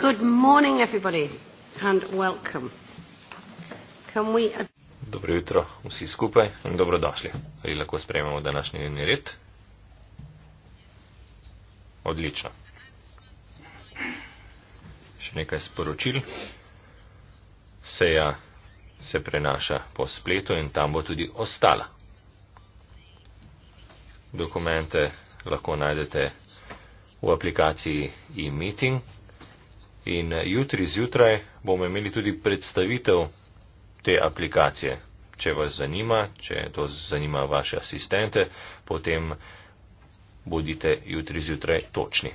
Good morning, everybody, and welcome. Can we... Dobro jutro vsi skupaj in dobrodošli. Ali lahko sprejmemo današnji dnevni red? Odlično. Še nekaj sporočil. Seja se prenaša po spletu in tam bo tudi ostala. Dokumente lahko najdete v aplikaciji e-meeting. In jutri zjutraj bomo imeli tudi predstavitev te aplikacije. Če vas zanima, če to zanima vaše asistente, potem bodite jutri zjutraj točni.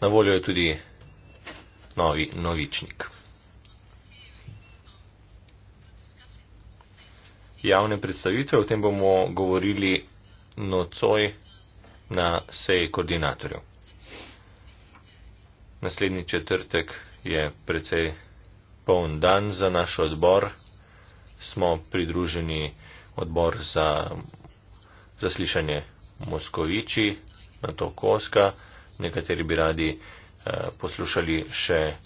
Na voljo je tudi novi novičnik. Javne predstavitve, o tem bomo govorili nocoj na seji koordinatorjev. Naslednji četrtek je precej poln dan za naš odbor. Smo pridruženi odbor za zaslišanje Moskoviči, na to Koska. Nekateri bi radi eh, poslušali še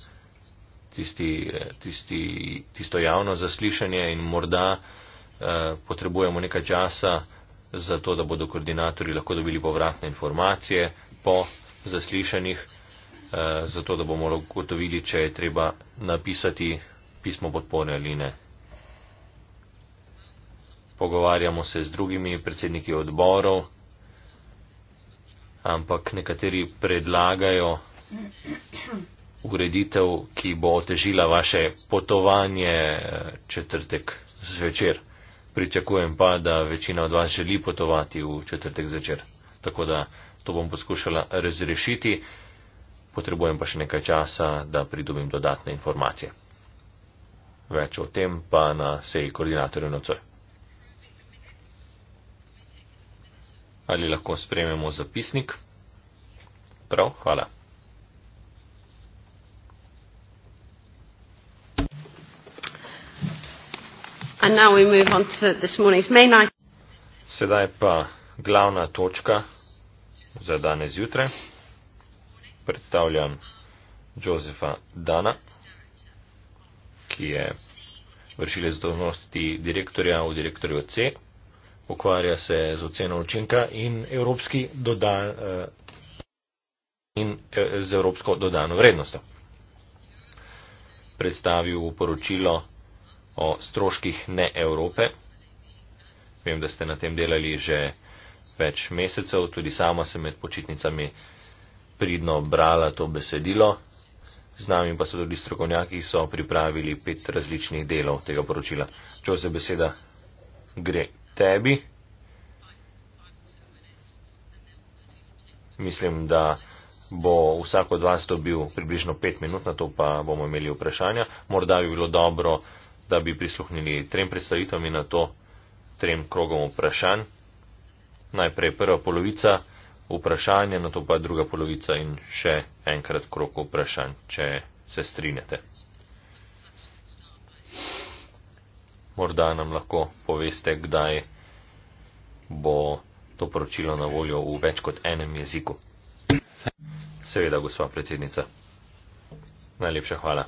tisti, eh, tisti, tisto javno zaslišanje in morda eh, potrebujemo nekaj časa, zato da bodo koordinatorji lahko dobili povratne informacije po zaslišanjih, eh, zato da bomo lahko gotovili, če je treba napisati pismo podpore ali ne. Pogovarjamo se z drugimi predsedniki odborov, ampak nekateri predlagajo ureditev, ki bo otežila vaše potovanje eh, četrtek zvečer. Pričakujem pa, da večina od vas želi potovati v četrtek zvečer. Tako da to bom poskušala razrešiti. Potrebujem pa še nekaj časa, da pridobim dodatne informacije. Več o tem pa na seji koordinatorjev nocoj. Ali lahko sprememo zapisnik? Prav, hvala. And now we move on to this morning's main item. Sedaj pa glavna točka za danes jutre. Predstavljam Josefa Dana, ki je vršile zdolnosti direktorja v direktorju C, ukvarja se z oceno učinka in, evropski doda, eh, in eh, z evropsko dodano vrednostjo. Predstavil v poročilo o stroških ne Evrope. Vem, da ste na tem delali že več mesecev, tudi sama sem med počitnicami pridno brala to besedilo. Z nami pa so tudi strokovnjaki, ki so pripravili pet različnih delov tega poročila. Če se beseda gre tebi, mislim, da bo vsak od vas dobil približno pet minut, na to pa bomo imeli vprašanja. Morda bi bilo dobro da bi prisluhnili trem predstavitvam in na to trem krogom vprašanj. Najprej prva polovica vprašanja, na to pa druga polovica in še enkrat krog vprašanj, če se strinjate. Morda nam lahko poveste, kdaj bo to poročilo na voljo v več kot enem jeziku. Seveda, gospa predsednica. Najlepša hvala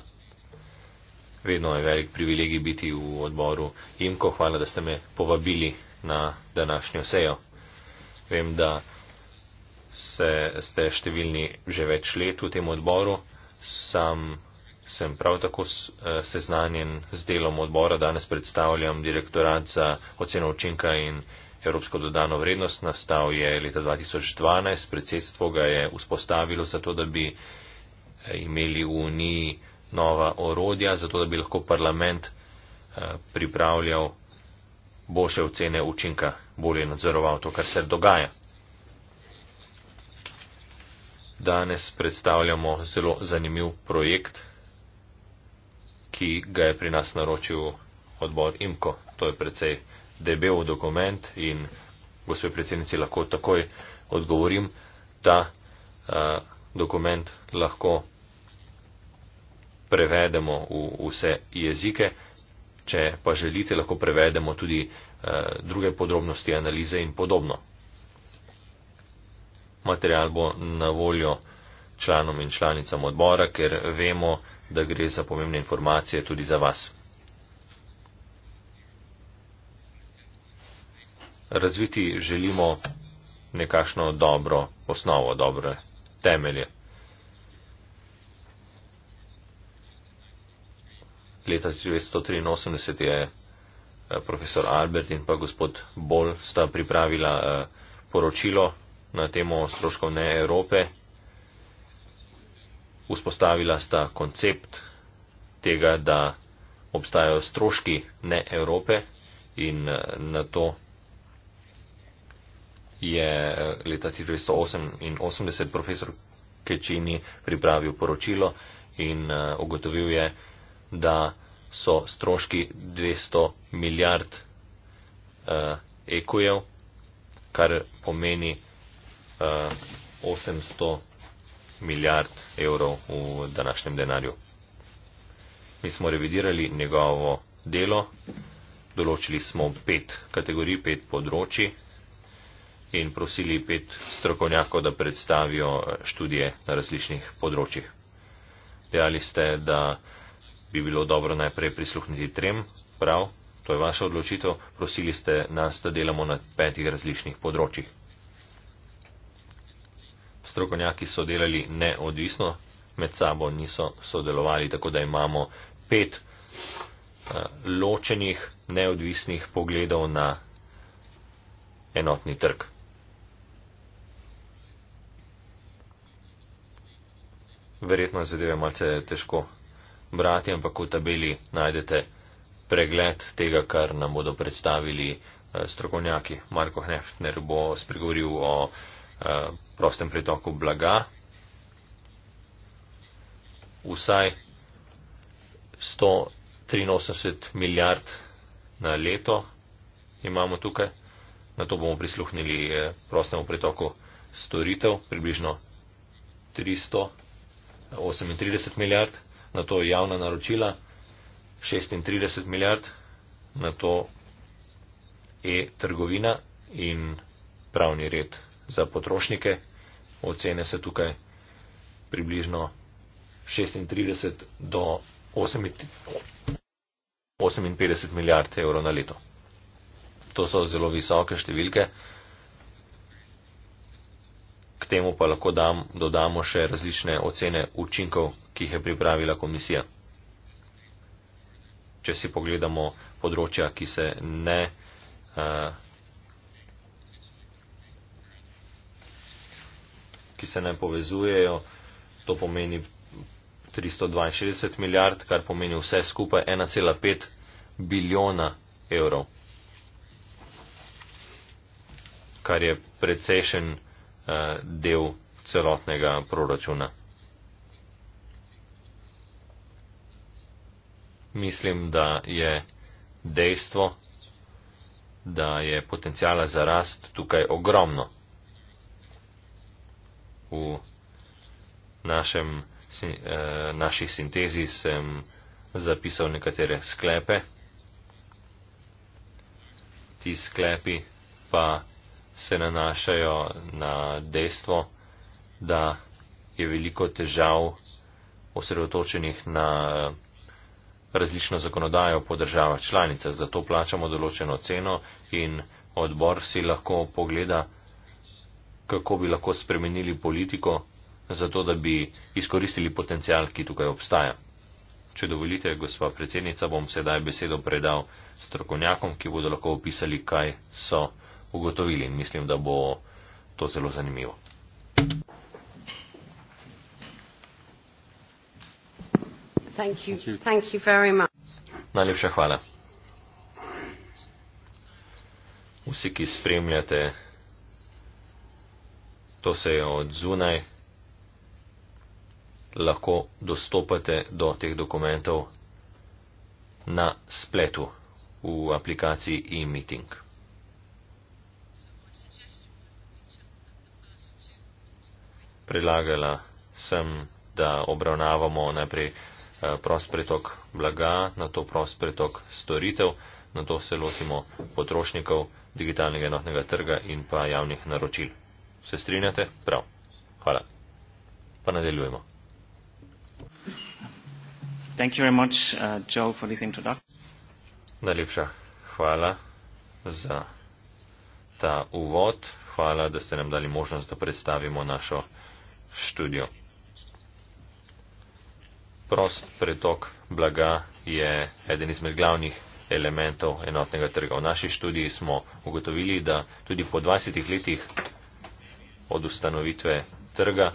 vedno je velik privilegij biti v odboru IMKO. Hvala, da ste me povabili na današnjo sejo. Vem, da se, ste številni že več let v tem odboru. Sam sem prav tako eh, seznanjen z delom odbora. Danes predstavljam direktorat za oceno učinka in evropsko dodano vrednost. Nastal je leta 2012. Predsedstvo ga je vzpostavilo zato, da bi eh, imeli v Uniji nova orodja, zato da bi lahko parlament eh, pripravljal boljše ocene učinka, bolje nadzoroval to, kar se dogaja. Danes predstavljamo zelo zanimiv projekt, ki ga je pri nas naročil odbor IMKO. To je precej debel dokument in gospe predsednici lahko takoj odgovorim, da uh, eh, dokument lahko prevedemo v vse jezike. Če pa želite, lahko prevedemo tudi eh, druge podrobnosti, analize in podobno. Material bo na voljo članom in članicam odbora, ker vemo, da gre za pomembne informacije tudi za vas. Razviti želimo nekakšno dobro osnovo, dobre temelje. leta 1983 je eh, profesor Albert in pa gospod Bol sta pripravila eh, poročilo na temo stroškovne Evrope. Vzpostavila sta koncept tega, da obstajajo stroški ne Evrope in eh, na to je leta 1988 profesor Kečini pripravil poročilo in ugotovil je, da so stroški 200 milijard uh, eh, ekujev, kar pomeni uh, eh, 800 milijard evrov v današnjem denarju. Mi smo revidirali njegovo delo, določili smo pet kategorij, pet področji in prosili pet strokovnjakov, da predstavijo študije na različnih področjih. Dejali ste, da bi bilo dobro najprej prisluhniti trem, prav, to je vaša odločitev, prosili ste nas, da delamo na petih različnih področjih. Strokovnjaki so delali neodvisno, med sabo niso sodelovali, tako da imamo pet eh, ločenih, neodvisnih pogledov na enotni trg. Verjetno je zadeve malce težko brati, ampak v tabeli najdete pregled tega, kar nam bodo predstavili eh, strokovnjaki. Marko Hnefner bo spregovoril o eh, prostem pretoku blaga. Vsaj 183 milijard na leto imamo tukaj. Na to bomo prisluhnili eh, prostemu pretoku storitev, približno 338 milijard na to javna naročila 36 milijard, na to e-trgovina in pravni red za potrošnike. Ocene se tukaj približno 36 do 58 milijard evrov na leto. To so zelo visoke številke. K temu pa lahko dam, dodamo še različne ocene učinkov, ki jih je pripravila komisija. Če si pogledamo področja, ki se ne. Uh, ki se ne povezujejo, to pomeni 362 milijard, kar pomeni vse skupaj 1,5 biljona evrov, kar je precejšen. Eh, del celotnega proračuna. Mislim, da je dejstvo, da je potencijala za rast tukaj ogromno. V našem, eh, naši sintezi sem zapisal nekatere sklepe. Ti sklepi pa se nanašajo na dejstvo, da je veliko težav osredotočenih na različno zakonodajo po državah članicah. Zato plačamo določeno ceno in odbor si lahko pogleda, kako bi lahko spremenili politiko, zato da bi izkoristili potencial, ki tukaj obstaja. Če dovolite, gospa predsednica, bom sedaj besedo predal strokovnjakom, ki bodo lahko opisali, kaj so ugotovili in mislim, da bo to zelo zanimivo. Thank you. Thank you. Thank you Najlepša hvala. Vsi, ki spremljate to sejo od zunaj, lahko dostopate do teh dokumentov na spletu v aplikaciji e-meeting. prilagala sem, da obravnavamo najprej eh, prost pritok blaga, na to prost pritok storitev, na to se losimo potrošnikov digitalnega enotnega trga in pa javnih naročil. Se strinjate? Prav. Hvala. Pa nadaljujemo. Much, uh, Joe, Najlepša hvala za ta uvod. Hvala, da ste nam dali možnost, da predstavimo našo študijo. Prost pretok blaga je eden izmed glavnih elementov enotnega trga. V naši študiji smo ugotovili, da tudi po 20 letih od ustanovitve trga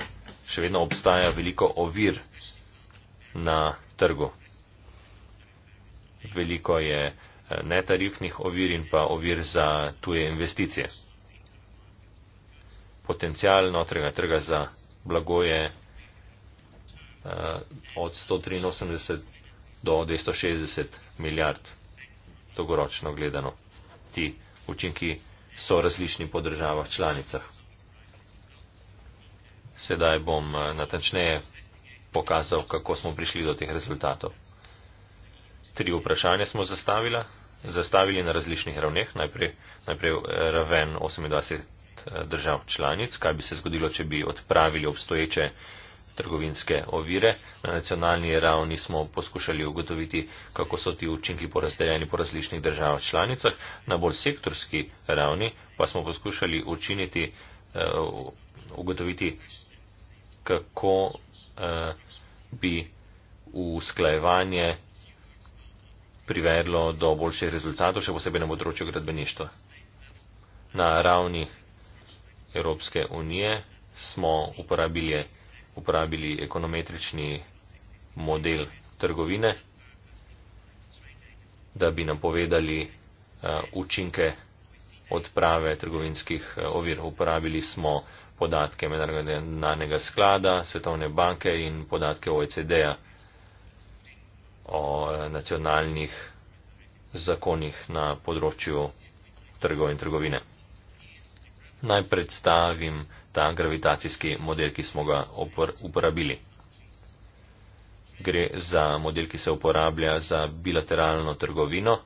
še vedno obstaja veliko ovir na trgu. Veliko je eh, netarifnih ovir in pa ovir za tuje investicije. Potencijal notrega trga za blago je uh, od 183 do 260 milijard dolgoročno gledano. Ti učinki so različni po državah članicah. Sedaj bom uh, natančneje pokazal, kako smo prišli do teh rezultatov. Tri vprašanja smo zastavila, zastavili na različnih ravneh. Najprej, najprej eh, raven 28 Eh, držav članic, kaj bi se zgodilo, če bi odpravili obstoječe trgovinske ovire. Na nacionalni ravni smo poskušali ugotoviti, kako so ti učinki porazdeljeni po različnih državah članicah. Na bolj sektorski ravni pa smo poskušali učiniti, uh, ugotoviti, kako uh, bi usklajevanje privedlo do boljših rezultatov, še posebej na področju gradbeništva. Na ravni Evropske unije, smo uporabili, uporabili ekonometrični model trgovine, da bi napovedali uh, eh, učinke odprave trgovinskih eh, ovir. Uporabili smo podatke Mednarodnega sklada, Svetovne banke in podatke OECD-a o e eh, nacionalnih zakonih na področju trgov in trgovine naj predstavim ta gravitacijski model, ki smo ga uporabili. Gre za model, ki se uporablja za bilateralno trgovino.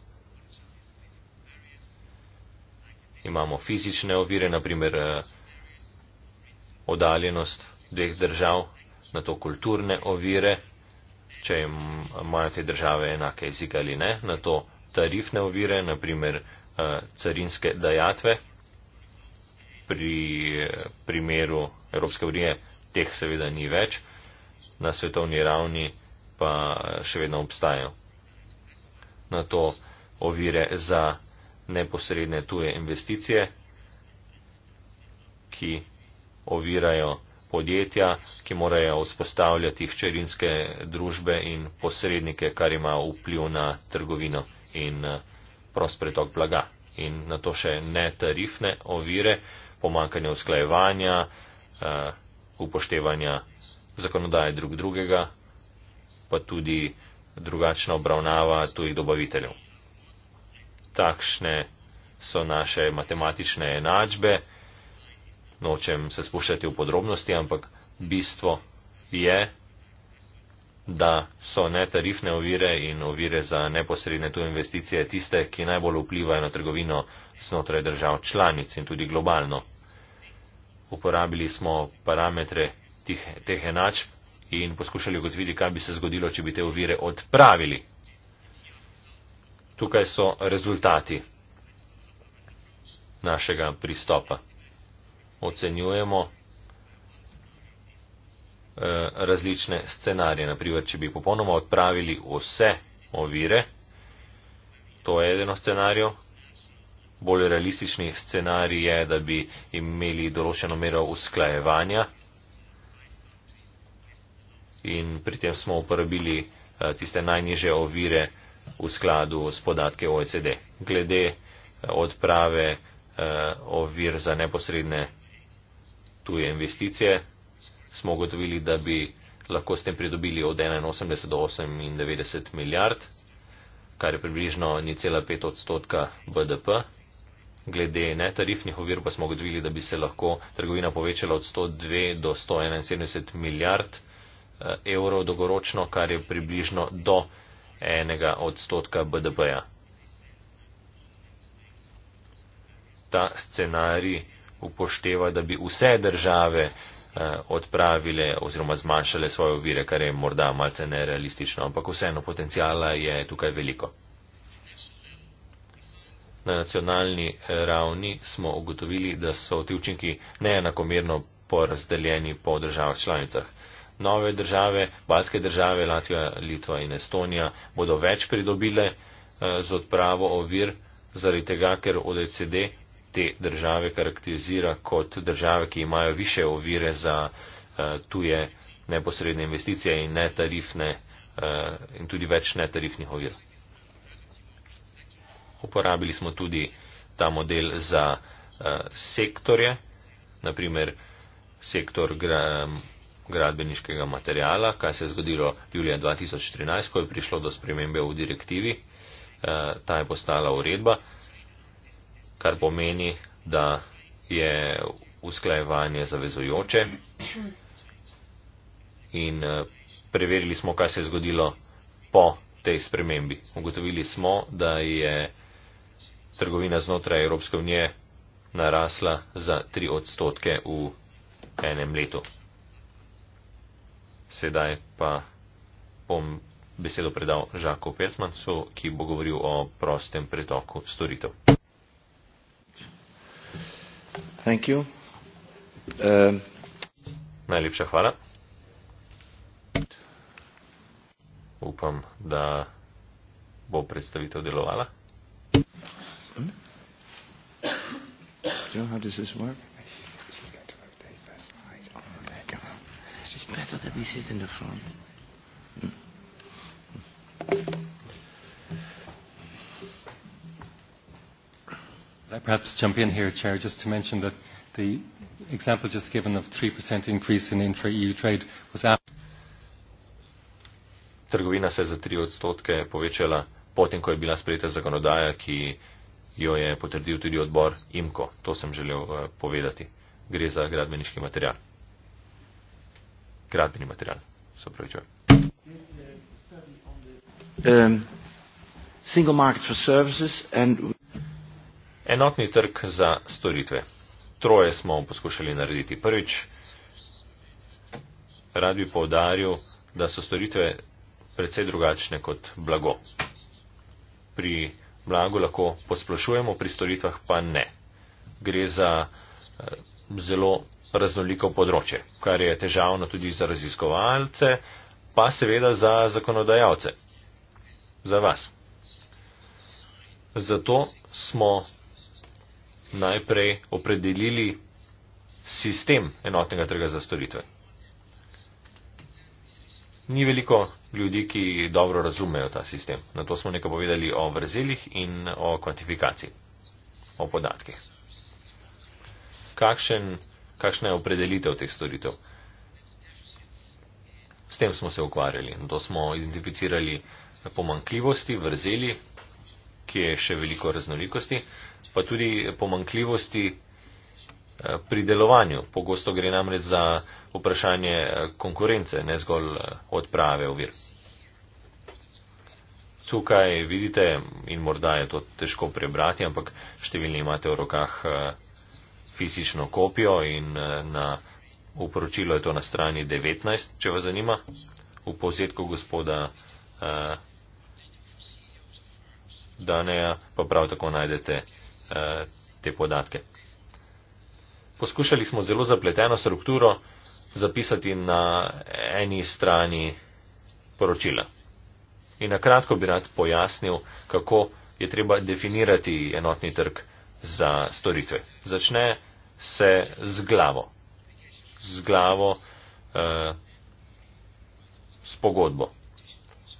Imamo fizične ovire, naprimer eh, odaljenost dveh držav, na to kulturne ovire, če imajo te države enake jezike ali ne, na to tarifne ovire, naprimer eh, carinske dajatve, pri primeru Evropske unije teh seveda ni več, na svetovni ravni pa še vedno obstajajo. Na to ovire za neposredne tuje investicije, ki ovirajo podjetja, ki morajo vzpostavljati hčerinske družbe in posrednike, kar ima vpliv na trgovino in eh, prost pretok blaga. In na to še netarifne ovire, pomankanje usklajevanja, eh, upoštevanja zakonodaje drug drugega, pa tudi drugačna obravnava tujih dobaviteljev. Takšne so naše matematične enačbe, nočem se spuščati v podrobnosti, ampak bistvo je, da so netarifne ovire in ovire za neposredne tu investicije tiste, ki najbolj vplivajo na trgovino znotraj držav članic in tudi globalno. Uporabili smo parametre tih, teh enačb in poskušali ugotoviti, kaj bi se zgodilo, če bi te ovire odpravili. Tukaj so rezultati našega pristopa. Ocenjujemo Eh, različne scenarije. Naprimer, če bi popolnoma odpravili vse ovire, to je eno scenarijo. Bolj realistični scenarij je, da bi imeli določeno mero usklajevanja in pri tem smo uporabili eh, tiste najniže ovire v skladu s podatke OECD. Glede eh, odprave ovir za neposredne tuje investicije smo ugotovili, da bi lahko s tem pridobili od 81 do 98 milijard, kar je približno ni cela pet odstotka BDP. Glede netarifnih ovir pa smo ugotovili, da bi se lahko trgovina povečala od 102 do 171 milijard eh, evrov dolgoročno, kar je približno do enega odstotka BDP-ja. Ta scenarij upošteva, da bi vse države Eh, odpravile oziroma zmanjšale svoje ovire, kar je morda malce nerealistično, ampak vseeno potencijala je tukaj veliko. Na nacionalni eh, ravni smo ugotovili, da so ti učinki neenakomerno porazdeljeni po državah članicah. Nove države, balske države, Latvija, Litva in Estonija, bodo več pridobile eh, z odpravo ovir, zaradi tega, ker ODCD te države karakterizira kot države, ki imajo više ovire za eh, tuje neposredne investicije in netarifne eh, in tudi več netarifnih ovir. Uporabili smo tudi ta model za eh, sektorje, naprimer sektor gradbeniškega materijala, kaj se je zgodilo julija 2013, ko je prišlo do spremembe v direktivi, ta je postala uredba kar pomeni, da je usklajevanje zavezujoče. In eh, preverili smo, kaj se je zgodilo po tej spremembi. Ugotovili smo, da je trgovina znotraj Evropske unije narasla za 3 odstotke v enem letu. Sedaj pa bom besedo predal Žaku Petmancu, ki bo govoril o prostem pretoku storitev. Um, Najlepša hvala. Upam, da bo predstavitev delovala. Joe, how does this work? I just, I just got to update the slides. Oh, there you go. It's just better that we sit in the front. Mm. perhaps jump in here, Chair, just to mention that the example just given of 3% increase in intra-EU trade was after... Trgovina se za 3 odstotke povečala potem, ko je bila sprejeta zakonodaja, ki jo je potrdil tudi odbor IMKO. To sem želel eh, povedati. Gre za gradbeniški material. Gradbeni material. Se pravi, čujem. Um, single market for services and Enotni trg za storitve. Troje smo poskušali narediti. Prvič, rad bi povdaril, da so storitve predvsej drugačne kot blago. Pri blagu lahko posplošujemo, pri storitvah pa ne. Gre za eh, zelo raznoliko področje, kar je težavno tudi za raziskovalce, pa seveda za zakonodajalce. Za vas. Zato smo najprej opredelili sistem enotnega trga za storitve. Ni veliko ljudi, ki dobro razumejo ta sistem. Na to smo nekaj povedali o vrzelih in o kvantifikaciji, o podatkih. Kakšen, kakšna je opredelitev teh storitev? S tem smo se ukvarjali. Na to smo identificirali pomankljivosti, vrzeli, ki je še veliko raznolikosti pa tudi pomankljivosti eh, pri delovanju. Pogosto gre namreč za vprašanje eh, konkurence, ne zgolj eh, odprave ovir. Tukaj vidite, in morda je to težko prebrati, ampak številni imate v rokah fizično kopijo in na uporočilo je to na strani 19, če vas zanima, v povzetku gospoda uh, Daneja pa prav tako najdete Eh, te podatke. Poskušali smo zelo zapleteno strukturo zapisati na eni strani poročila. In na kratko bi rad pojasnil, kako je treba definirati enotni trg za storitve. Začne se z glavo. Z glavo, eh, s pogodbo.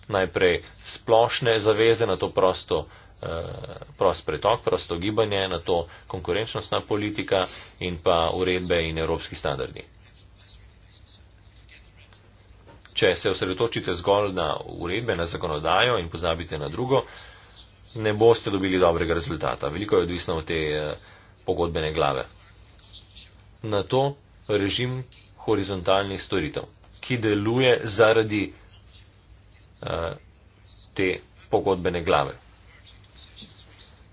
Najprej splošne zaveze na to prosto. Eh, prost pretok, prosto gibanje, na to konkurenčnostna politika in pa uredbe in evropski standardi. Če se osredotočite zgolj na uredbe, na zakonodajo in pozabite na drugo, ne boste dobili dobrega rezultata. Veliko je odvisno od te eh, pogodbene glave. Na to režim horizontalnih storitev, ki deluje zaradi eh, te pogodbene glave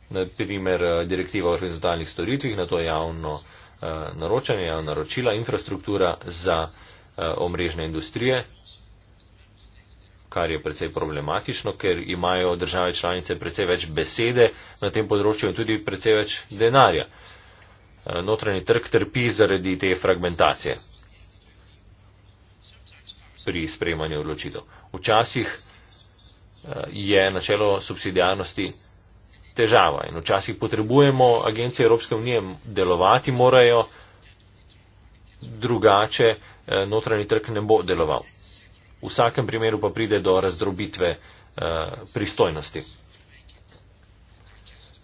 naprimer eh, direktiva o horizontalnih storitvih, na to javno eh, naročanje, javna naročila, infrastruktura za eh, omrežne industrije, kar je precej problematično, ker imajo države članice precej več besede na tem področju in tudi precej več denarja. Notranji trg trpi zaradi te fragmentacije pri sprejemanju odločitev. Včasih je načelo subsidijarnosti težava. In včasih potrebujemo agencije Evropske unije, delovati morajo drugače, eh, notranji trg ne bo deloval. V vsakem primeru pa pride do razdrobitve eh, pristojnosti.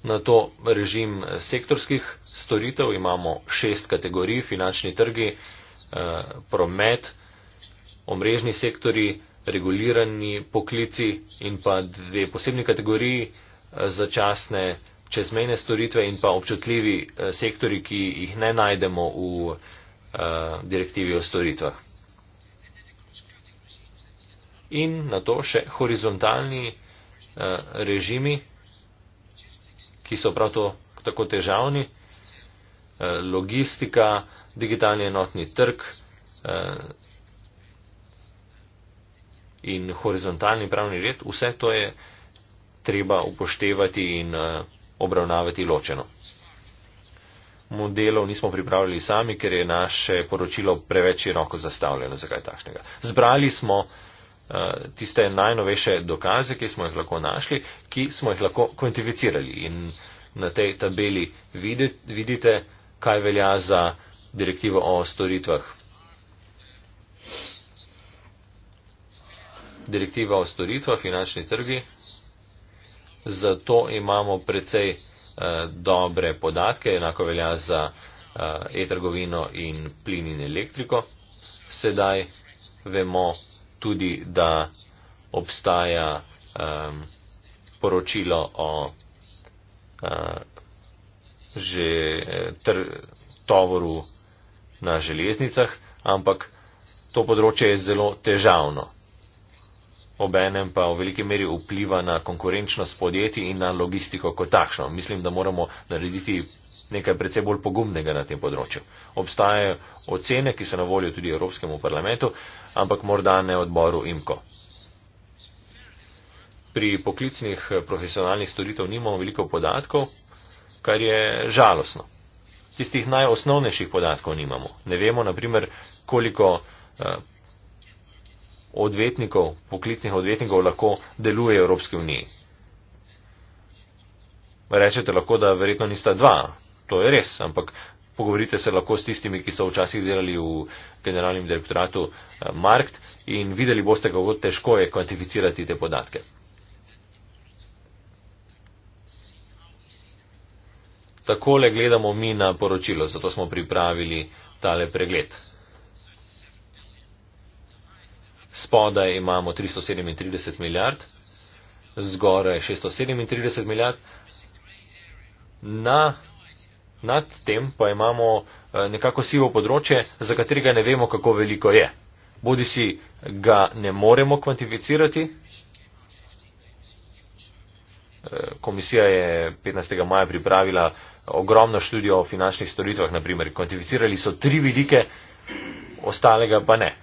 Na to režim eh, sektorskih storitev imamo šest kategorij, finančni trgi, promet, omrežni sektori, regulirani poklici in pa dve posebni kategoriji, začasne čezmejne storitve in pa občutljivi eh, sektori, ki jih ne najdemo v eh, direktivi o storitvah. In na to še horizontalni eh, režimi, ki so prav to tako težavni, logistika, digitalni enotni trg in horizontalni pravni red, vse to je treba upoštevati in eh, obravnavati ločeno. Modelov nismo pripravili sami, ker je naše poročilo preveč široko zastavljeno za kaj takšnega. Zbrali smo eh, tiste najnovejše dokaze, ki smo jih lahko našli, ki smo jih lahko kvantificirali. In na tej tabeli vidite, kaj velja za direktivo o storitvah. Direktiva o storitvah, finančni trgi, zato imamo precej eh, dobre podatke, enako velja za eh, e-trgovino in plin in elektriko. Sedaj vemo tudi, da obstaja um, poročilo o uh, že tr, tovoru na železnicah, ampak to področje je zelo težavno obenem pa v veliki meri vpliva na konkurenčnost podjetij in na logistiko kot takšno. Mislim, da moramo narediti nekaj predvsej bolj pogumnega na tem področju. Obstajajo ocene, ki so na voljo tudi Evropskemu parlamentu, ampak morda ne odboru IMKO. Pri poklicnih profesionalnih storitev nimamo veliko podatkov, kar je žalostno. Tistih najosnovnejših podatkov nimamo. Ne vemo, naprimer, koliko eh, odvetnikov, poklicnih odvetnikov lahko deluje v Evropski uniji. Rečete lahko, da verjetno nista dva, to je res, ampak pogovorite se lahko s tistimi, ki so včasih delali v generalnem direktoratu eh, Markt in videli boste, kako težko je kvantificirati te podatke. Takole gledamo mi na poročilo, zato smo pripravili tale pregled spodaj imamo 337 milijard, zgoraj 637 milijard, na, nad tem pa imamo eh, nekako sivo področje, za katerega ne vemo, kako veliko je. Bodi si ga ne moremo kvantificirati. Eh, komisija je 15. maja pripravila ogromno študijo o finančnih storitvah, naprimer. Kvantificirali so tri vidike, ostalega pa ne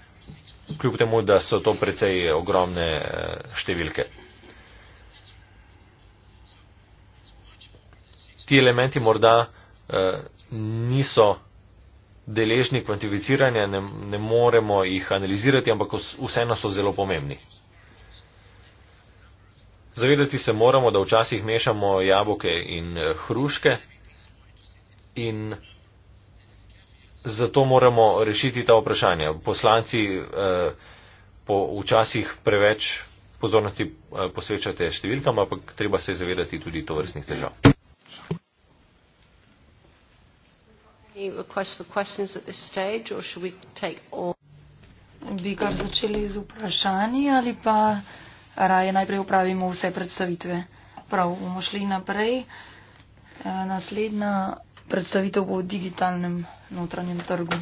kljub temu, da so to precej ogromne eh, številke. Ti elementi morda eh, niso deležni kvantificiranja, ne, ne moremo jih analizirati, ampak vseeno so zelo pomembni. Zavedati se moramo, da včasih mešamo jabolke in eh, hruške in zato moramo rešiti ta vprašanja. Poslanci eh, po včasih preveč pozornosti eh, posvečate številkam, ampak treba se zavedati tudi to vrstnih težav. Bi kar začeli z vprašanji ali pa raje najprej upravimo vse predstavitve. Prav, bomo šli naprej. Eh, naslednja predstavitev bo v digitalnem notranjem trgu.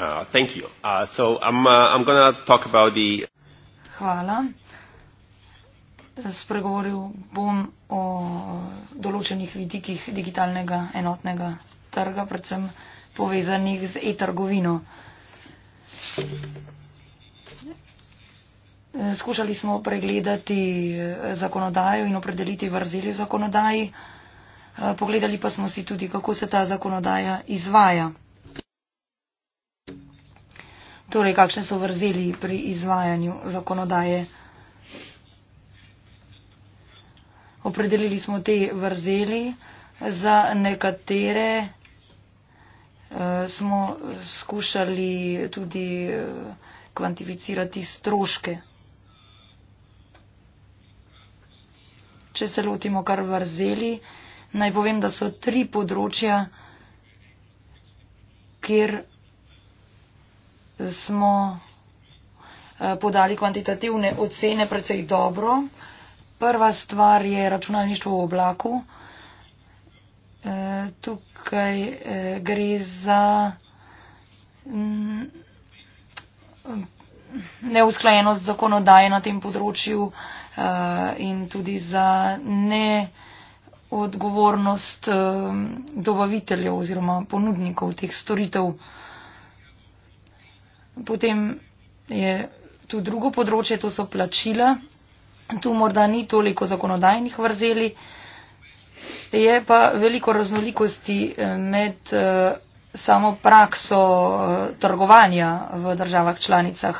Uh, thank you. Uh, so I'm, uh, I'm going to talk about the... Hvala spregovoril bom o določenih vidikih digitalnega enotnega trga, predvsem povezanih z e-trgovino. Skušali smo pregledati zakonodajo in opredeliti vrzeli v zakonodaji, pogledali pa smo si tudi, kako se ta zakonodaja izvaja. Torej, kakšne so vrzeli pri izvajanju zakonodaje? Opredelili smo te vrzeli, za nekatere uh, smo skušali tudi uh, kvantificirati stroške. Če se lotimo kar vrzeli, naj povem, da so tri področja, kjer eh, smo uh, podali kvantitativne ocene precej dobro. Uh, Prva stvar je računalništvo v oblaku. E, tukaj e, gre za mm, neusklajenost zakonodaje na tem področju e, in tudi za neodgovornost e, dobaviteljev oziroma ponudnikov teh storitev. Potem je tu drugo področje, to so plačila tu morda ni toliko zakonodajnih vrzeli, je pa veliko raznolikosti eh, med eh, samo prakso eh, trgovanja v državah članicah.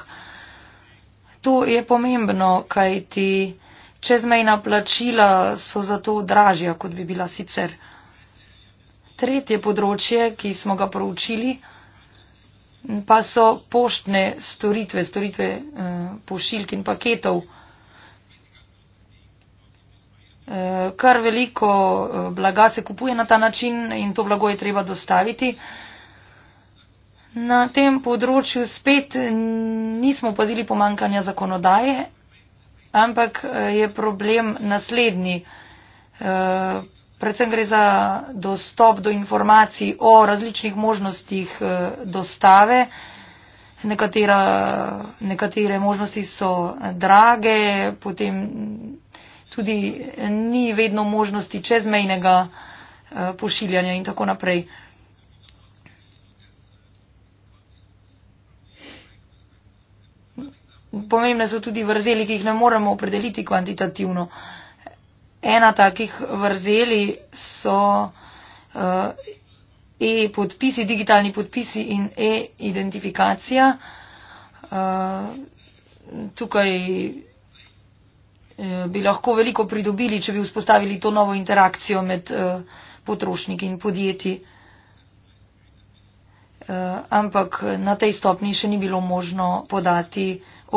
Tu je pomembno, kaj ti čezmejna plačila so zato dražja, kot bi bila sicer. Tretje področje, ki smo ga proučili, pa so poštne storitve, storitve pošiljk in paketov. Eh, kar veliko eh, blaga se kupuje na ta način in to blago je treba dostaviti. Na tem področju spet nismo opazili pomankanja zakonodaje, ampak eh, je problem naslednji. Predvsem gre za dostop do informacij o različnih možnostih dostave. Nekatera, nekatere možnosti so drage, potem tudi ni vedno možnosti čezmejnega eh, pošiljanja in tako naprej. Pomembne so tudi vrzeli, ki jih ne moremo opredeliti kvantitativno. Ena takih vrzeli so uh, e-podpisi, digitalni podpisi in e-identifikacija. Uh, tukaj Eh, bi lahko veliko pridobili, če bi vzpostavili to novo interakcijo med eh, potrošniki in podjetji. Eh, ampak na tej stopni še ni bilo možno podati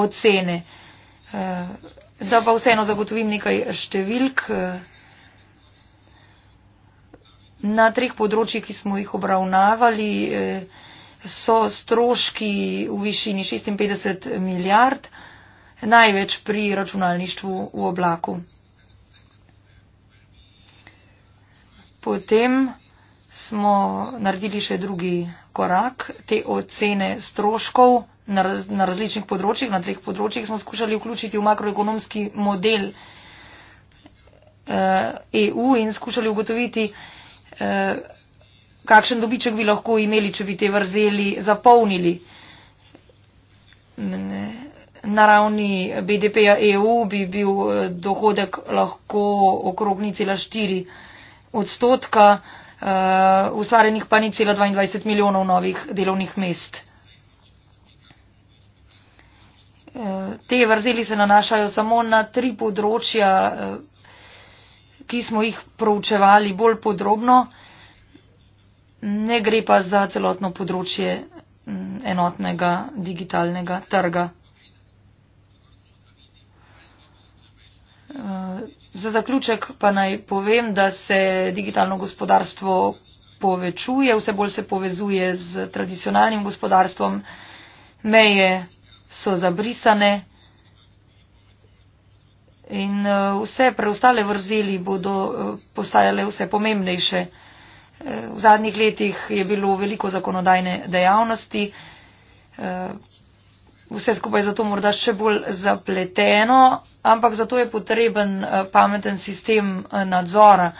ocene. Da pa vseeno zagotovim nekaj številk. Na treh področjih, ki smo jih obravnavali, so stroški v višini 56 milijard največ pri računalništvu v oblaku. Potem smo naredili še drugi korak, te ocene stroškov na, raz, na različnih področjih, na treh področjih smo skušali vključiti v makroekonomski model eh, EU in skušali ugotoviti, eh, kakšen dobiček bi lahko imeli, če bi te vrzeli zapolnili. Ne, ne na ravni BDP-ja EU bi bil eh, dohodek lahko okrog nicela 4 odstotka, eh, ustvarjenih pa nicela 22 milijonov novih delovnih mest. Eh, te vrzeli se nanašajo samo na tri področja, ki smo jih proučevali bolj podrobno, ne gre pa za celotno področje mm, enotnega digitalnega trga. Eh, za zaključek pa naj povem, da se digitalno gospodarstvo povečuje, vse bolj se povezuje z tradicionalnim gospodarstvom, meje so zabrisane in eh, vse preostale vrzeli bodo eh, postajale vse pomembnejše. V zadnjih letih je bilo veliko zakonodajne dejavnosti, vse skupaj zato morda še bolj zapleteno, ampak zato je potreben eh, pameten sistem eh, nadzora.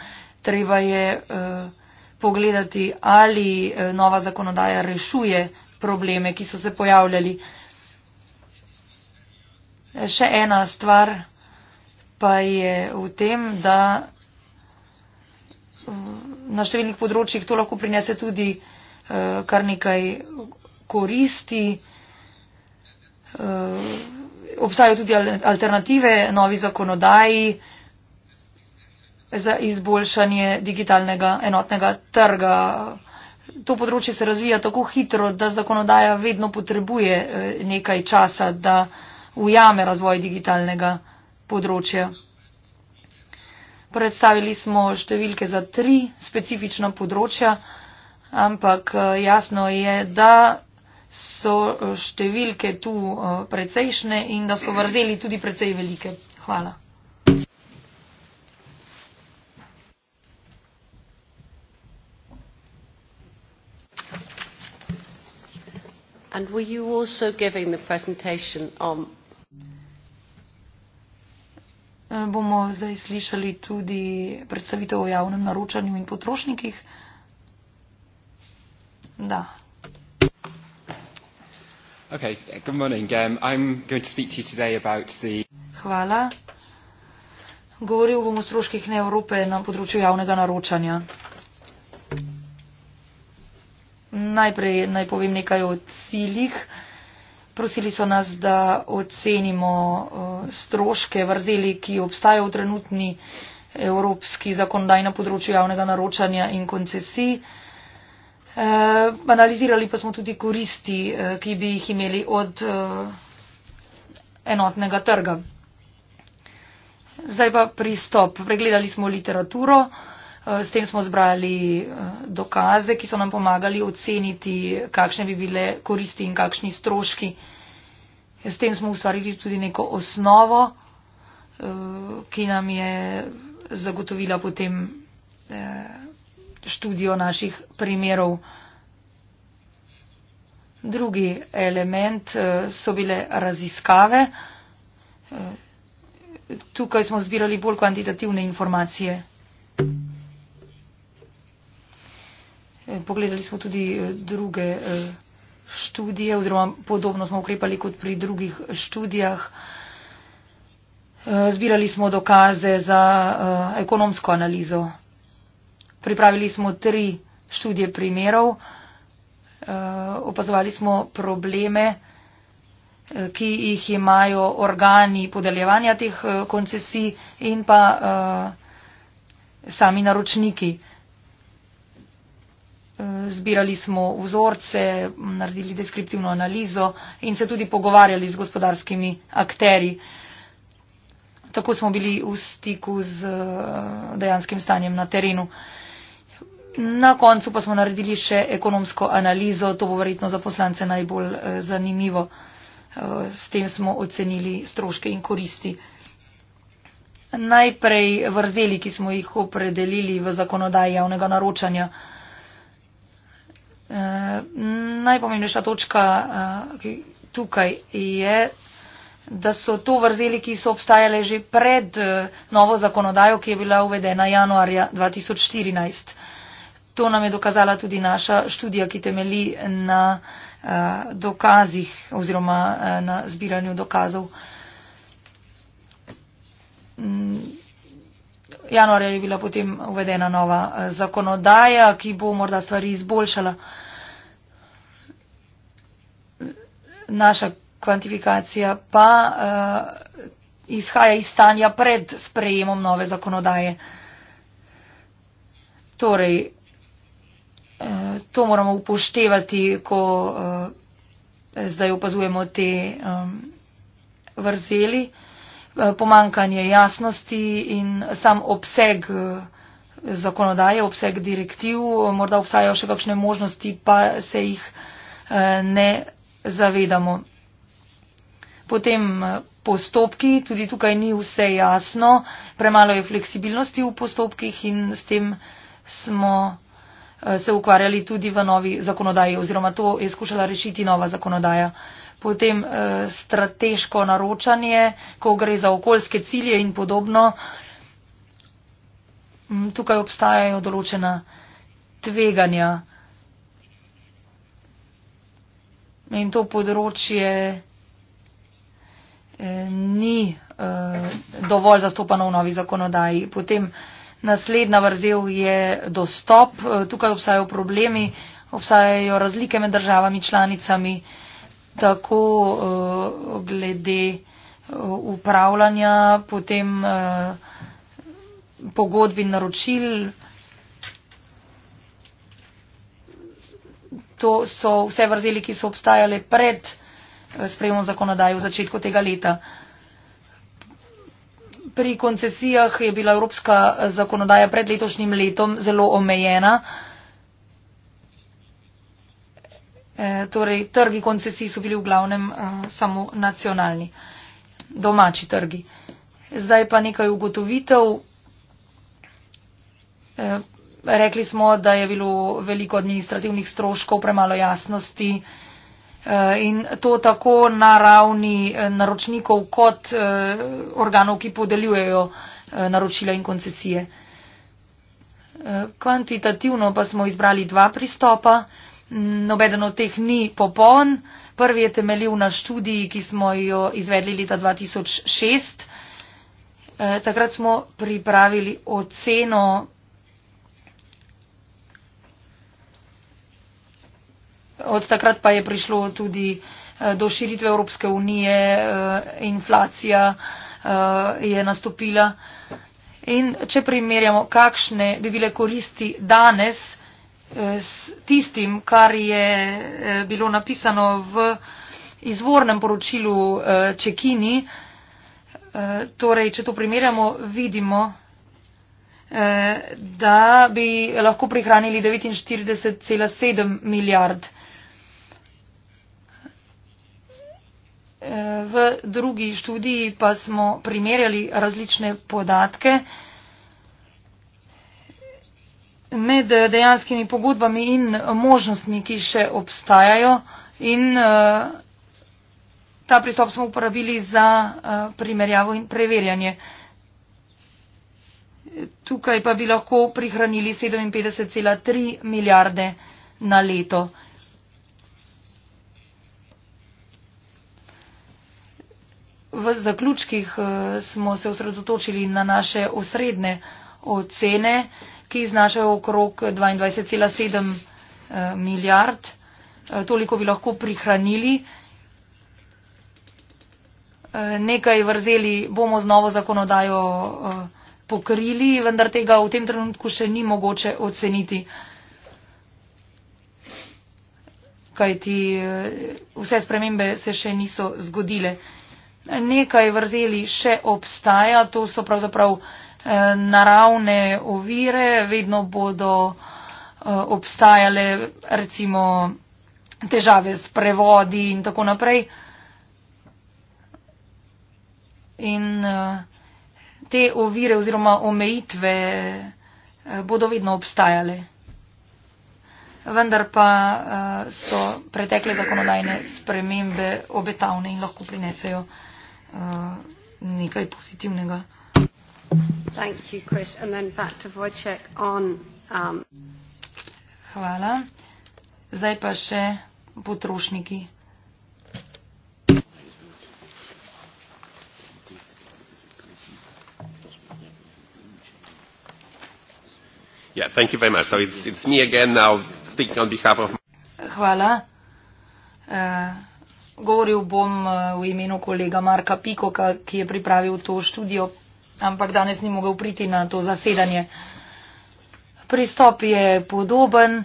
Treba je eh, pogledati, ali nova zakonodaja rešuje probleme, ki so se pojavljali. Še ena stvar pa je v tem, da na številnih področjih to lahko prinese tudi kar nekaj koristi. Eh, obstajajo tudi alternative novi zakonodaji za izboljšanje digitalnega enotnega trga. To področje se razvija tako hitro, da zakonodaja vedno potrebuje eh, nekaj časa, da ujame razvoj digitalnega področja. Predstavili smo številke za tri specifična področja, ampak eh, jasno je, da so eh, številke tu eh, precejšne in da so vrzeli tudi precej velike. Hvala. And were you also giving the presentation on? Eh, bomo zdaj slišali tudi predstavitev o javnem naročanju in potrošnikih. Da. Okay, good morning. Um, I'm going to speak to you today about the... Hvala. Govoril bom o stroških ne Evrope na področju javnega naročanja. Najprej naj povem nekaj o ciljih. Prosili so nas, da ocenimo uh, stroške vrzeli, ki obstajajo v trenutni evropski zakonodaj na področju javnega naročanja in koncesij. Eh, analizirali pa smo tudi koristi, eh, ki bi jih imeli od eh, enotnega trga. Zdaj pa pristop. Pregledali smo literaturo, s tem smo zbrali dokaze, ki so nam pomagali oceniti, kakšne bi bile koristi in kakšni stroški. S tem smo ustvarili tudi neko osnovo, ki nam je zagotovila potem študijo naših primerov. Drugi element eh, so bile raziskave. Eh, tukaj smo zbirali bolj kvantitativne informacije. Eh, pogledali smo tudi druge študije oziroma podobno smo ukrepali kot pri drugih študijah. Zbirali smo dokaze za ekonomsko analizo Pripravili smo tri študije primerov, eh, opazovali smo probleme, eh, ki jih imajo organi podeljevanja teh eh, koncesij in pa sami naročniki. Zbirali smo vzorce, naredili deskriptivno analizo in se tudi pogovarjali z gospodarskimi akteri. Tako smo bili v stiku z dejanskim stanjem na terenu. Na koncu pa smo naredili še ekonomsko analizo, to bo verjetno za poslance najbolj eh, zanimivo. Eh, s tem smo ocenili stroške in koristi. Najprej vrzeli, ki smo jih opredelili v zakonodaji javnega naročanja. Eh, najpomembnejša točka tukaj je, da so to vrzeli, ki so obstajale že pred novo zakonodajo, ki je bila uvedena januarja 2014. To nam je dokazala tudi naša študija, ki temeli na uh, dokazih oziroma uh, na zbiranju dokazov. Mm, januarja je bila potem uvedena nova eh, zakonodaja, ki bo morda stvari izboljšala. Naša kvantifikacija pa uh, izhaja iz stanja pred sprejemom nove zakonodaje. Torej, Eh, to moramo upoštevati, ko uh, zdaj opazujemo te um, vrzeli. Eh, pomankanje jasnosti in sam obseg zakonodaje, obseg direktiv, morda obstajajo še kakšne možnosti, pa se jih ne zavedamo. Potem postopki, tudi tukaj ni vse jasno, premalo je fleksibilnosti v postopkih in s tem smo. Eh, se ukvarjali tudi v novi zakonodaji oziroma to je skušala rešiti nova zakonodaja. Potem eh, strateško naročanje, ko gre za okoljske cilje in podobno. Mm, tukaj obstajajo določena tveganja. In to področje eh, ni dovolj zastopano v novi zakonodaji. Potem eh, Naslednja vrzel je dostop. E, tukaj obstajajo problemi, obstajajo razlike med državami članicami, tako e, glede e, upravljanja, potem pogodbi naročil. To so vse vrzeli, ki so obstajale pred sprejemom zakonodaje v začetku tega leta pri koncesijah je bila evropska zakonodaja pred letošnjim letom zelo omejena. E, torej, trgi koncesij so bili v glavnem e, samo nacionalni, domači trgi. Zdaj pa nekaj ugotovitev. E, rekli smo, da je bilo veliko administrativnih stroškov, premalo jasnosti. E, Eh, in to tako na ravni eh, naročnikov kot eh, organov, ki podeljujejo naročila in koncesije. Kvantitativno pa smo izbrali dva pristopa. Mm, nobeden od teh ni popoln. Prvi je temeljil na študiji, ki smo jo izvedli leta 2006. Takrat smo pripravili oceno Od takrat pa je prišlo tudi eh, do širitve Evropske unije, eh, inflacija eh, je nastopila. In če primerjamo, kakšne bi bile koristi danes s tistim, kar je bilo napisano v izvornem poročilu Čekini, torej, če to primerjamo, vidimo, da bi lahko prihranili 49,7 milijard. V drugi študiji pa smo primerjali različne podatke med dejanskimi pogodbami in možnostmi, ki še obstajajo. In eh, ta pristop smo uporabili za eh, primerjavo in preverjanje. Tukaj pa bi lahko prihranili 57,3 milijarde na leto. V zaključkih eh, smo se osredotočili na naše osredne ocene, ki znašajo okrog 22,7 eh, milijard. Eh, toliko bi lahko prihranili. Nekaj vrzeli bomo z novo zakonodajo pokrili, vendar tega v tem trenutku še ni mogoče oceniti. Kajti vse spremembe se še niso zgodile nekaj vrzeli še obstaja, to so pravzaprav eh, naravne ovire, vedno bodo eh, obstajale recimo težave s prevodi in tako naprej. In eh, te ovire oziroma omejitve bodo vedno obstajale. Vendar pa so pretekle zakonodajne spremembe obetavne in lahko prinesejo. Uh, nekaj pozitivnega. You, on, um... Hvala. Zdaj pa še potrošniki. Yeah, so it's, it's Hvala. Uh, Govoril bom eh, v imenu kolega Marka Pikoka, ki je pripravil to študijo, ampak danes ni mogel priti na to zasedanje. Pristop je podoben.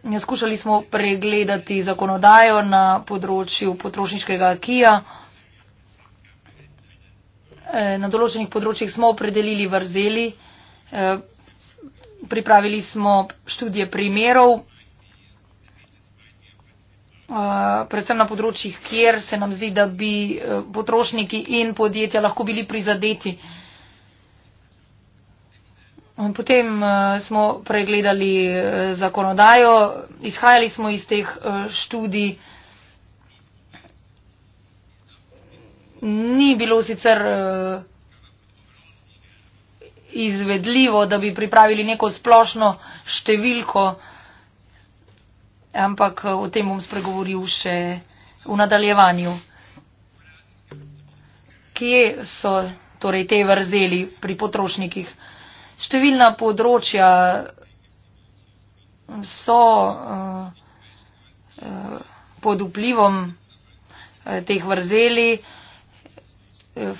Skušali smo pregledati zakonodajo na področju potrošniškega akija. Eh, na določenih področjih smo opredelili vrzeli, eh, pripravili smo študije primerov, Eh, predvsem na področjih, kjer se nam zdi, da bi eh, potrošniki in podjetja lahko bili prizadeti. Potem eh, smo pregledali zakonodajo, izhajali smo iz teh študij. Ni bilo sicer izvedljivo, da bi pripravili neko splošno številko, ampak eh, o tem bom spregovoril še v nadaljevanju. Kje so torej te vrzeli pri potrošnikih? Številna področja so eh, eh, pod vplivom teh vrzeli.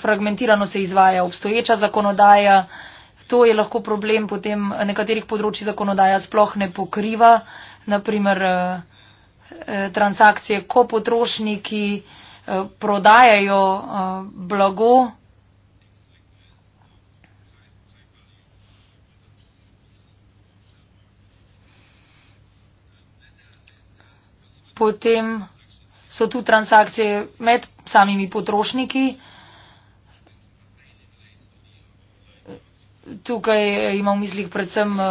Fragmentirano se izvaja obstoječa zakonodaja. To je lahko problem, potem nekaterih področji zakonodaja sploh ne pokriva, naprimer eh, eh, transakcije, ko potrošniki eh, prodajajo blago. Potem so tu transakcije med samimi potrošniki. tukaj eh, imam v mislih predvsem uh,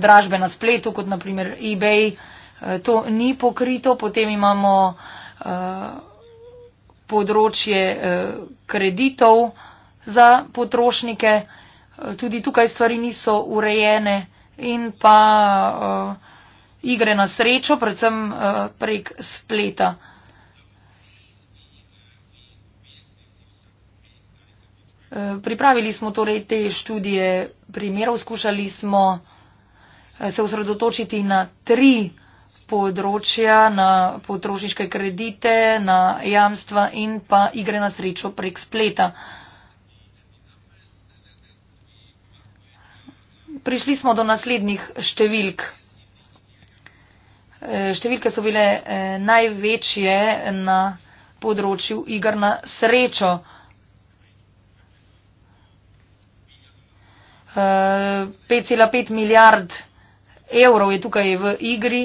dražbe na spletu, kot naprimer eBay, uh, to ni pokrito, potem imamo uh, področje uh, kreditov za potrošnike, uh, tudi tukaj stvari niso urejene in pa uh, igre na srečo, predvsem uh, prek spleta. Uh, Eh, pripravili smo torej te študije primerov, skušali smo eh, se osredotočiti na tri področja, na potrošniške kredite, na jamstva in pa igre na srečo prek spleta. Prišli smo do naslednjih številk. Eh, številke so bile največje na področju igr na srečo. 5,5 milijard evrov je tukaj v igri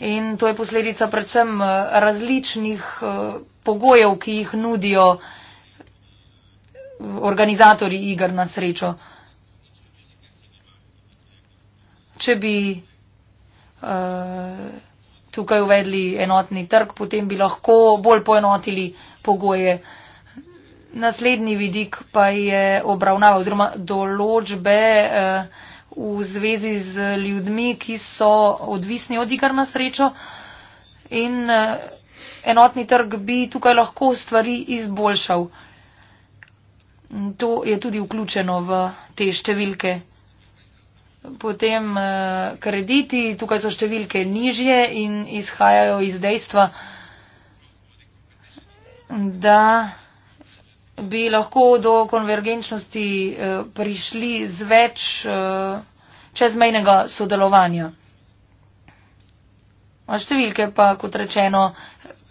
in to je posledica predvsem eh, različnih eh, pogojev, ki jih nudijo eh, organizatori igr na srečo. Če bi uh, tukaj uvedli enotni trg, potem bi lahko bolj poenotili pogoje uh, Naslednji vidik pa je obravnava oziroma določbe eh, v zvezi z ljudmi, ki so odvisni od igr na srečo in eh, enotni trg bi tukaj lahko stvari izboljšal. To je tudi vključeno v te številke. Potem eh, krediti, tukaj so številke nižje in izhajajo iz dejstva, da bi lahko do konvergenčnosti eh, prišli z več eh, čezmejnega sodelovanja. A številke pa, kot rečeno,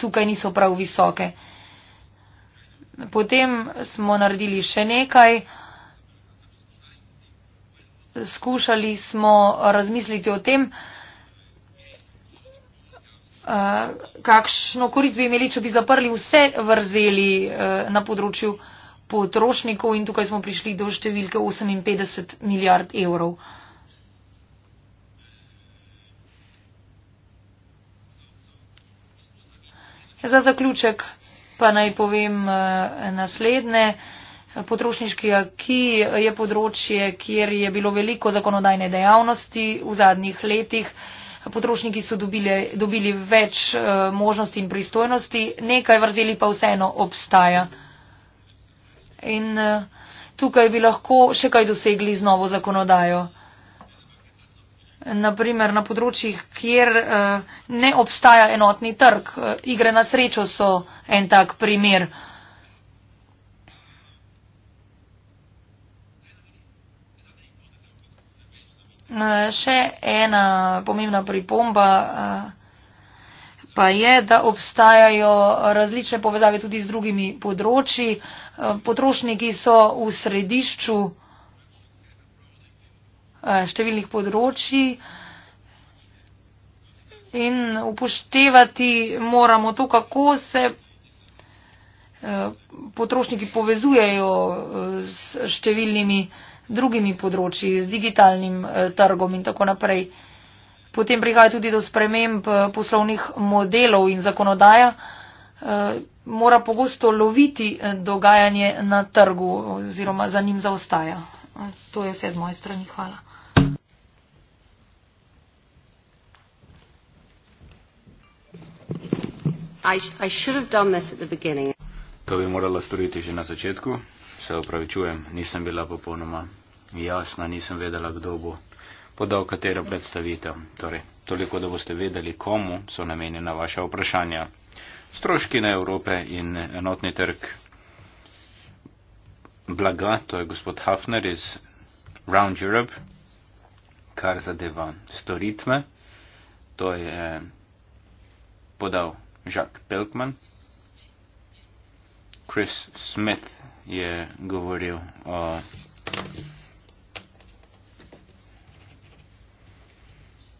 tukaj niso prav visoke. Potem smo naredili še nekaj. Skušali smo razmisliti o tem, Eh, kakšno korist bi imeli, če bi zaprli vse vrzeli eh, na področju potrošnikov in tukaj smo prišli do številke 58 milijard evrov. Za zaključek pa naj povem eh, naslednje. Potrošniški aki je področje, kjer je bilo veliko zakonodajne dejavnosti v zadnjih letih potrošniki so dobili, dobili več eh, možnosti in pristojnosti, nekaj vrzeli pa vseeno obstaja. In eh, tukaj bi lahko še kaj dosegli z novo zakonodajo. Naprimer na področjih, kjer eh, ne obstaja enotni trg. Igre na srečo so en tak primer. Eh, še ena pomembna pripomba eh, pa je, da obstajajo različne povezave tudi z drugimi področji. Eh, potrošniki so v središču številnih področji in upoštevati moramo to, kako se potrošniki povezujejo s številnimi področji drugimi področji, z digitalnim eh, trgom in tako naprej. Potem prihaja tudi do sprememb eh, poslovnih modelov in zakonodaja, eh, mora pogosto loviti dogajanje na trgu oziroma za njim zaostaja. To je vse z moje strani. Hvala. I, I to bi morala storiti že na začetku se opravičujem, nisem bila popolnoma jasna, nisem vedela, kdo bo podal katero predstavitev. Torej, toliko, da boste vedeli, komu so namenjena vaša vprašanja. Stroški na Evrope in enotni trg blaga, to je gospod Hafner iz Round Europe, kar zadeva storitve, to je eh, podal Žak Pelkman. Chris Smith je govoril o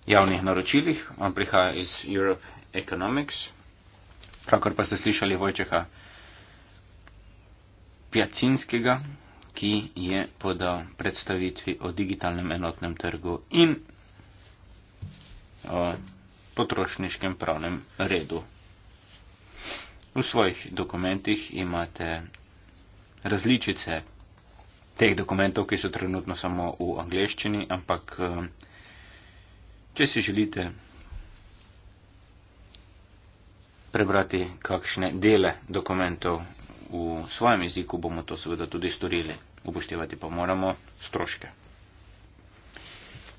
javnih naročilih. On prihaja iz Europe Economics. Pravkar pa ste slišali Vojčeha Pjacinskega, ki je podal predstavitvi o digitalnem enotnem trgu in o potrošniškem pravnem redu V svojih dokumentih imate različice teh dokumentov, ki so trenutno samo v angleščini, ampak eh, če si želite prebrati kakšne dele dokumentov v svojem jeziku, bomo to seveda tudi storili. Upoštevati pa moramo stroške.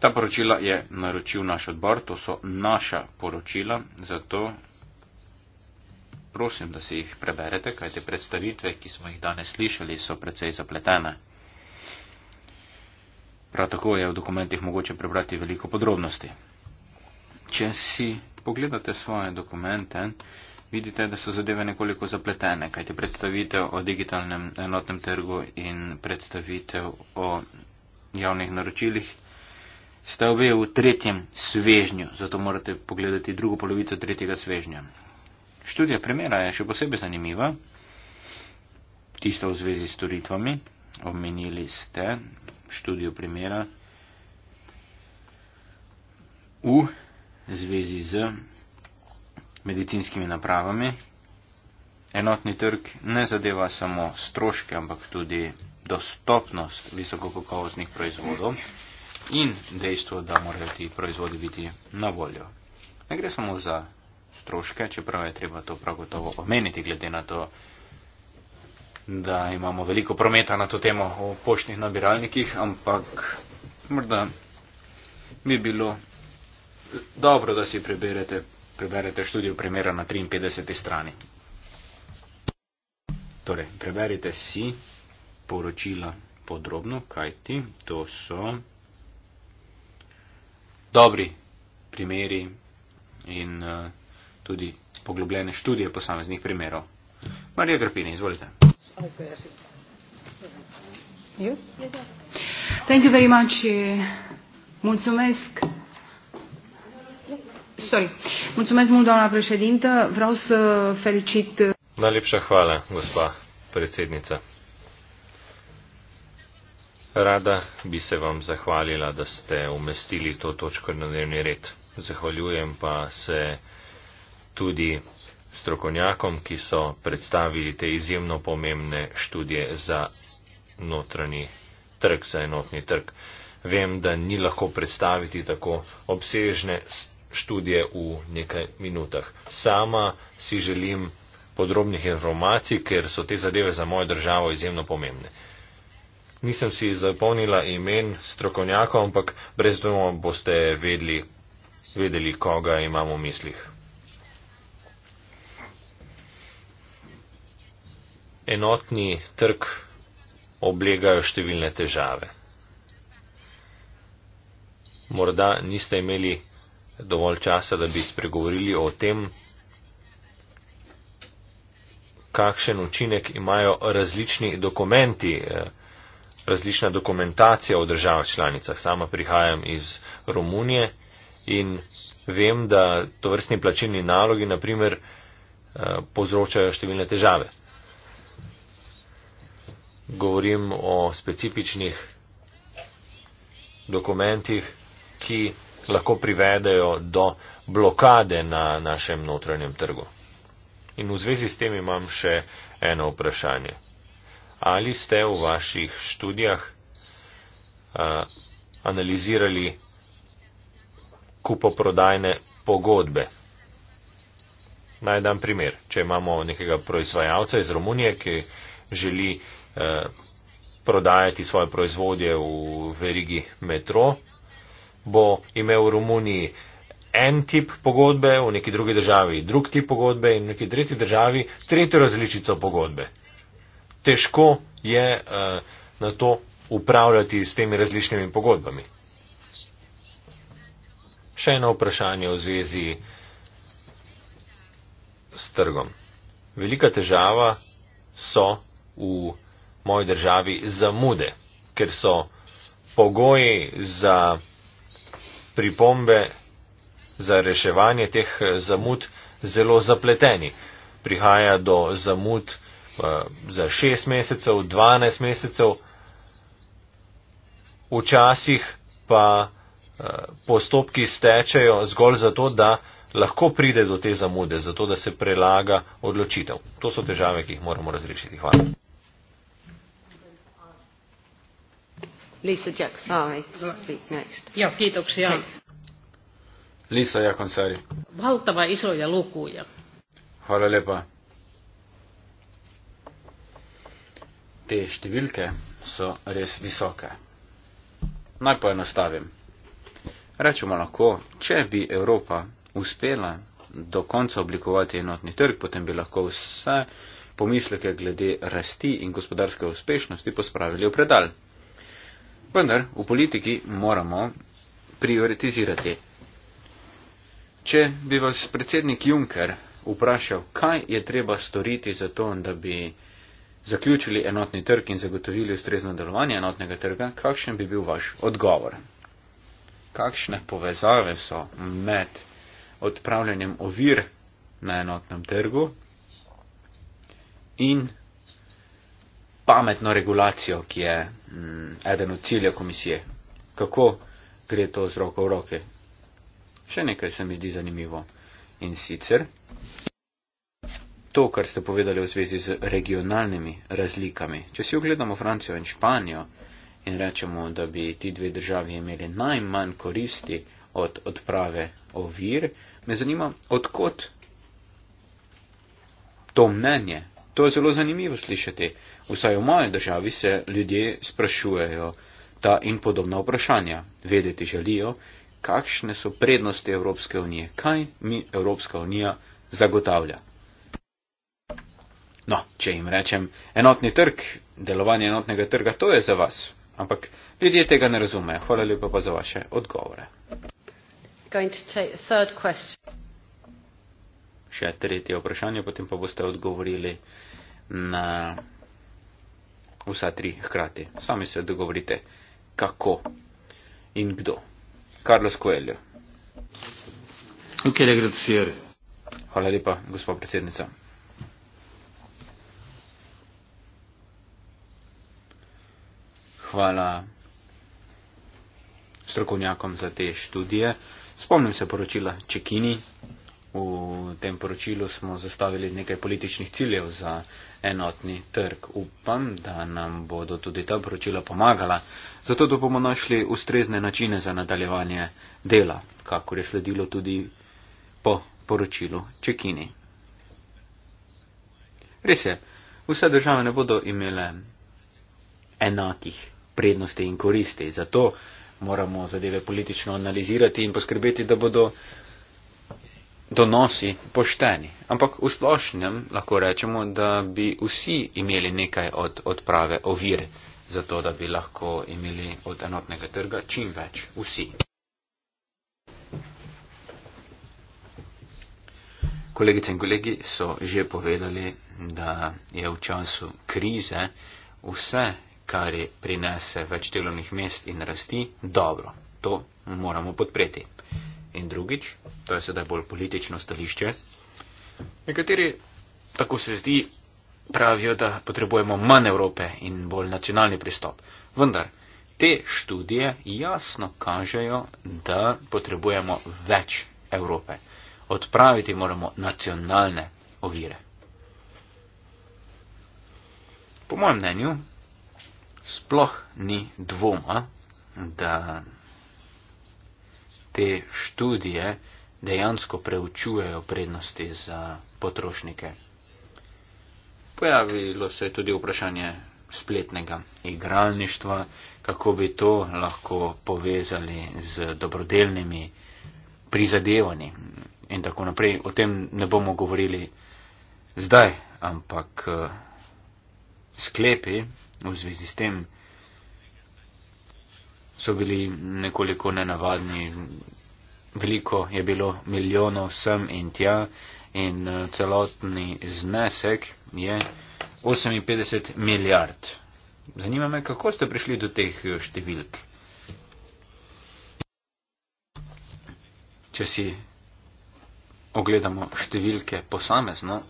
Ta poročila je naročil naš odbor, to so naša poročila, zato prosim, da si jih preberete, kaj te predstavitve, ki smo jih danes slišali, so precej zapletene. Prav tako je v dokumentih mogoče prebrati veliko podrobnosti. Če si pogledate svoje dokumente, vidite, da so zadeve nekoliko zapletene, kaj te predstavitev o digitalnem enotnem trgu in predstavitev o javnih naročilih. Ste obe v tretjem svežnju, zato morate pogledati drugo polovico tretjega svežnja. Študija primera je še posebej zanimiva, tista v zvezi s storitvami. Omenili ste študijo primera v zvezi z medicinskimi napravami. Enotni trg ne zadeva samo stroške, ampak tudi dostopnost visokokakovostnih proizvodov in dejstvo, da morajo ti proizvodi biti na voljo. Ne gre samo za stroške, čeprav je treba to prav gotovo omeniti, glede na to, da imamo veliko prometa na to temo o poštnih nabiralnikih, ampak morda bi bilo dobro, da si preberete, preberete študijo primera na 53. strani. Torej, preberite si poročila podrobno, kajti to so dobri primeri in uh, tudi poglobljene študije posameznih primerov. Marija Grpini, izvolite. Thank you very much. Eh, mulțumesc. Sorry. Mulțumesc mult, doamna președintă. Vreau să felicit... Eh, Najlepša hvala, gospa predsednica. Rada bi se vam zahvalila, da ste umestili to točko na dnevni red. Zahvaljujem pa se tudi strokovnjakom, ki so predstavili te izjemno pomembne študije za notranji trg, za enotni trg. Vem, da ni lahko predstaviti tako obsežne študije v nekaj minutah. Sama si želim podrobnih informacij, ker so te zadeve za mojo državo izjemno pomembne. Nisem si zapomnila imen strokovnjakov, ampak brez dvoma boste vedeli, vedeli, koga imam v mislih. enotni trg oblegajo številne težave. Morda niste imeli dovolj časa, da bi spregovorili o tem, kakšen učinek imajo različni dokumenti, eh, različna dokumentacija v državah članicah. Sama prihajam iz Romunije in vem, da to vrstni plačilni nalogi, naprimer, eh, povzročajo številne težave govorim o specifičnih dokumentih, ki lahko privedejo do blokade na našem notranjem trgu. In v zvezi s tem imam še eno vprašanje. Ali ste v vaših študijah a, analizirali kupoprodajne pogodbe? Najdam primer. Če imamo nekega proizvajalca iz Romunije, ki želi Eh, prodajati svoje proizvodje v verigi metro, bo imel v Romuniji en tip pogodbe, v neki drugi državi drug tip pogodbe in v neki tretji državi tretjo različico pogodbe. Težko je eh, na to upravljati s temi različnimi pogodbami. Še eno vprašanje v zvezi s trgom. Velika težava so v moji državi zamude, ker so pogoji za pripombe, za reševanje teh eh, zamud zelo zapleteni. Prihaja do zamud eh, za 6 mesecev, 12 mesecev, včasih pa eh, postopki stečajo zgolj zato, da lahko pride do te zamude, zato da se prelaga odločitev. To so težave, ki jih moramo razrešiti. Hvala. Lisa Jack, sorry, speak next. Joo, ja, kiitoksia. Please. Lisa Jakonsari. Valtava isoja lukuja. Halle lepa. Te številke so res visoke. Naj poenostavim. Rečemo lahko, če bi Evropa uspela do konca oblikovati enotni trg, potem bi lahko vse pomisleke glede rasti in gospodarske uspešnosti pospravili v predal. Vendar v politiki moramo prioritizirati. Če bi vas predsednik Juncker vprašal, kaj je treba storiti za to, da bi zaključili enotni trg in zagotovili ustrezno delovanje enotnega trga, kakšen bi bil vaš odgovor? Kakšne povezave so med odpravljanjem ovir na enotnem trgu in pametno regulacijo, ki je mm, eden od ciljev komisije. Kako gre to z roko v roke? Še nekaj se mi zdi zanimivo. In sicer to, kar ste povedali v zvezi z regionalnimi razlikami. Če si ogledamo Francijo in Španijo in rečemo, da bi ti dve državi imeli najmanj koristi od odprave ovir, me zanima, odkot to mnenje To je zelo zanimivo slišati. Vsaj v moji državi se ljudje sprašujejo ta in podobna vprašanja. Vedeti želijo, kakšne so prednosti Evropske unije, kaj mi Evropska unija zagotavlja. No, če jim rečem, enotni trg, delovanje enotnega trga, to je za vas. Ampak ljudje tega ne razumejo. Hvala lepa pa za vaše odgovore. Going to take the third question še tretje vprašanje, potem pa boste odgovorili na vsa tri hkrati. Sami se dogovorite, kako in kdo. Carlos Coelho. Okay, Hvala lepa, gospod predsednica. Hvala strokovnjakom za te študije. Spomnim se poročila Čekini. V tem poročilu smo zastavili nekaj političnih ciljev za enotni trg. Upam, da nam bodo tudi ta poročila pomagala, zato da bomo našli ustrezne načine za nadaljevanje dela, kakor je sledilo tudi po poročilu Čekini. Res je, vse države ne bodo imele enakih prednosti in koristi, zato moramo zadeve politično analizirati in poskrbeti, da bodo donosi pošteni. Ampak v splošnem lahko rečemo, da bi vsi imeli nekaj od odprave ovir, zato da bi lahko imeli od enotnega trga čim več. Vsi. Kolegice in kolegi so že povedali, da je v času krize vse, kar prinese več delovnih mest in rasti, dobro. To moramo podpreti in drugič, to je sedaj bolj politično stališče, nekateri, tako se zdi, pravijo, da potrebujemo manj Evrope in bolj nacionalni pristop. Vendar, te študije jasno kažejo, da potrebujemo več Evrope. Odpraviti moramo nacionalne ovire. Po mojem mnenju, sploh ni dvoma, da te študije dejansko preučujejo prednosti za potrošnike. Pojavilo se je tudi vprašanje spletnega igralništva, kako bi to lahko povezali z dobrodelnimi prizadevanji in tako naprej. O tem ne bomo govorili zdaj, ampak eh, sklepi v zvezi s tem, so bili nekoliko nenavadni. Veliko je bilo milijonov sem in tja in eh, celotni znesek je 58 milijard. Zanima me, kako ste prišli do teh eh, številk. Če si ogledamo številke posamezno,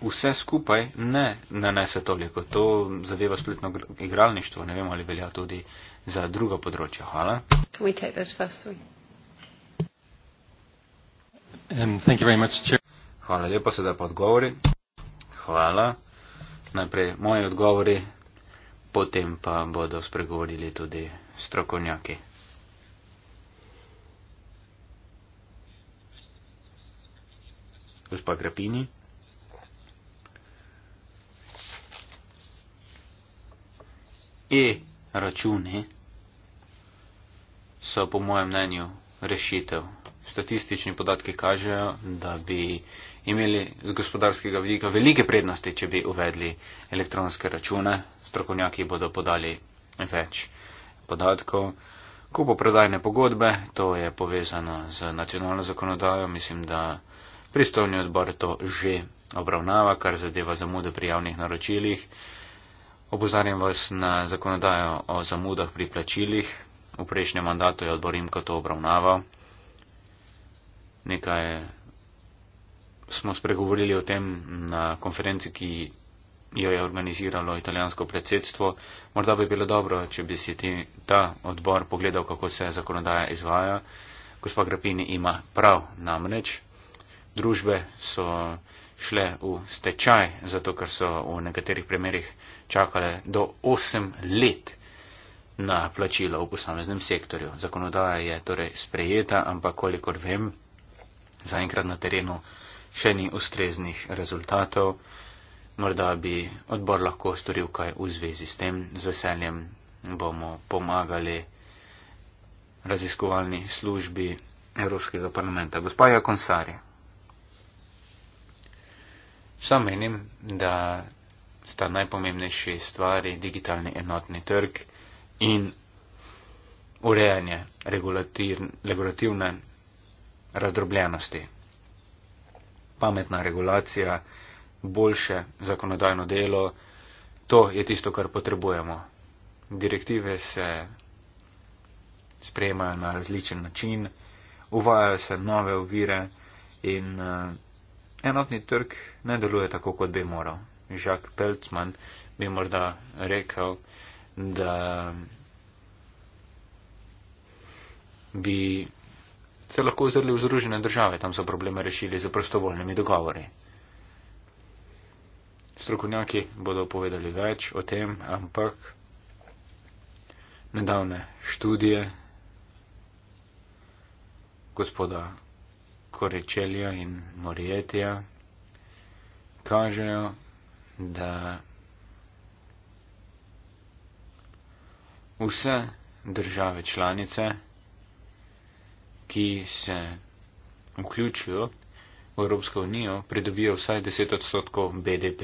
vse skupaj ne nanese toliko. To zadeva spletno igralništvo. Ne vem, ali velja tudi za druga področja. Hvala. Um, Hvala lepa, sedaj pa odgovori. Hvala. Najprej moji odgovori, potem pa bodo spregovorili tudi strokovnjaki. Gospa Grapini. e-računi so po mojem mnenju rešitev. Statistični podatki kažejo, da bi imeli z gospodarskega vidika velike prednosti, če bi uvedli elektronske račune. Strokovnjaki bodo podali več podatkov. Kupo predajne pogodbe, to je povezano z nacionalno zakonodajo, mislim, da pristovni odbor to že obravnava, kar zadeva zamude pri javnih naročilih. Opozarjam vas na zakonodajo o zamudah pri plačilih. V prejšnjem mandatu je odbor Rimko to obravnaval. Nekaj smo spregovorili o tem na konferenci, ki jo je organiziralo italijansko predsedstvo. Morda bi bilo dobro, če bi si ti, ta odbor pogledal, kako se zakonodaja izvaja. Gospa Grapini ima prav namreč. Družbe so šle v stečaj, zato ker so v nekaterih primerjih čakale do 8 let na plačilo v posameznem sektorju. Zakonodaja je torej sprejeta, ampak kolikor vem, zaenkrat na terenu še ni ustreznih rezultatov. Morda bi odbor lahko storil kaj v zvezi s tem. Z veseljem bomo pomagali raziskovalni službi Evropskega parlamenta. Gospa Jakonsarja. Sam menim, da sta najpomembnejši stvari digitalni enotni trg in urejanje regulativne razdrobljenosti. Pametna regulacija, boljše zakonodajno delo, to je tisto, kar potrebujemo. Direktive se sprejemajo na različen način, uvajajo se nove ovire in uh, enotni trg ne deluje tako, kot bi moral. Jacques Peltzman bi morda rekel, da bi se lahko ozrli v Združene države, tam so probleme rešili z prostovoljnimi dogovori. Strokovnjaki bodo povedali več o tem, ampak nedavne študije gospoda Korečelja in Morietija kažejo, da vse države članice, ki se vključijo v Evropsko unijo, pridobijo vsaj 10 odstotkov BDP.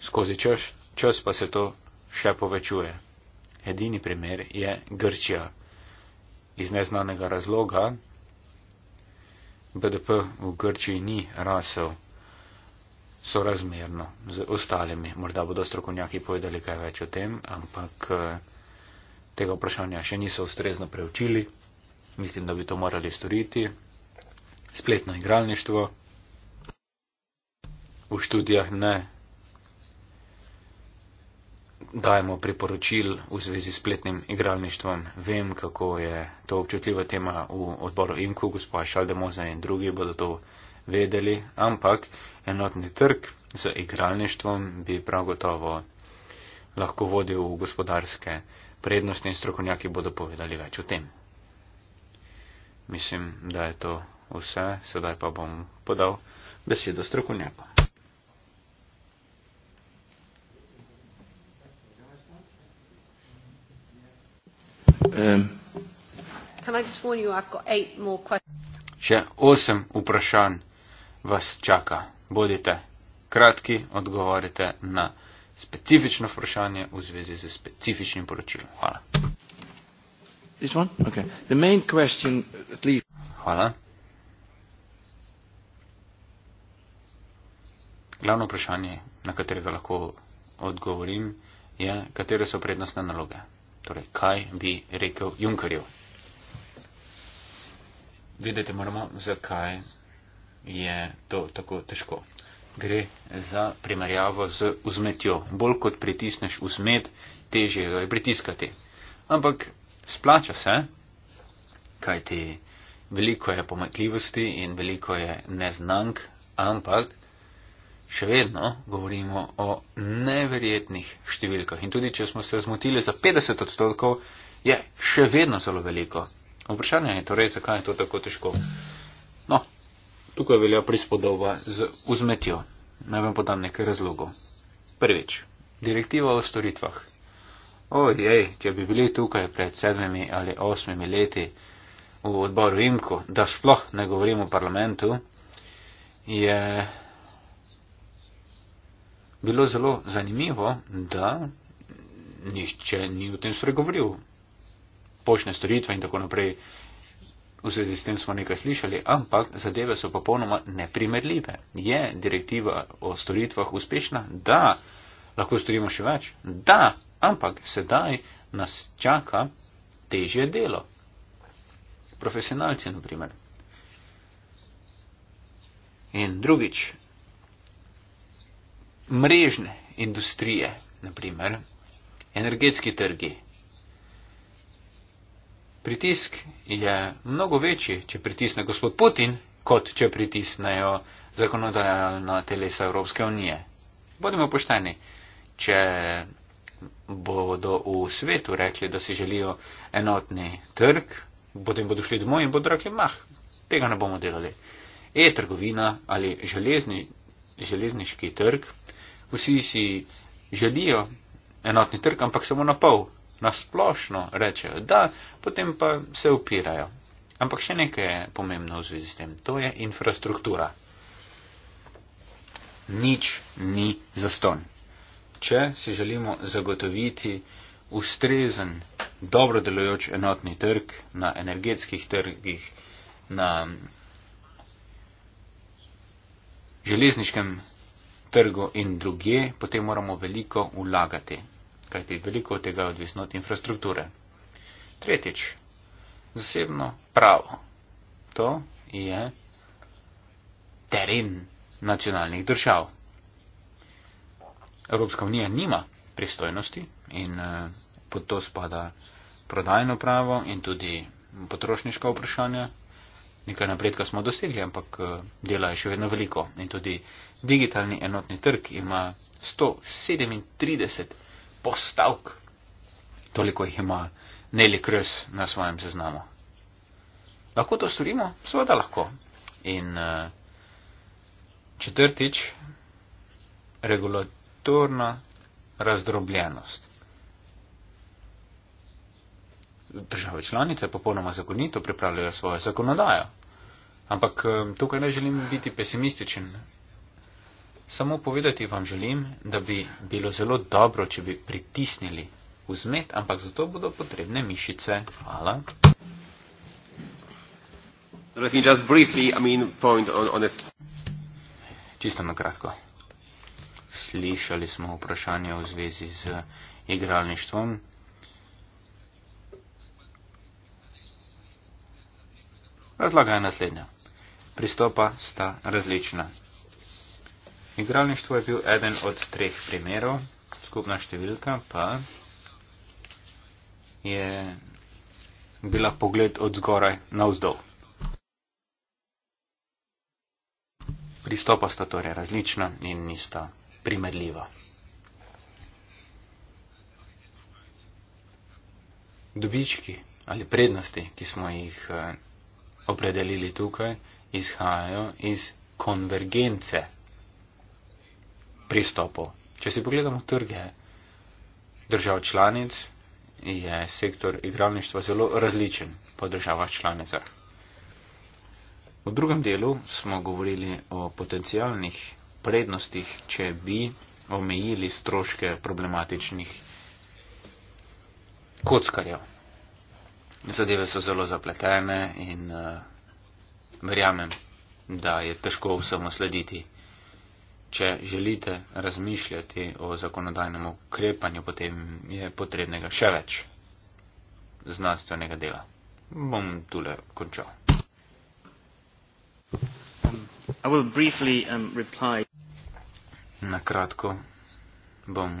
Skozi čas, čas pa se to še povečuje. Edini primer je Grčija. Iz neznanega razloga BDP v Grčiji ni rasel sorazmerno z ostalimi. Morda bodo strokovnjaki povedali kaj več o tem, ampak eh, tega vprašanja še niso ustrezno preučili. Mislim, da bi to morali storiti. Spletno igralništvo v študijah ne dajemo priporočil v zvezi s spletnim igralništvom. Vem, kako je to občutljiva tema v odboru Imku, gospod Šaldemoza in drugi bodo to vedeli, ampak enotni trg z igralništvom bi prav gotovo lahko vodil v gospodarske prednosti in strokovnjaki bodo povedali več o tem. Mislim, da je to vse, sedaj pa bom podal besedo strokovnjakom. Um, Še osem vprašanj vas čaka. Bodite kratki, odgovorite na specifično vprašanje v zvezi z specifičnim poročilom. Hvala. Okay. Question, Hvala. Glavno vprašanje, na katerega lahko odgovorim, je, katere so prednostne naloge. Torej, kaj bi rekel Junkerju? Vedeti moramo, zakaj je to tako težko. Gre za primerjavo z vzmetjo. Bolj kot pritisneš vzmet, teže ga je pritiskati. Ampak splača se, kajti veliko je pometljivosti in veliko je neznank, ampak še vedno govorimo o neverjetnih številkah. In tudi, če smo se zmotili za 50 odstotkov, je še vedno zelo veliko. Vprašanje je torej, zakaj je to tako težko. No, tukaj velja prispodoba z vzmetjo. Naj vam podam nekaj razlogov. Prvič, direktiva o storitvah. Ojej, če bi bili tukaj pred sedmimi ali osmimi leti v odboru Vimko, da sploh ne govorim o parlamentu, je bilo zelo zanimivo, da nihče ni o tem spregovoril. Počne storitve in tako naprej. V zvezi s tem smo nekaj slišali, ampak zadeve so popolnoma neprimerljive. Je direktiva o storitvah uspešna? Da, lahko storimo še več. Da, ampak sedaj nas čaka težje delo. Profesionalci, na primer. In drugič, mrežne industrije, naprimer energetski trgi. Pritisk je mnogo večji, če pritisne gospod Putin, kot če pritisnejo zakonodajalna telesa Evropske unije. Bodimo pošteni, če bodo v svetu rekli, da si želijo enotni trg, potem bodo šli domov in bodo rekli, mah, tega ne bomo delali. E-trgovina ali železni železniški trg. Vsi si želijo enotni trg, ampak samo na pol, na splošno rečejo, da potem pa se upirajo. Ampak še nekaj je pomembno v zvezi s tem, to je infrastruktura. Nič ni zaston. Če si želimo zagotoviti ustrezen, dobro delujoč enotni trg na energetskih trgih, na železniškem trgu in druge, potem moramo veliko vlagati, kajti veliko od tega je odvisno od infrastrukture. Tretjič, zasebno pravo. To je teren nacionalnih držav. Evropska unija nima pristojnosti in eh, pod to spada prodajno pravo in tudi potrošniška vprašanja, nekaj napredka smo dosegli, ampak eh, dela je še vedno veliko. In tudi digitalni enotni trg ima 137 postavk, toliko jih ima Neli Kres na svojem seznamu. Lahko to storimo? Seveda lahko. In eh, četrtič, regulatorna razdrobljenost države članice popolnoma zakonito pripravljajo svojo zakonodajo. Ampak eh, tukaj ne želim biti pesimističen. Samo povedati vam želim, da bi bilo zelo dobro, če bi pritisnili v zmet, ampak za to bodo potrebne mišice. Hvala. Čisto na kratko. Slišali smo vprašanje v zvezi z igralništvom, Razlaga je naslednja. Pristopa sta različna. Igralništvo je bil eden od treh primerov, skupna številka pa je bila pogled od zgoraj na vzdolj. Pristopa sta torej različna in nista primerljiva. Dobički ali prednosti, ki smo jih. Eh, opredelili tukaj, izhajajo iz konvergence pristopov. Če si pogledamo trge držav članic, je sektor igralništva zelo različen po državah članicah. V drugem delu smo govorili o potencijalnih prednostih, če bi omejili stroške problematičnih kockarjev zadeve so zelo zapletene in uh, verjamem, da je težko vsemu slediti. Če želite razmišljati o zakonodajnem ukrepanju, potem je potrebnega še več znanstvenega dela. Bom tule končal. Um, briefly, um, Na kratko bom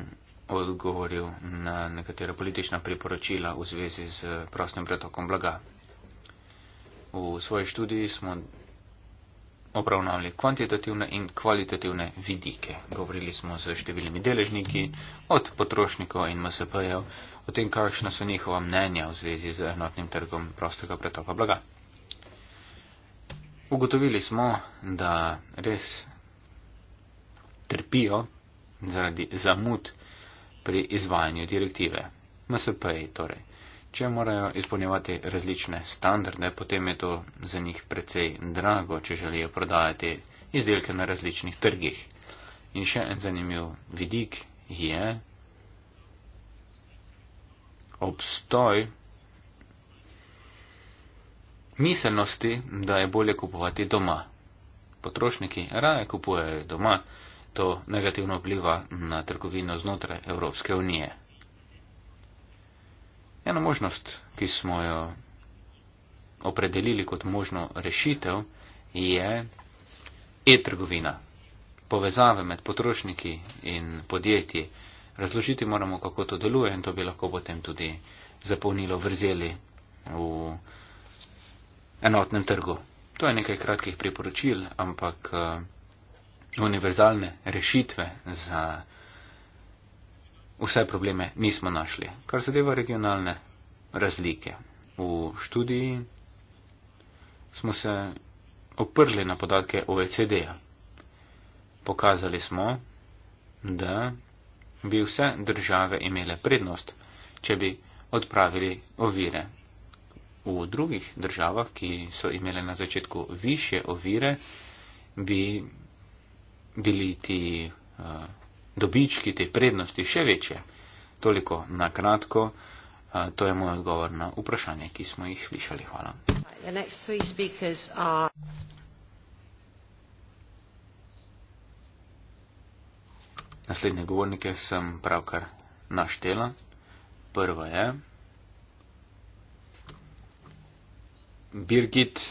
odgovoril na nekatera politična priporočila v zvezi z prostim pretokom blaga. V svoji študiji smo obravnavali kvantitativne in kvalitativne vidike. Govorili smo z številnimi deležniki, od potrošnikov in MSP-jev, o tem, kakšna so njihova mnenja v zvezi z enotnim trgom prostega pretoka blaga. Ugotovili smo, da res trpijo zaradi zamud pri izvajanju direktive. NSP-ji torej. Če morajo izpolnjevati različne standarde, potem je to za njih precej drago, če želijo prodajati izdelke na različnih trgih. In še en zanimiv vidik je obstoj miselnosti, da je bolje kupovati doma. Potrošniki raje kupujejo doma, to negativno vpliva na trgovino znotraj Evropske unije. Ena možnost, ki smo jo opredelili kot možno rešitev, je e-trgovina, povezave med potrošniki in podjetji. Razložiti moramo, kako to deluje in to bi lahko potem tudi zapolnilo vrzeli v enotnem trgu. To je nekaj kratkih priporočil, ampak eh, univerzalne rešitve za vse probleme nismo našli. Kar zadeva regionalne razlike. V študiji smo se oprli na podatke OECD-ja. Pokazali smo, da bi vse države imele prednost, če bi odpravili ovire. V drugih državah, ki so imele na začetku više ovire, bi bili ti eh, dobički, te prednosti še večje. Toliko na kratko. Uh, to je moj odgovor na vprašanje, ki smo jih slišali. Hvala. Naslednje govornike sem pravkar naštela. Prva je Birgit,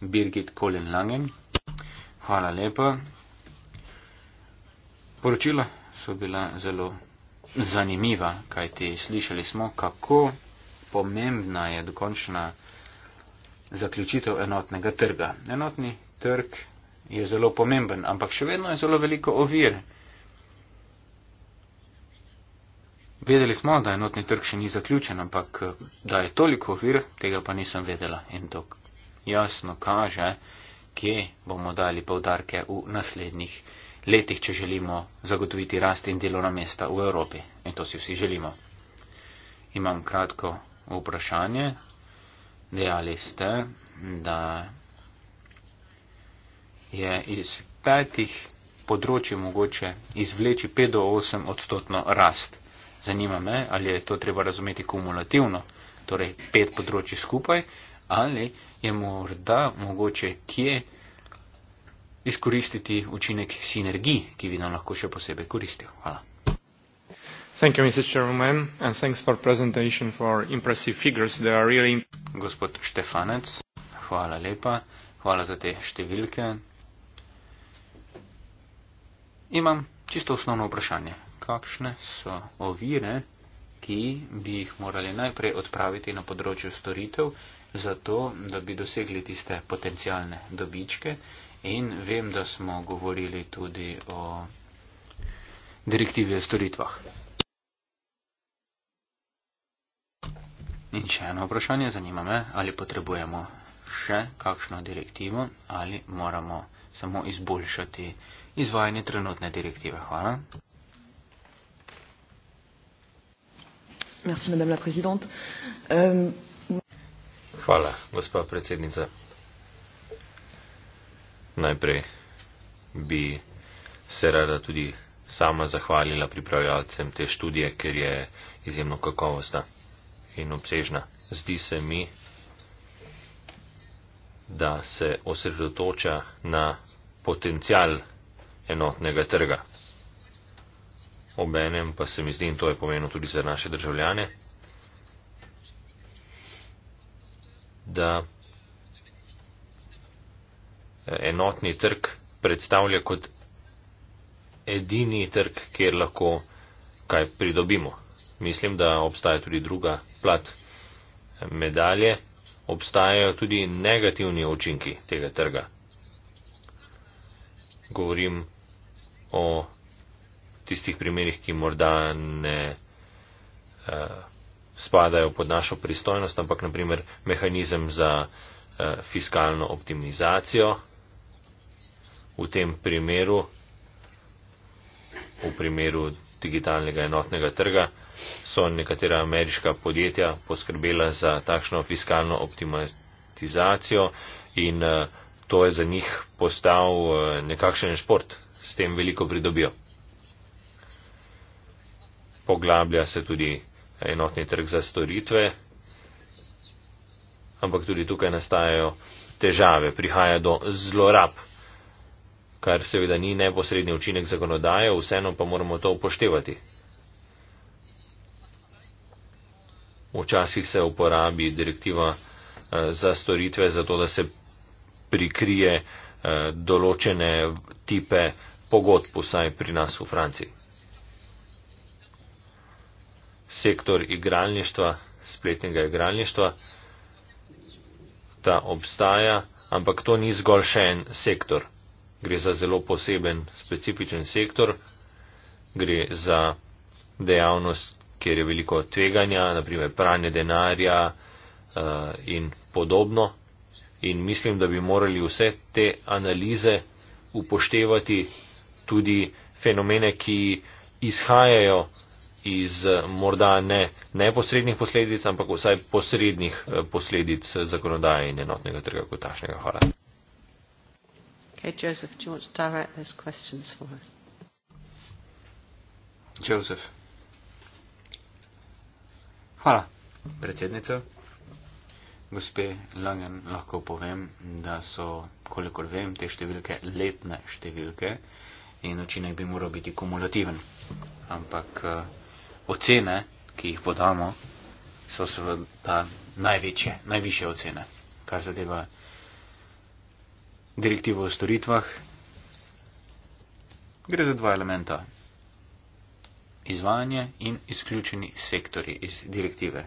Birgit Kolen Langen. Hvala lepa. Poročila so bila zelo zanimiva, kajti slišali smo, kako pomembna je dokončna zaključitev enotnega trga. Enotni trg je zelo pomemben, ampak še vedno je zelo veliko ovir. Vedeli smo, da enotni trg še ni zaključen, ampak eh, da je toliko ovir, tega pa nisem vedela. In to jasno kaže, kje bomo dali povdarke v naslednjih letih, če želimo zagotoviti rast in delovna mesta v Evropi. In to si vsi želimo. Imam kratko vprašanje. Dejali ste, da je iz petih področji mogoče izvleči 5 do 8 odstotno rast. Zanima me, ali je to treba razumeti kumulativno, torej pet področji skupaj, ali je morda mogoče kje izkoristiti učinek sinergij, ki bi nam lahko še posebej koristil. Hvala. Thank you, Mr. Chairman, and thanks for presentation for impressive figures. They are really. Gospod Štefanec, hvala lepa, hvala za te številke. Imam čisto osnovno vprašanje. Kakšne so ovire, ki bi jih morali najprej odpraviti na področju storitev zato, da bi dosegli tiste potencijalne dobičke in vem, da smo govorili tudi o direktivi o storitvah. In še eno vprašanje zanima me, ali potrebujemo še kakšno direktivo ali moramo samo izboljšati izvajanje trenutne direktive. Hvala. Merci, madame la présidente. Euh, Hvala, gospa predsednica. Najprej bi se rada tudi sama zahvalila pripravljalcem te študije, ker je izjemno kakovosta in obsežna. Zdi se mi, da se osredotoča na potencial enotnega trga. Obenem pa se mi zdi, in to je pomenilo tudi za naše državljane, da enotni trg predstavlja kot edini trg, kjer lahko kaj pridobimo. Mislim, da obstaja tudi druga plat medalje, obstajajo tudi negativni učinki tega trga. Govorim o tistih primerih, ki morda ne. Uh, spadajo pod našo pristojnost, ampak naprimer mehanizem za eh, fiskalno optimizacijo. V tem primeru, v primeru digitalnega enotnega trga, so nekatera ameriška podjetja poskrbela za takšno fiskalno optimizacijo in eh, to je za njih postal eh, nekakšen šport, s tem veliko pridobijo. Poglablja se tudi enotni trg za storitve, ampak tudi tukaj nastajajo težave, prihaja do zlorab, kar seveda ni neposredni učinek zakonodaje, vseeno pa moramo to upoštevati. Včasih se uporabi direktiva eh, za storitve, zato da se prikrije eh, določene tipe pogodb, vsaj pri nas v Franciji sektor igralništva, spletnega igralništva, ta obstaja, ampak to ni zgolj še en sektor. Gre za zelo poseben, specifičen sektor, gre za dejavnost, kjer je veliko tveganja, naprimer pranje denarja uh, in podobno. In mislim, da bi morali vse te analize upoštevati tudi fenomene, ki izhajajo iz eh, morda ne neposrednih posledic, ampak vsaj posrednih eh, posledic eh, zakonodaje in enotnega trga kot tašnega. Hvala. Okay, Joseph, do you want to direct those questions for us? Joseph. Hvala. Predsednica. Gospe Langen, lahko povem, da so, kolikor vem, te številke letne številke in učinek bi moral biti kumulativen. Ampak uh, ocene, ki jih podamo, so seveda največje, najviše ocene, kar zadeva direktivo o storitvah. Gre za dva elementa. Izvajanje in izključeni sektori iz direktive.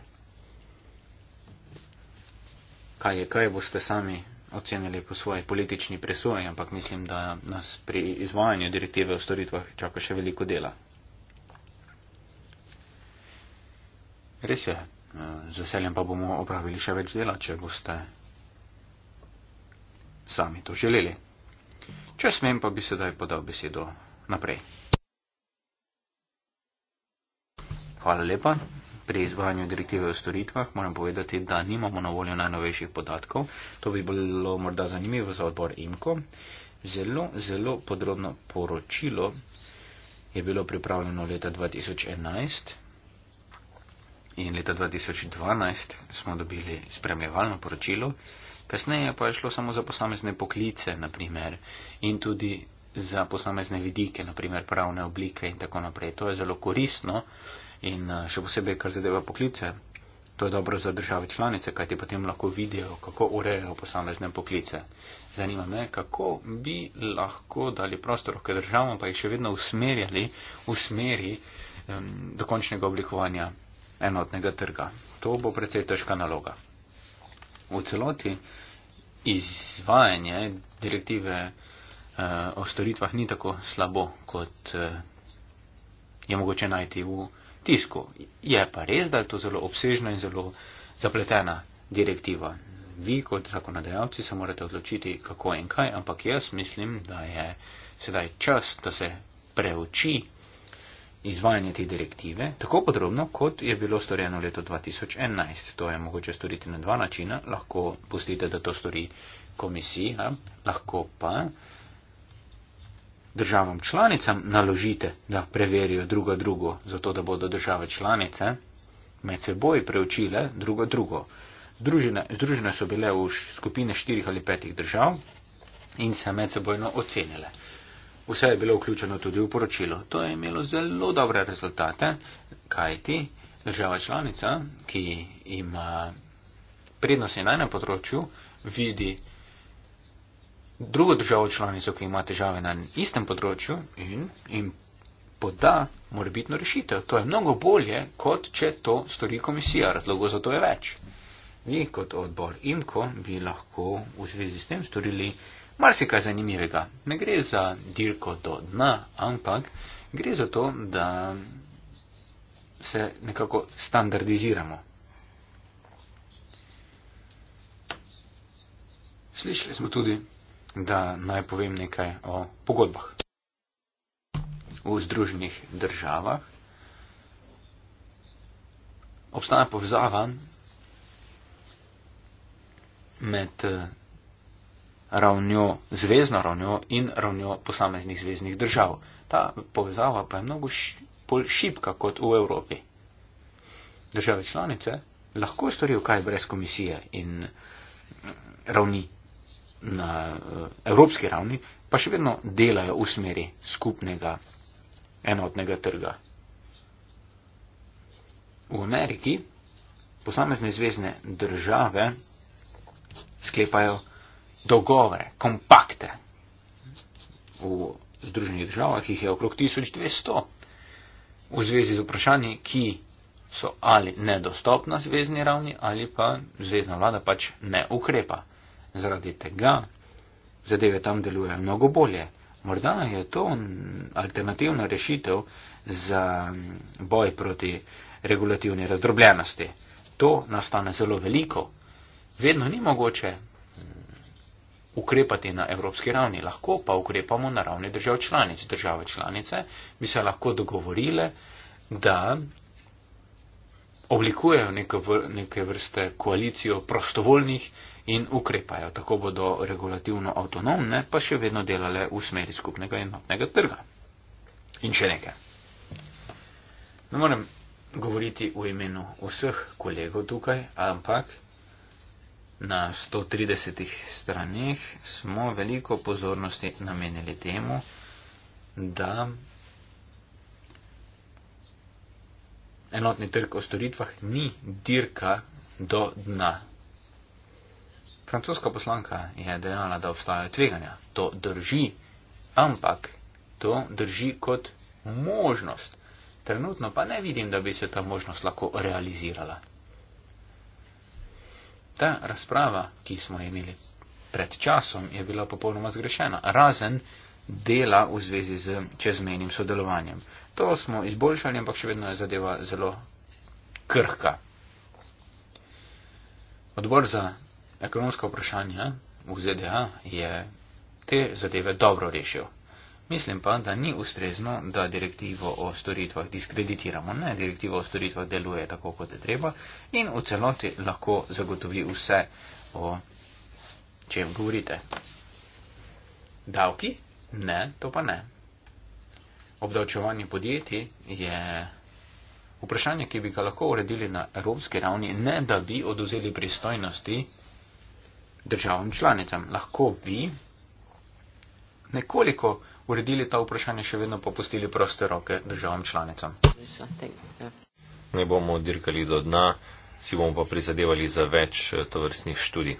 Kaj je, kaj boste sami ocenili po svoji politični presoji, ampak mislim, da nas pri izvajanju direktive o storitvah čaka še veliko dela. Res je, eh, z veseljem pa bomo opravili še več dela, če boste sami to želeli. Če smem, pa bi sedaj podal besedo naprej. Hvala lepa. Pri izvajanju direktive o storitvah moram povedati, da nimamo na voljo najnovejših podatkov. To bi bilo morda zanimivo za odbor IMKO. Zelo, zelo podrobno poročilo je bilo pripravljeno leta 2011. In leta 2012 smo dobili spremljevalno poročilo, kasneje pa je šlo samo za posamezne poklice, naprimer, in tudi za posamezne vidike, naprimer pravne oblike in tako naprej. To je zelo koristno in eh, še posebej, kar zadeva poklice, to je dobro za države članice, kajti potem lahko vidijo, kako urejajo posamezne poklice. Zanima me, kako bi lahko dali prostor, ker državam pa jih še vedno usmerjali v smeri um, dokončnega oblikovanja enotnega trga. To bo precej težka naloga. V celoti izvajanje direktive eh, o storitvah ni tako slabo, kot eh, je mogoče najti v tisku. Je pa res, da je to zelo obsežna in zelo zapletena direktiva. Vi kot zakonodajalci se morate odločiti, kako in kaj, ampak jaz mislim, da je sedaj čas, da se preuči izvajanje te direktive tako podrobno, kot je bilo storjeno leto 2011. To je mogoče storiti na dva načina. Lahko pustite, da to stori komisija, lahko pa državam članicam naložite, da preverijo drugo drugo, zato da bodo države članice med seboj preučile drugo drugo. Družine, združene so bile v skupine štirih ali petih držav in se med sebojno ocenile. Vse je bilo vključeno tudi v poročilo. To je imelo zelo dobre rezultate, kajti država članica, ki ima prednost na enem področju, vidi drugo državo članico, ki ima težave na istem področju in, in poda morbitno rešitev. To je mnogo bolje, kot če to stori komisija. Razlogov za to je več. Vi kot odbor IMKO bi lahko v zvezi s tem storili marsikaj zanimivega. Ne gre za dirko do dna, ampak gre za to, da se nekako standardiziramo. Slišali smo tudi, da naj povem nekaj o pogodbah. V združenih državah obstaja povzava med eh, ravnjo, zvezdno ravnjo in ravnjo posameznih zvezdnih držav. Ta povezava pa je mnogo bolj ši, šipka kot v Evropi. Države članice lahko storijo kaj brez komisije in eh, ravni na eh, evropski ravni, pa še vedno delajo v smeri skupnega enotnega trga. V Ameriki posamezne zvezdne države sklepajo dogovore, kompakte v Združenih državah, jih je okrog 1200 v zvezi z vprašanji, ki so ali nedostopna zvezdni ravni ali pa zvezdna vlada pač ne ukrepa. Zaradi tega zadeve tam delujejo mnogo bolje. Morda je to alternativna rešitev za boj proti regulativni razdrobljenosti. To nastane zelo veliko. Vedno ni mogoče ukrepati na evropski ravni, lahko pa ukrepamo na ravni držav članic. Države članice bi se lahko dogovorile, da oblikujejo neke vrste koalicijo prostovoljnih in ukrepajo. Tako bodo regulativno avtonomne, pa še vedno delale v smeri skupnega enotnega trga. In še nekaj. Ne morem govoriti v imenu vseh kolegov tukaj, ampak Na 130 straneh smo veliko pozornosti namenili temu, da enotni trg o storitvah ni dirka do dna. Francoska poslanka je dejala, da obstajajo tveganja. To drži, ampak to drži kot možnost. Trenutno pa ne vidim, da bi se ta možnost lahko realizirala ta razprava, ki smo jo imeli pred časom, je bila popolnoma zgrešena, razen dela v zvezi z čezmenim sodelovanjem. To smo izboljšali, ampak še vedno je zadeva zelo krhka. Odbor za ekonomska vprašanja v ZDA je te zadeve dobro rešil. Mislim pa, da ni ustrezno, da direktivo o storitvah diskreditiramo. Ne, direktivo o storitvah deluje tako, kot je treba in v celoti lahko zagotovi vse, o čem govorite. Davki? Ne, to pa ne. Obdavčevanje podjetij je vprašanje, ki bi ga lahko uredili na evropski ravni, ne da bi oduzeli pristojnosti državam članicam. Lahko bi nekoliko uredili ta vprašanje, še vedno pa pustili proste roke državam članicam. Ne bomo dirkali do dna, si bomo pa prizadevali za več eh, tovrstnih študij.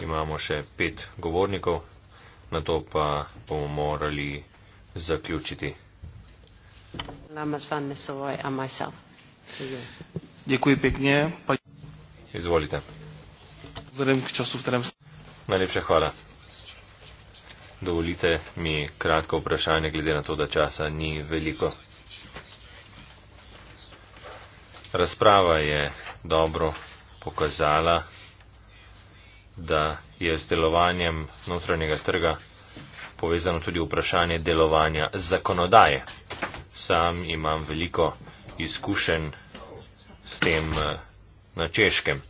Imamo še pet govornikov, na to pa bomo morali zaključiti. Děkuji pěkně. Izvolite. Vzhledem k času, v kterém jste. Najlepšie chvála dovolite mi kratko vprašanje, glede na to, da časa ni veliko. Razprava je dobro pokazala, da je z delovanjem notranjega trga povezano tudi vprašanje delovanja zakonodaje. Sam imam veliko izkušenj s tem eh, na češkem.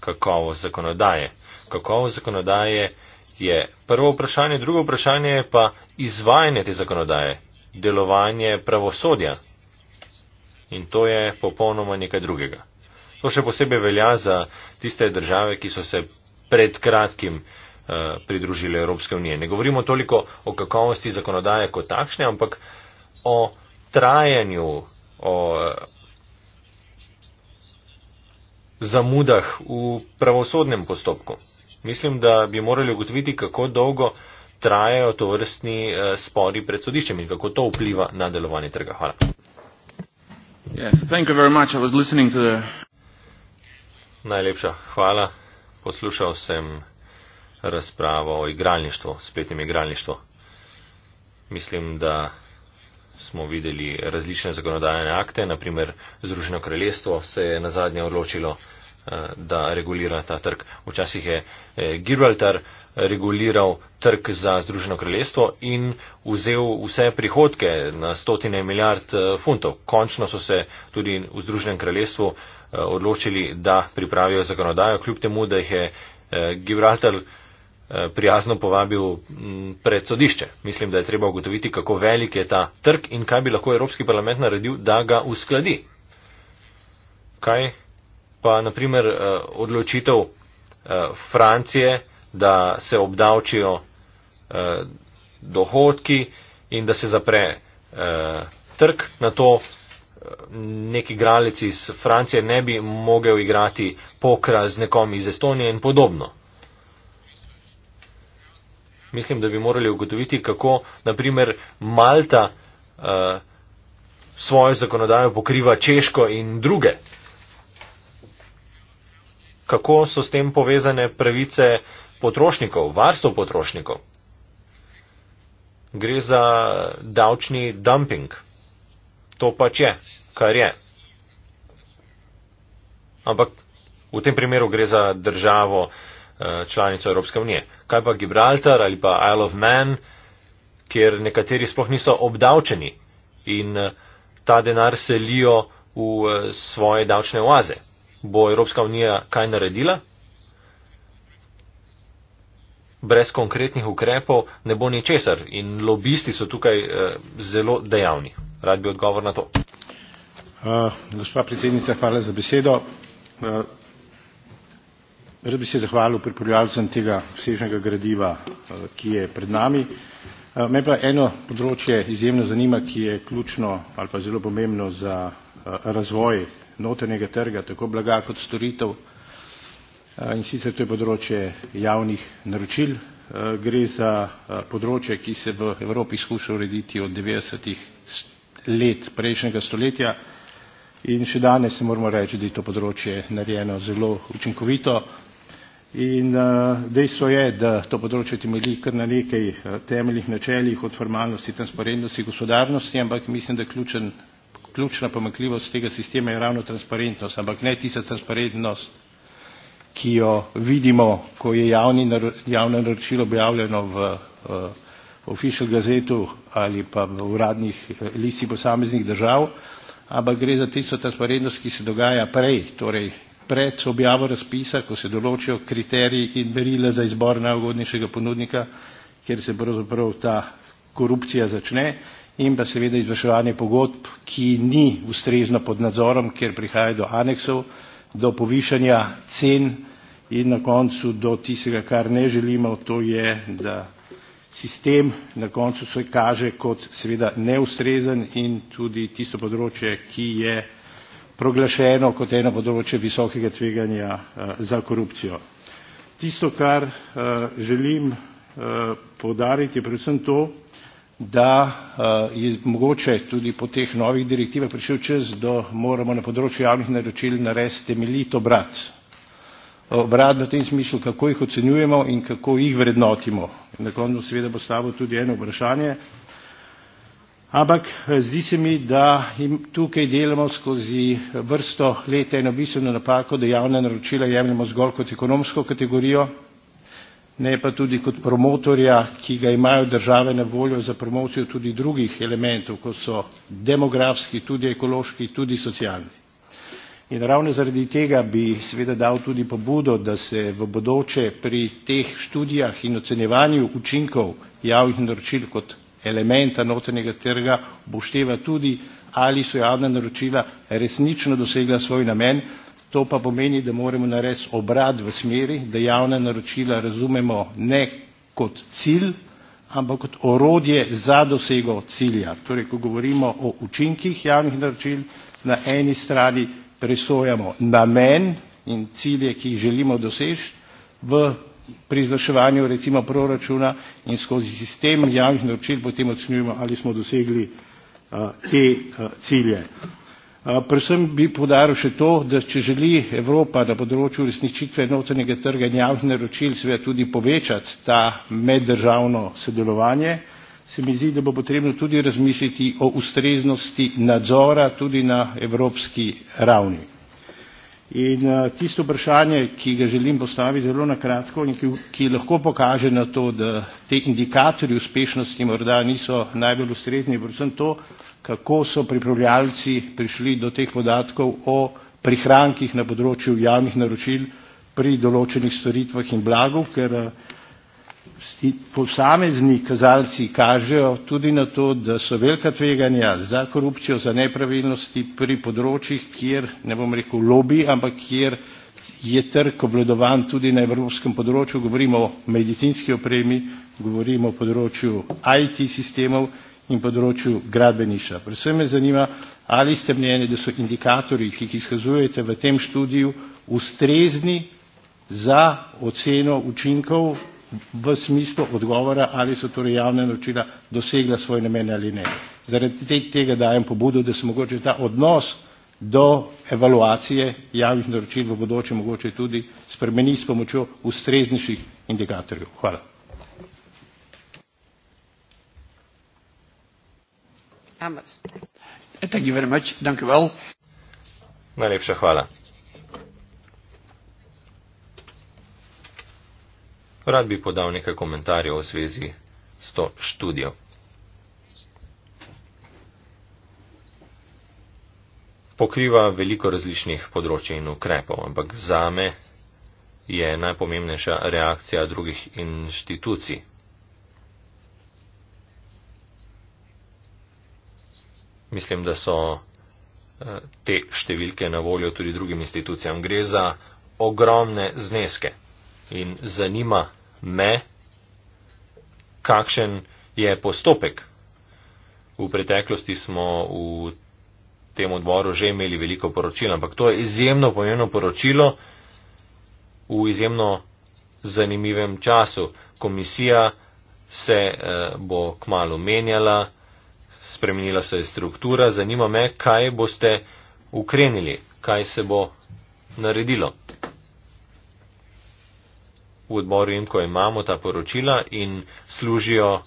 Kakovo zakonodaje? Kakovo zakonodaje? je prvo vprašanje, drugo vprašanje je pa izvajanje te zakonodaje, delovanje pravosodja. In to je popolnoma nekaj drugega. To še posebej velja za tiste države, ki so se pred kratkim uh, pridružile Evropske unije. Ne govorimo toliko o kakovosti zakonodaje kot takšne, ampak o trajanju, o uh, zamudah v pravosodnem postopku. Mislim, da bi morali ugotoviti, kako dolgo trajajo to vrstni eh, spori pred sodiščem in kako to vpliva na delovanje trga. Hvala. Yes, the... Najlepša hvala. Poslušal sem razpravo o igralništvu, spletnem igralništvu. Mislim, da smo videli različne zakonodajne akte, naprimer Združeno kraljestvo se je na zadnje odločilo. Eh, da regulira ta trg. Včasih je eh, Gibraltar reguliral trg za Združeno kraljestvo in vzel vse prihodke na stotine milijard eh, funtov. Končno so se tudi v Združenem kraljestvu odločili, da pripravijo zakonodajo, kljub temu, da jih je Gibraltar prijazno povabil mm, pred sodišče. Mislim, da je treba ugotoviti, kako velik je ta trg in kaj bi lahko Evropski parlament naredil, da ga uskladi. Kaj pa naprimer eh, odločitev eh, Francije, da se obdavčijo eh, dohodki in da se zapre trg na to, neki gralec iz Francije ne bi mogel igrati pokra z nekom iz Estonije in podobno. Mislim, da bi morali ugotoviti, kako naprimer Malta uh, svojo zakonodajo pokriva Češko in druge kako so s tem povezane pravice potrošnikov, varstvo potrošnikov. Gre za davčni dumping. To pač je, kar je. Ampak v tem primeru gre za državo eh, članico Evropske unije. Kaj pa Gibraltar ali pa Isle of Man, kjer nekateri sploh niso obdavčeni in eh, ta denar selijo v eh, svoje davčne oaze bo Evropska unija kaj naredila? Brez konkretnih ukrepov ne bo ničesar in lobisti so tukaj eh, zelo dejavni. Rad bi odgovor na to. Uh, gospa predsednica, hvala za besedo. Uh, rad bi se zahvalil pripravljalcem tega vsežnega gradiva, uh, ki je pred nami. Uh, me pa eno področje izjemno zanima, ki je ključno ali pa zelo pomembno za uh, razvoj notranjega trga tako blaga kot storitev eh, in sicer to je področje javnih naročil eh, gre za eh, področje ki se v evropi skuša urediti od devetdesetih let prejšnjega stoletja in še danes moramo reči da je to področje narejeno zelo učinkovito in dejstvo je da to področje temelji kar na nekaj temeljnih načelih od formalnosti transparentnosti gospodarnosti ampak mislim da ključen ključna pomankljivost tega sistema je ravno transparentnost, ampak ne tista transparentnost, ki jo vidimo, ko je javni, javno naročilo objavljeno v, v eh, official gazetu ali pa v uradnih eh, listih posameznih držav, ampak gre za tisto transparentnost, ki se dogaja prej, torej pred objavo razpisa, ko se določijo kriteriji in merila za izbor najugodnejšega ponudnika, kjer se pravzaprav ta korupcija začne in pa seveda izvrševanje pogodb, ki ni ustrezno pod nadzorom, ker prihaja do aneksov, do povišanja cen in na koncu do tistega, kar ne želimo, to je, da sistem na koncu se kaže kot seveda neustrezen in tudi tisto področje, ki je proglašeno kot eno področje visokega tveganja uh, za korupcijo. Tisto, kar uh, želim uh, eh, podariti, je predvsem to, da eh, je mogoče tudi po teh novih direktivah prišel čas, da moramo na področju javnih naročil narediti temeljito brat. Obrat v tem smislu, kako jih ocenjujemo in kako jih vrednotimo. Na koncu seveda bo stavo tudi eno vprašanje. Ampak eh, zdi se mi, da tukaj delamo skozi vrsto let eno bistveno napako, da javna naročila jemljemo zgolj kot ekonomsko kategorijo, ne pa tudi kot promotorja, ki ga imajo države na voljo za promocijo tudi drugih elementov, kot so demografski, tudi ekološki, tudi socialni. In ravno zaradi tega bi seveda dal tudi pobudo, da se v bodoče pri teh študijah in ocenjevanju učinkov javnih naročil kot elementa notranjega trga bošteva tudi, ali so javna naročila resnično dosegla svoj namen, To pa pomeni, da moramo narediti obrat v smeri, da javna naročila razumemo ne kot cilj, ampak kot orodje za dosego cilja. Torej, ko govorimo o učinkih javnih naročil, na eni strani presojamo namen in cilje, ki jih želimo doseči v pri izvrševanju recimo proračuna in skozi sistem javnih naročil potem ocenjujemo, ali smo dosegli uh, te uh, cilje predvsem bi podaril še to da če želi evropa na področju uresničitve notranjega trga in javnih naročil seveda tudi povečati ta meddržavno sodelovanje se mi zdi da bo potrebno tudi razmisliti o ustreznosti nadzora tudi na evropski ravni. In tisto vprašanje, ki ga želim postaviti zelo na kratko in ki, ki lahko pokaže na to, da ti indikatorji uspešnosti morda niso najbolj ustrezni, predvsem to, kako so pripravljalci prišli do teh podatkov o prihrankih na področju javnih naročil pri določenih storitvah in blagu, ker eh, posamezni kazalci kažejo tudi na to, da so velika tveganja za korupcijo, za nepravilnosti pri področjih, kjer ne bom rekel lobby, ampak kjer je trg obvladovan tudi na evropskem področju, govorimo o medicinski opremi, govorimo o področju IT sistemov, in področju gradbeništva. Predvsem me zanima, ali ste mnenje, da so indikatorji, ki jih izkazujete v tem študiju, ustrezni za oceno učinkov v smislu odgovora, ali so torej javna naročila dosegla svoj namen ali ne. Zaradi tega dajem pobudo, da se mogoče ta odnos do evaluacije javnih naročil v bodoče mogoče tudi spremeni s pomočjo ustreznejših indikatorjev. Hvala. Hamas. Thank you very much. Dank u wel. Najlepša hvala. Rad bi podal nekaj komentarjev v zvezi s to študijo. Pokriva veliko različnih področji in ukrepov, ampak zame je najpomembnejša reakcija drugih inštitucij, mislim, da so eh, te številke na voljo tudi drugim institucijam. Gre za ogromne zneske in zanima me, kakšen je postopek. V preteklosti smo v tem odboru že imeli veliko poročil, ampak to je izjemno pomembno poročilo v izjemno zanimivem času. Komisija se eh, bo kmalo menjala spremenila se je struktura, zanima me, kaj boste ukrenili, kaj se bo naredilo. V odboru in ko imamo ta poročila in služijo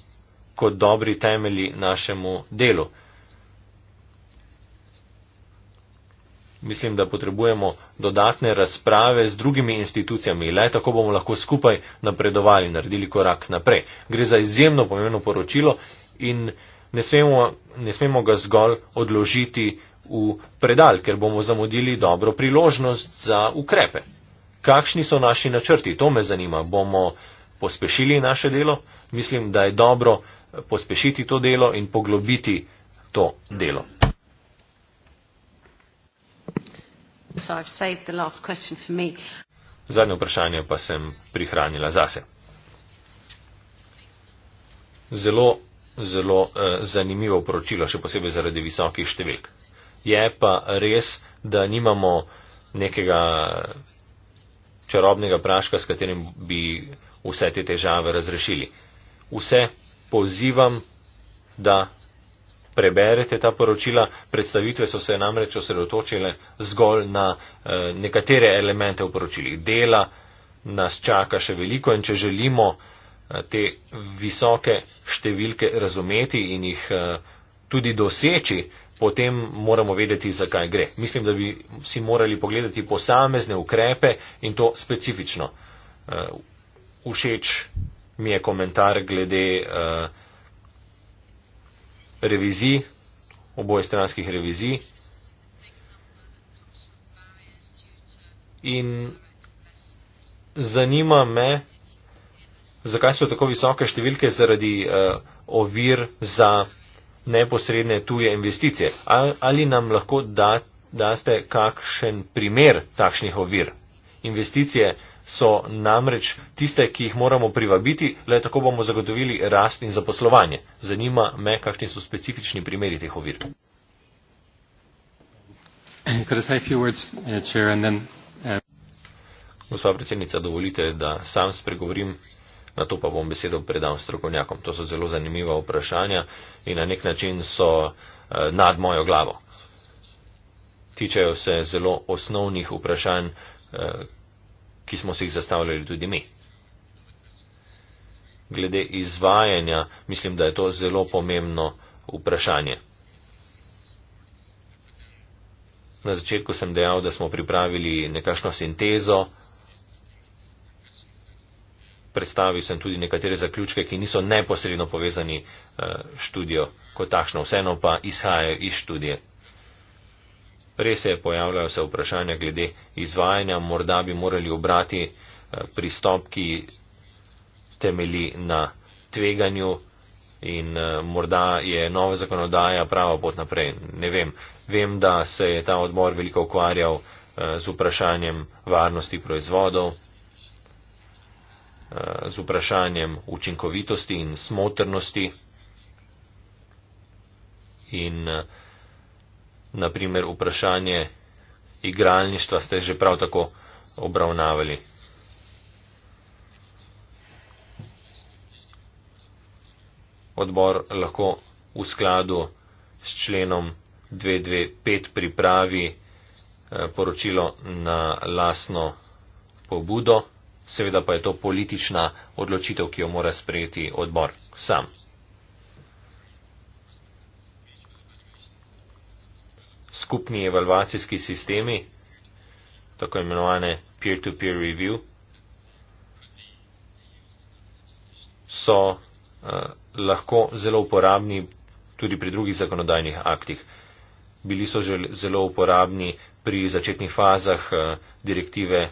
kot dobri temelji našemu delu. Mislim, da potrebujemo dodatne razprave z drugimi institucijami, le tako bomo lahko skupaj napredovali, naredili korak naprej. Gre za izjemno pomembno poročilo in ne smemo, ne smemo ga zgolj odložiti v predal, ker bomo zamudili dobro priložnost za ukrepe. Kakšni so naši načrti? To me zanima. Bomo pospešili naše delo? Mislim, da je dobro pospešiti to delo in poglobiti to delo. Zadnje vprašanje pa sem prihranila zase. Zelo zelo eh, zanimivo poročilo, še posebej zaradi visokih številk. Je pa res, da nimamo nekega čarobnega praška, s katerim bi vse te težave razrešili. Vse pozivam, da preberete ta poročila. Predstavitve so se namreč osredotočile zgolj na eh, nekatere elemente v poročilih. Dela nas čaka še veliko in če želimo, Eh, te visoke številke razumeti in jih eh, tudi doseči, potem moramo vedeti, zakaj gre. Mislim, da bi si morali pogledati posamezne ukrepe in to specifično. Eh, všeč mi je komentar glede revizij, oboje stranskih revizij. In zanima me, Zakaj so tako visoke številke? Zaradi uh, ovir za neposredne tuje investicije. Ali, ali nam lahko da, daste kakšen primer takšnih ovir? Investicije so namreč tiste, ki jih moramo privabiti, le tako bomo zagotovili rast in zaposlovanje. Zanima me, kakšni so specifični primeri teh ovir. Eh, eh, Gospa predsednica, dovolite, da sam spregovorim na to pa bom besedo predal strokovnjakom. To so zelo zanimiva vprašanja in na nek način so eh, nad mojo glavo. Tičejo se zelo osnovnih vprašanj, eh, ki smo si jih zastavljali tudi mi. Glede izvajanja mislim, da je to zelo pomembno vprašanje. Na začetku sem dejal, da smo pripravili nekašno sintezo, predstavil sem tudi nekatere zaključke, ki niso neposredno povezani eh, s študijo kot takšno, vseeno pa izhajajo iz študije. Res je, pojavljajo se vprašanja glede izvajanja, morda bi morali obrati eh, pristop, ki temeli na tveganju in eh, morda je nova zakonodaja prava pot naprej. Ne vem. Vem, da se je ta odbor veliko ukvarjal z vprašanjem varnosti proizvodov. Eh, z vprašanjem učinkovitosti in smotrnosti. In eh, naprimer vprašanje igralništva ste že prav tako obravnavali. Odbor lahko v skladu s členom 225 pripravi eh, poročilo na lasno pobudo. Seveda pa je to politična odločitev, ki jo mora sprejeti odbor sam. Skupni evalvacijski sistemi, tako imenovane peer-to-peer -peer review, so eh, lahko zelo uporabni tudi pri drugih zakonodajnih aktih. Bili so že zelo uporabni pri začetnih fazah eh, direktive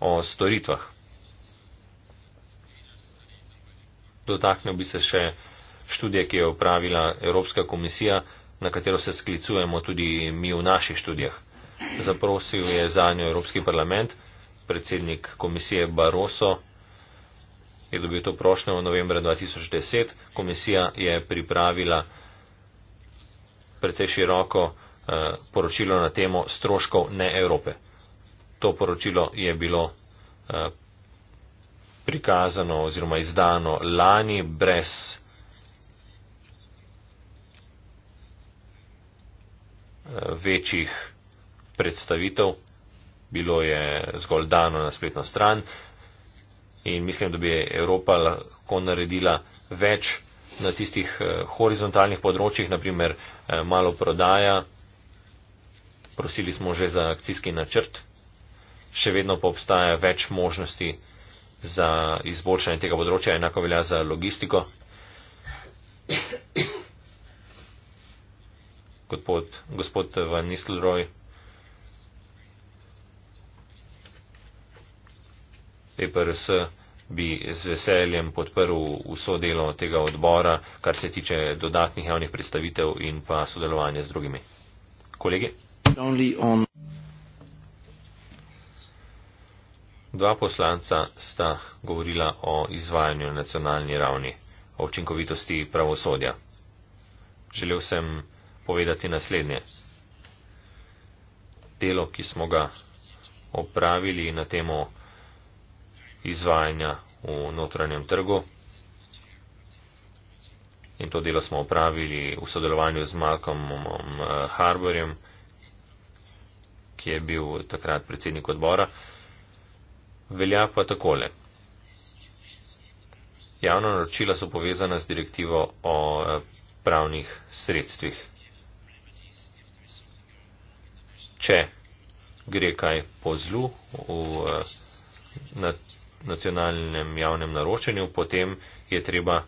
o storitvah. Dotaknil bi se še študije, ki je upravila Evropska komisija, na katero se sklicujemo tudi mi v naših študijah. Zaprosil je za njo Evropski parlament, predsednik komisije Barroso je dobil to prošnjo v novembra 2010. Komisija je pripravila precej široko eh, poročilo na temo stroškov ne Evrope to poročilo je bilo eh, prikazano oziroma izdano lani brez večjih predstavitev. Bilo je zgolj dano na spletno stran in mislim, da bi Evropa lahko naredila več na tistih eh, horizontalnih področjih, naprimer eh, malo prodaja. Prosili smo že za akcijski načrt še vedno pa obstaja več možnosti za izboljšanje tega področja, enako velja za logistiko. Kot pod gospod Van Nistelrooy EPRS bi z veseljem podprl vso delo tega odbora, kar se tiče dodatnih javnih predstavitev in pa sodelovanja z drugimi. Kolegi? Dva poslanca sta govorila o izvajanju nacionalni ravni, o učinkovitosti pravosodja. Želel sem povedati naslednje. Delo, ki smo ga opravili na temo izvajanja v notranjem trgu, in to delo smo opravili v sodelovanju z Malcolmom eh, Harborjem, ki je bil takrat predsednik odbora, velja pa takole. Javna naročila so povezana z direktivo o eh, pravnih sredstvih. Če gre kaj po zlu v eh, nacionalnem javnem naročanju, potem je treba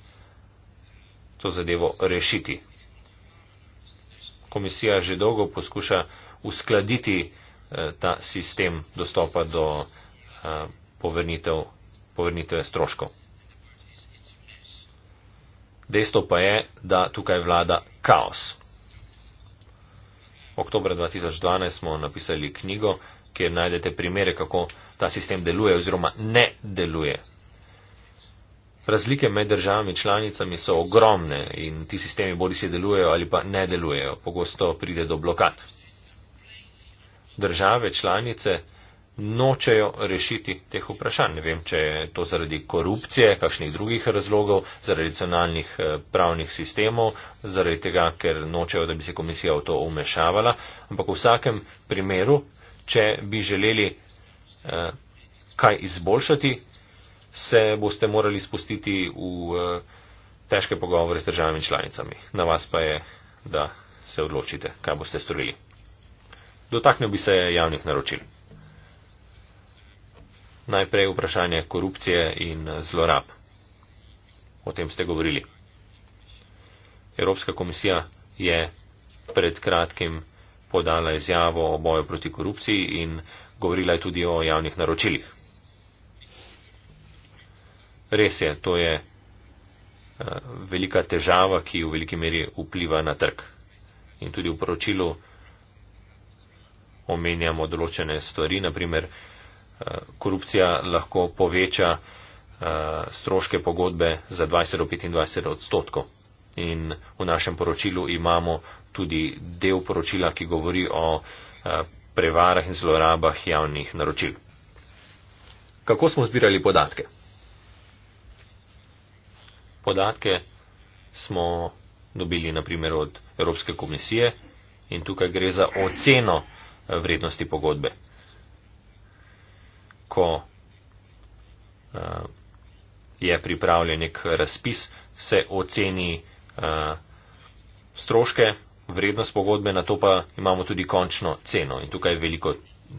to zadevo rešiti. Komisija že dolgo poskuša uskladiti eh, ta sistem dostopa do. Eh, povrnitev, povrnitev stroškov. Dejstvo pa je, da tukaj vlada kaos. Oktober 2012 smo napisali knjigo, kjer najdete primere, kako ta sistem deluje oziroma ne deluje. Razlike med državami članicami so ogromne in ti sistemi bodi si delujejo ali pa ne delujejo. Pogosto pride do blokad. Države članice nočejo rešiti teh vprašanj. Ne vem, če je to zaradi korupcije, kakšnih drugih razlogov, zaradi nacionalnih eh, pravnih sistemov, zaradi tega, ker nočejo, da bi se komisija v to umešavala. Ampak v vsakem primeru, če bi želeli eh, kaj izboljšati, se boste morali spustiti v eh, težke pogovore z državami članicami. Na vas pa je, da se odločite, kaj boste storili. Dotaknil bi se javnih naročil najprej vprašanje korupcije in zlorab. O tem ste govorili. Evropska komisija je pred kratkim podala izjavo o boju proti korupciji in govorila je tudi o javnih naročilih. Res je, to je eh, velika težava, ki v veliki meri vpliva na trg. In tudi v poročilu omenjamo določene stvari, naprimer korupcija lahko poveča eh, stroške pogodbe za 20 do 25 odstotkov. In v našem poročilu imamo tudi del poročila, ki govori o eh, prevarah in zlorabah javnih naročil. Kako smo zbirali podatke? Podatke smo dobili naprimer od Evropske komisije in tukaj gre za oceno eh, vrednosti pogodbe ko uh, je pripravljen nek razpis, se oceni uh, stroške, vrednost pogodbe, na to pa imamo tudi končno ceno. In tukaj je veliko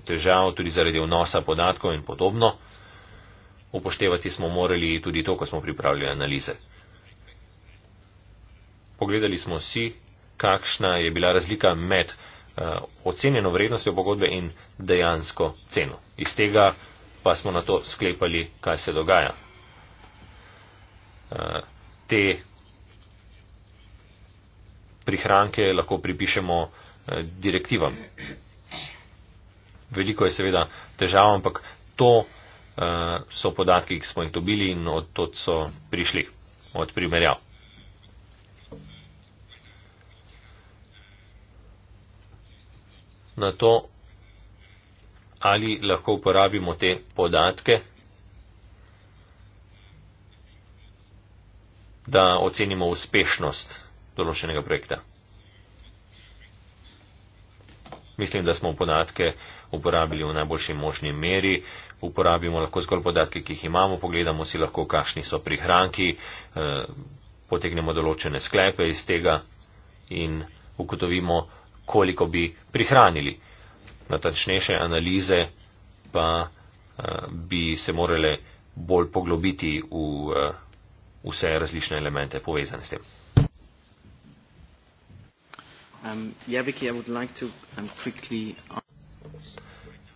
težav, tudi zaradi vnosa podatkov in podobno. Upoštevati smo morali tudi to, ko smo pripravljali analize. Pogledali smo si, kakšna je bila razlika med uh, ocenjeno vrednostjo pogodbe in dejansko ceno. Iz tega pa smo na to sklepali, kaj se dogaja. Eh, te prihranke lahko pripišemo eh, direktivam. Veliko je seveda težav, ampak to eh, so podatki, ki smo jih dobili in od to so prišli, od primerjav. Na to ali lahko uporabimo te podatke, da ocenimo uspešnost določenega projekta. Mislim, da smo podatke uporabili v najboljši možni meri. Uporabimo lahko zgolj podatke, ki jih imamo, pogledamo si lahko, kakšni so prihranki, eh, potegnemo določene sklepe iz tega in ugotovimo, koliko bi prihranili natančnejše analize pa eh, bi se morale bolj poglobiti v eh, vse različne elemente povezane s tem. Um, um, uh,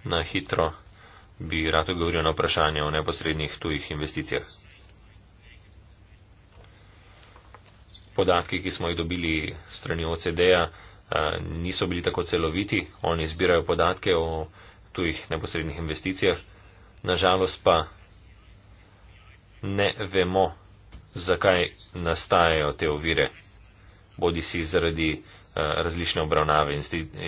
na hitro bi rado govoril na vprašanje o neposrednjih tujih investicijah. Podatki, ki smo jih dobili strani OCD-ja, Eh, niso bili tako celoviti, oni zbirajo podatke o tujih neposrednih investicijah, nažalost pa ne vemo, zakaj nastajajo te ovire, bodi si zaradi eh, različne obravnave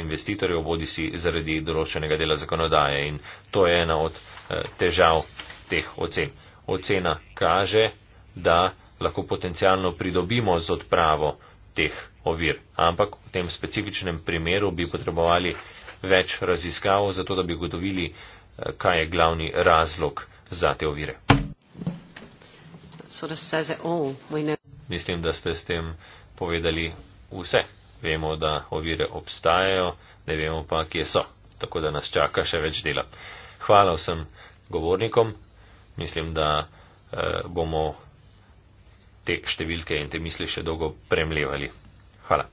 investitorjev, bodi si zaradi določenega dela zakonodaje. In to je ena od eh, težav teh ocen. Ocena kaže, da lahko potencialno pridobimo z odpravo teh ovir. Ampak v tem specifičnem primeru bi potrebovali več raziskav, zato da bi ugotovili, eh, kaj je glavni razlog za te ovire. Mislim, da ste s tem povedali vse. Vemo, da ovire obstajajo, ne vemo pa, kje so. Tako da nas čaka še več dela. Hvala vsem govornikom. Mislim, da eh, bomo te številke in te misli še dolgo premljevali. Hvala.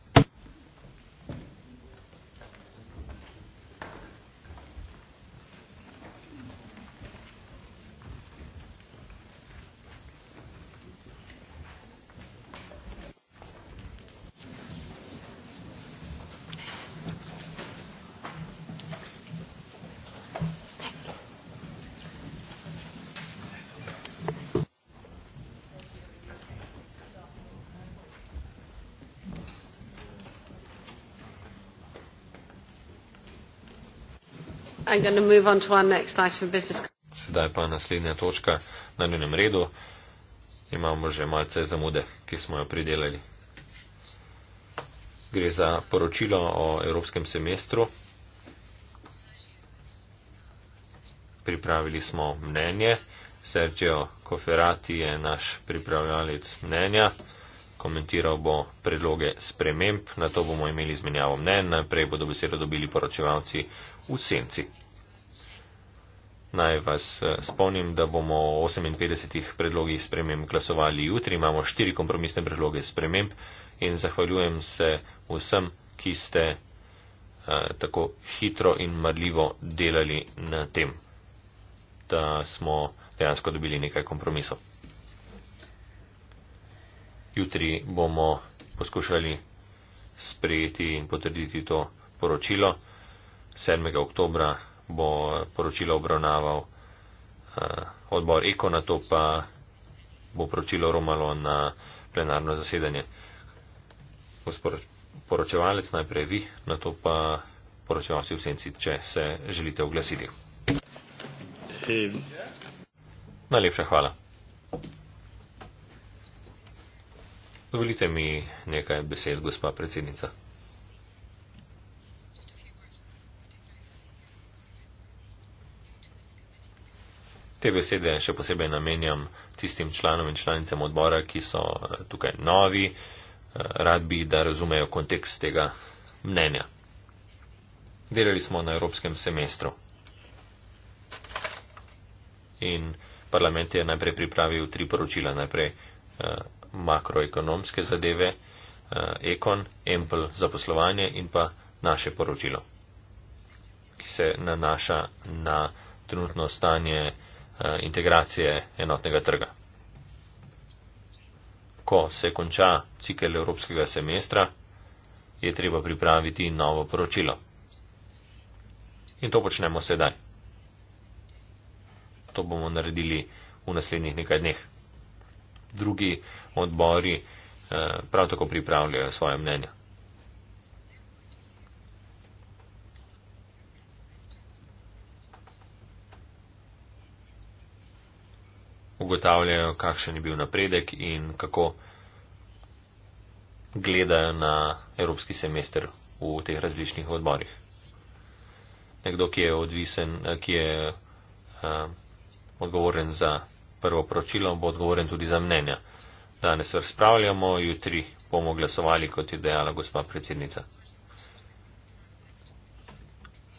Sedaj pa naslednja točka na njenem redu. Imamo že malce zamude, ki smo jo pridelali. Gre za poročilo o evropskem semestru. Pripravili smo mnenje. Sergio Koferati je naš pripravljalec mnenja. Komentiral bo predloge sprememb, na to bomo imeli izmenjavo mnen. Najprej bodo besedo dobili poročevalci v senci. Naj vas eh, spomnim, da bomo o 58 predlogih sprememb glasovali jutri. Imamo štiri kompromisne predloge sprememb in zahvaljujem se vsem, ki ste uh, tako hitro in marljivo delali na tem, da smo dejansko dobili nekaj kompromisov. Jutri bomo poskušali sprejeti in potrditi to poročilo 7. oktobra bo poročilo obravnaval eh, odbor Eko, na to pa bo poročilo romalo na plenarno zasedanje. Poročevalec najprej vi, na to pa poročevalci v senci, če se želite oglasiti. Najlepša hvala. Dovolite mi nekaj besed, gospa predsednica. te besede še posebej namenjam tistim članom in članicam odbora, ki so eh, tukaj novi, eh, rad bi, da razumejo kontekst tega mnenja. Delali smo na evropskem semestru in parlament je najprej pripravil tri poročila, najprej eh, makroekonomske zadeve, ekon, empl za poslovanje in pa naše poročilo, ki se nanaša na trenutno stanje Eh, integracije enotnega trga. Ko se konča cikel evropskega semestra, je treba pripraviti novo poročilo. In to počnemo sedaj. To bomo naredili v naslednjih nekaj dneh. Drugi odbori eh, prav tako pripravljajo svoje mnenje. ugotavljajo, kakšen je bil napredek in kako gledajo na evropski semester v teh različnih odborih. Nekdo, ki je odvisen, ki je uh, odgovoren za prvo poročilo, bo odgovoren tudi za mnenja. Danes razpravljamo, jutri bomo glasovali, kot je dejala gospa predsednica.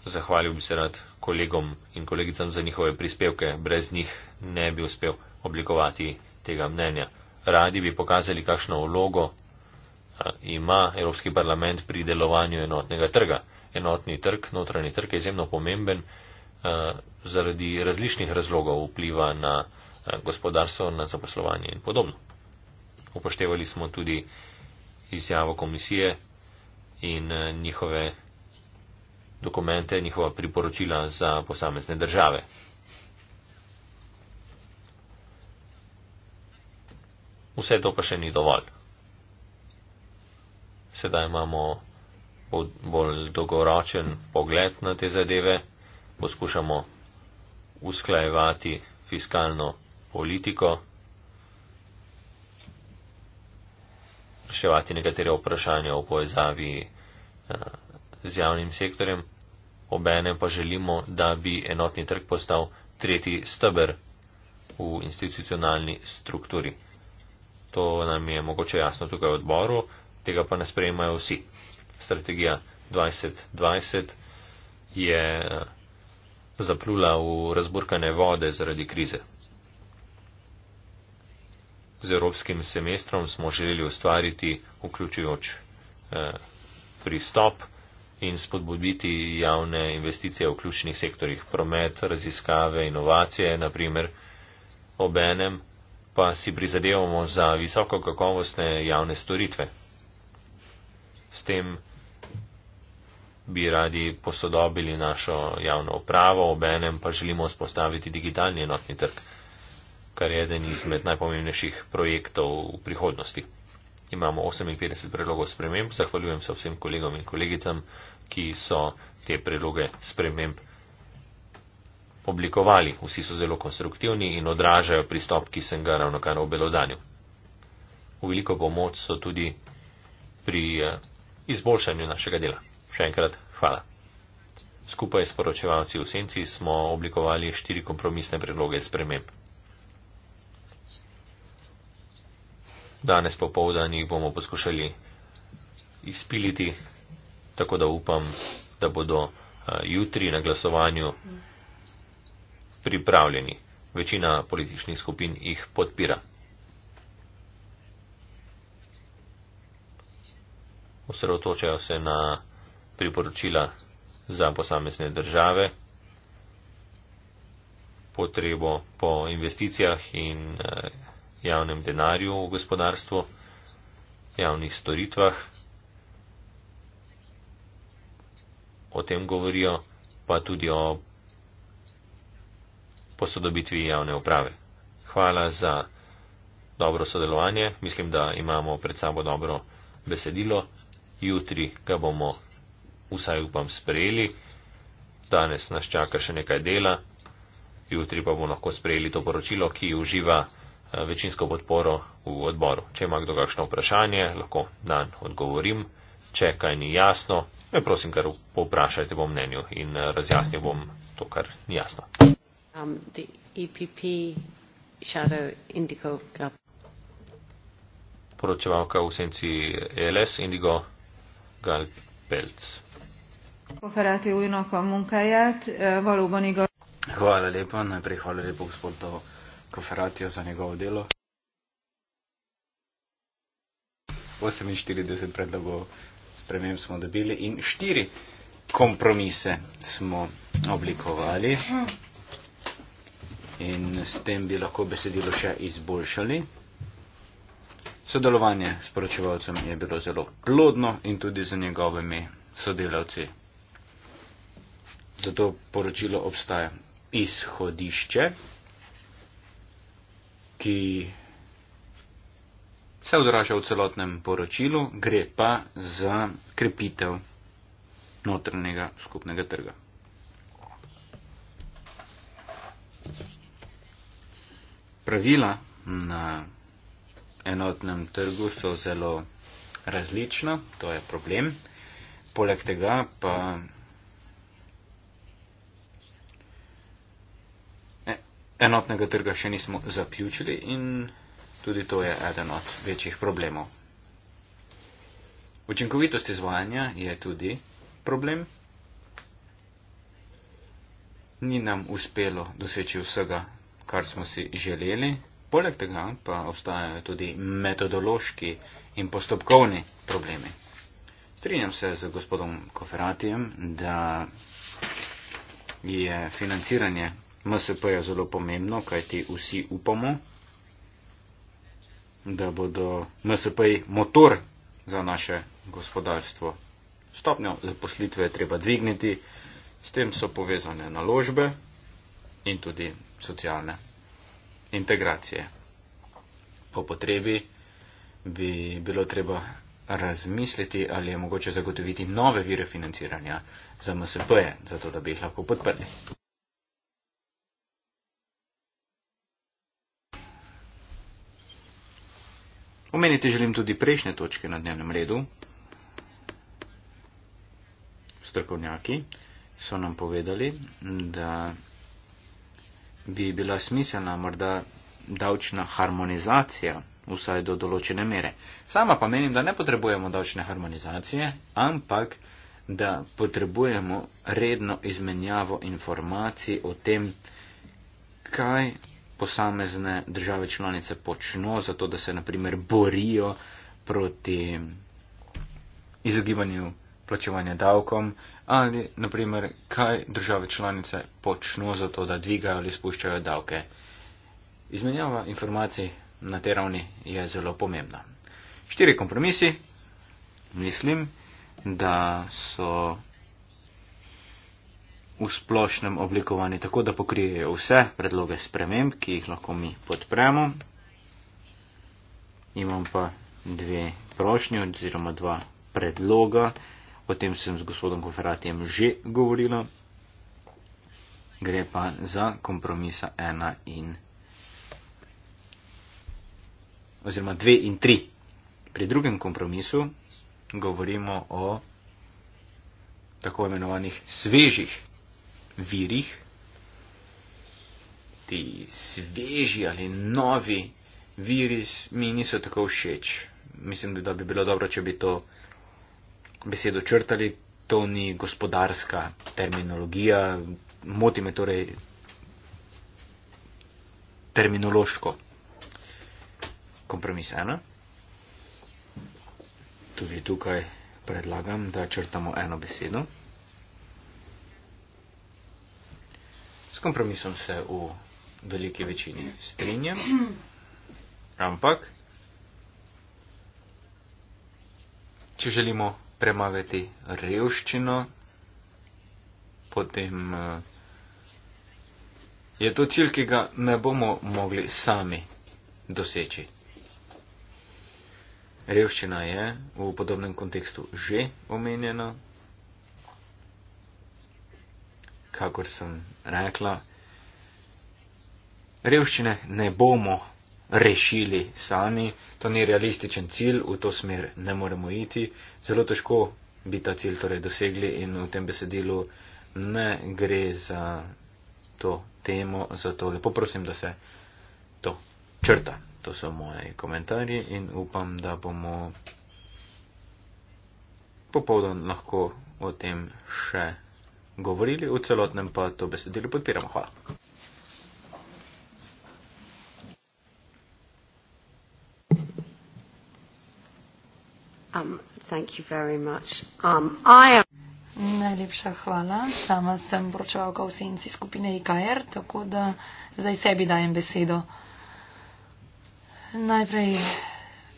Zahvalil bi se rad kolegom in kolegicam za njihove prispevke, brez njih ne bi uspel oblikovati tega mnenja. Radi bi pokazali, kakšno vlogo eh, ima Evropski parlament pri delovanju enotnega trga. Enotni trg, notranji trg je izjemno pomemben eh, zaradi različnih razlogov vpliva na eh, gospodarstvo, na zaposlovanje in podobno. Upoštevali smo tudi izjavo komisije in njihove dokumente, njihova priporočila za posamezne države. Vse to pa še ni dovolj. Sedaj imamo bolj dolgoročen pogled na te zadeve, poskušamo usklajevati fiskalno politiko, reševati nekatere vprašanja o povezavi eh, z javnim sektorjem, obenem pa želimo, da bi enotni trg postal tretji stebr v institucionalni strukturi. To nam je mogoče jasno tukaj v odboru, tega pa ne sprejemajo vsi. Strategija 2020 je eh, zaplula v razburkane vode zaradi krize. Z evropskim semestrom smo želeli ustvariti vključujoč eh, pristop in spodbuditi javne investicije v ključnih sektorjih promet, raziskave, inovacije, naprimer, obenem pa si prizadevamo za visoko kakovostne javne storitve. S tem bi radi posodobili našo javno upravo, obenem pa želimo spostaviti digitalni enotni trg, kar je eden izmed najpomembnejših projektov v prihodnosti. Imamo 58 predlogov sprememb, zahvaljujem se vsem kolegom in kolegicam, ki so te predloge sprememb oblikovali. Vsi so zelo konstruktivni in odražajo pristop, ki sem ga ravno kar obelodanil. V veliko pomoč so tudi pri eh, izboljšanju našega dela. Še enkrat hvala. Skupaj s poročevalci v senci smo oblikovali štiri kompromisne predloge sprememb. Danes popovdan jih bomo poskušali izpiliti, tako da upam, da bodo eh, jutri na glasovanju pripravljeni. Večina političnih skupin jih podpira. Osredotočajo se na priporočila za posamezne države, potrebo po investicijah in eh, javnem denarju v gospodarstvu, javnih storitvah. O tem govorijo pa tudi o posodobitvi javne uprave. Hvala za dobro sodelovanje, mislim, da imamo pred sabo dobro besedilo. Jutri ga bomo vsaj upam sprejeli. Danes nas čaka še nekaj dela, jutri pa bomo lahko sprejeli to poročilo, ki uživa eh, večinsko podporo v odboru. Če ima kdo kakšno vprašanje, lahko dan odgovorim. Če kaj ni jasno, me prosim, kar poprašajte po mnenju in eh, razjasnil bom to, kar ni jasno um, the EPP Shadow Indigo Club. Poročevalka v senci ELS Indigo Galpelc. Operati v inoko Munkajat, eh, valuban igor. Hvala lepa, najprej hvala lepo gospodu Koferatijo za njegovo delo. 48 predlogov sprememb smo dobili in 4 kompromise smo oblikovali. Hm in s tem bi lahko besedilo še izboljšali. Sodelovanje s poročevalcem je bilo zelo plodno in tudi z njegovimi sodelavci. Zato poročilo obstaja izhodišče, ki se odraža v celotnem poročilu, gre pa za krepitev notrnega skupnega trga. pravila na enotnem trgu so zelo različna, to je problem. Poleg tega pa e, enotnega trga še nismo zaključili in tudi to je eden od večjih problemov. Učinkovitost izvajanja je tudi problem. Ni nam uspelo doseči vsega kar smo si želeli. Poleg tega pa obstajajo tudi metodološki in postopkovni problemi. Strinjam se z gospodom Koferatijem, da je financiranje MSP-ja zelo pomembno, kajti vsi upamo, da bodo MSP-ji motor za naše gospodarstvo. Stopnjo zaposlitve je treba dvigniti, s tem so povezane naložbe, in tudi socialne integracije. Po potrebi bi bilo treba razmisliti, ali je mogoče zagotoviti nove vire financiranja za MSP-je, zato da bi jih lahko podprli. Omeniti želim tudi prejšnje točke na dnevnem redu. Strokovnjaki so nam povedali, da bi bila smiselna morda davčna harmonizacija, vsaj do določene mere. Sama pa menim, da ne potrebujemo davčne harmonizacije, ampak da potrebujemo redno izmenjavo informacij o tem, kaj posamezne države članice počno, zato da se naprimer borijo proti izogibanju plačevanje davkom ali, naprimer, kaj države članice počno za to, da dvigajo ali spuščajo davke. Izmenjava informacij na te ravni je zelo pomembna. Štiri kompromisi, mislim, da so v splošnem oblikovani tako, da pokrijejo vse predloge sprememb, ki jih lahko mi podpremo. Imam pa dve prošnje oziroma dva predloga. O tem sem z gospodom Koferatijem že govorila. Gre pa za kompromisa 1 in. oziroma 2 in 3. Pri drugem kompromisu govorimo o tako imenovanih svežih virih. Ti sveži ali novi viri mi niso tako všeč. Mislim, da bi bilo dobro, če bi to besedo črtali, to ni gospodarska terminologija, moti me torej terminološko. Kompromis ena. Tudi tukaj predlagam, da črtamo eno besedo. S kompromisom se v veliki večini strinjam, ampak če želimo premagati revščino, potem eh, je to cilj, ki ga ne bomo mogli sami doseči. Revščina je v podobnem kontekstu že omenjena, kakor sem rekla. Revščine ne bomo rešili sami. To ni realističen cilj, v to smer ne moremo iti. Zelo težko bi ta cilj torej dosegli in v tem besedilu ne gre za to temo, zato lepo prosim, da se to črta. To so moje komentarji in upam, da bomo popovdan lahko o tem še govorili. V celotnem pa to besedilo podpiramo. Hvala. Um, thank you very much. Um, I am... Najlepša hvala. Sama sem vročevalka v senci skupine IKR, tako da zdaj sebi dajem besedo. Najprej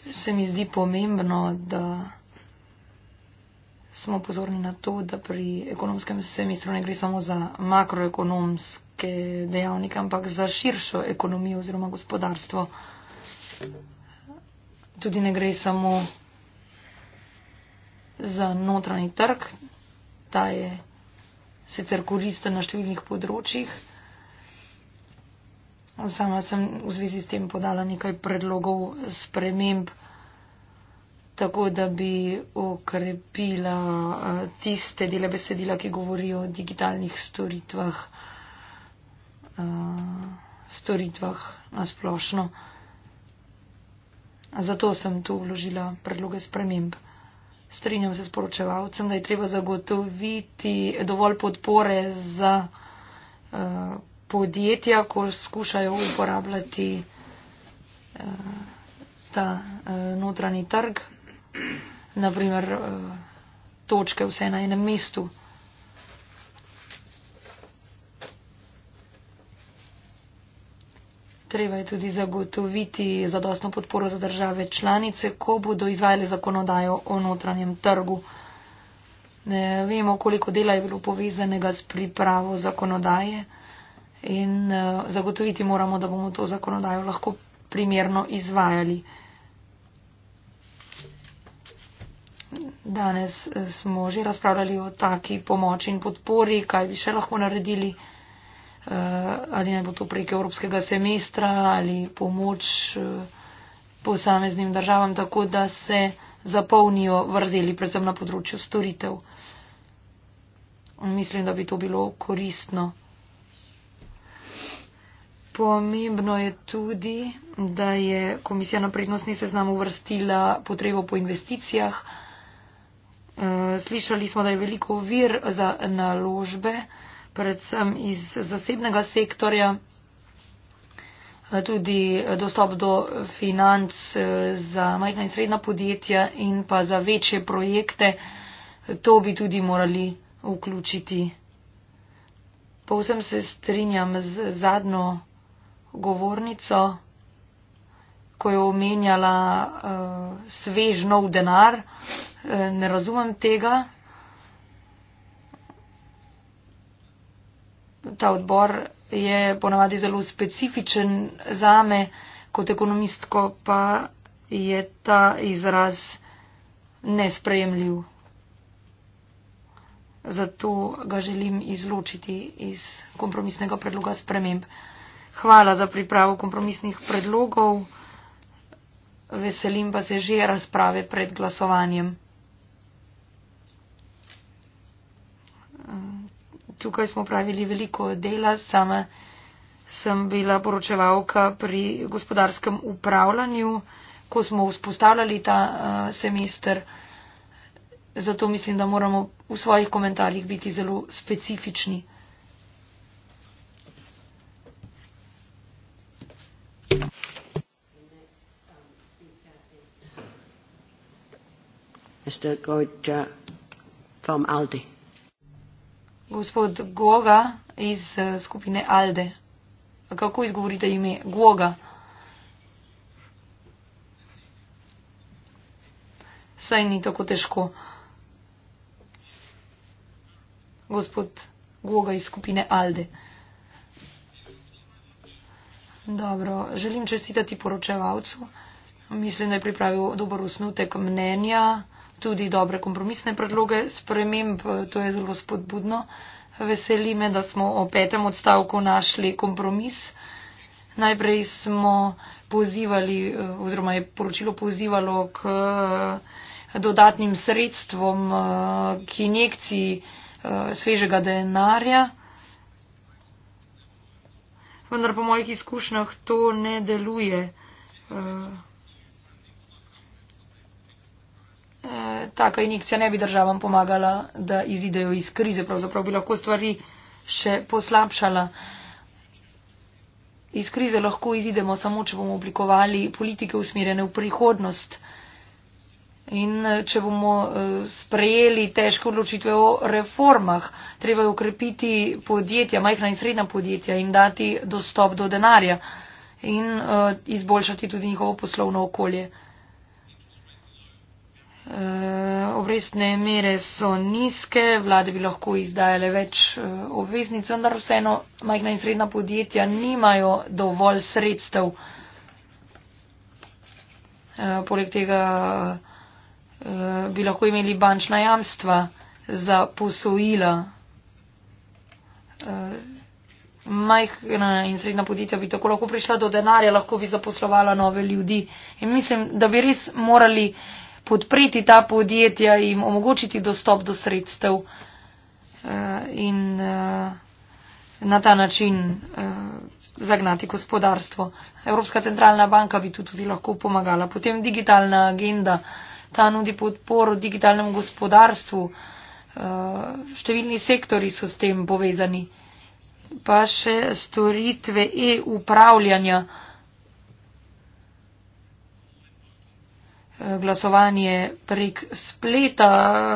se mi zdi pomembno, da smo pozorni na to, da pri ekonomskem semestru ne gre samo za makroekonomske dejavnike, ampak za širšo ekonomijo oziroma gospodarstvo. Tudi ne gre samo za notranji trg, ta je sicer koristen na številnih področjih. Sama sem v zvezi s tem podala nekaj predlogov sprememb, tako da bi okrepila eh, tiste dele besedila, ki govorijo o digitalnih storitvah, eh, storitvah nasplošno. Zato sem tu vložila predloge sprememb. Strinjam se s poročevalcem, da je treba zagotoviti dovolj podpore za uh, podjetja, ko skušajo uporabljati uh, ta uh, notranji trg, naprimer uh, točke vse na enem mestu. treba je tudi zagotoviti zadostno podporo za države članice, ko bodo izvajali zakonodajo o notranjem trgu. Ne vemo, koliko dela je bilo povezanega s pripravo zakonodaje in eh, zagotoviti moramo, da bomo to zakonodajo lahko primerno izvajali. Danes eh, smo že razpravljali o taki pomoči in podpori, kaj bi še lahko naredili. Eh, ali naj bo to prek evropskega semestra ali pomoč eh, posameznim državam, tako da se zapolnijo vrzeli, predvsem na področju storitev. Mislim, da bi to bilo koristno. Pomembno je tudi, da je komisija na prednostni seznam uvrstila potrebo po investicijah. Eh, slišali smo, da je veliko vir za naložbe predvsem iz zasebnega sektorja, tudi dostop do financ za majhna in srednja podjetja in pa za večje projekte. To bi tudi morali vključiti. Povsem se strinjam z zadnjo govornico, ko je omenjala uh, svež nov denar. Uh, ne razumem tega, ta odbor je ponavadi zelo specifičen zame, kot ekonomistko pa je ta izraz nesprejemljiv. Zato ga želim izločiti iz kompromisnega predloga sprememb. Hvala za pripravo kompromisnih predlogov. Veselim pa se že razprave pred glasovanjem. tukaj smo pravili veliko dela, sama sem bila poročevalka pri gospodarskem upravljanju, ko smo vzpostavljali ta uh, semester. Zato mislim, da moramo v svojih komentarjih biti zelo specifični. Mr. Goja from Aldi gospod Goga iz eh, skupine Alde. Kako izgovorite ime? Goga. Saj ni tako težko. Gospod Goga iz skupine Alde. Dobro, želim čestitati poročevalcu. Mislim, da je pripravil dober usnutek mnenja tudi dobre kompromisne predloge sprememb, to je zelo spodbudno. Veseli me, da smo o petem odstavku našli kompromis. Najprej smo pozivali, eh, oziroma je poročilo pozivalo k eh, dodatnim sredstvom, eh, k injekciji svežega denarja. Vendar po mojih izkušnjah to ne deluje. taka injekcija ne bi državam pomagala, da izidejo iz krize, pravzaprav bi lahko stvari še poslabšala. Iz krize lahko izidemo samo, če bomo oblikovali politike usmerjene v prihodnost in eh, če bomo eh, sprejeli težke odločitve o reformah. Treba je ukrepiti podjetja, majhna in srednja podjetja in dati dostop do denarja in eh, izboljšati tudi njihovo poslovno okolje. Eh, obrestne mere so nizke, vlade bi lahko izdajale več eh, obveznic, vendar vseeno majhna in srednja podjetja nimajo dovolj sredstev. Eh, poleg tega bi lahko imeli bančna jamstva za posojila. Majhna in srednja podjetja bi tako lahko prišla do denarja, lahko bi zaposlovala nove ljudi. In mislim, da bi res morali podpreti ta podjetja, jim omogočiti dostop do sredstev eh, in eh, na ta način eh, zagnati gospodarstvo. Evropska centralna banka bi tu tudi lahko pomagala. Potem digitalna agenda, ta nudi podporo digitalnemu gospodarstvu. Številni sektori so s tem povezani. Pa še storitve e-upravljanja. glasovanje prek spleta,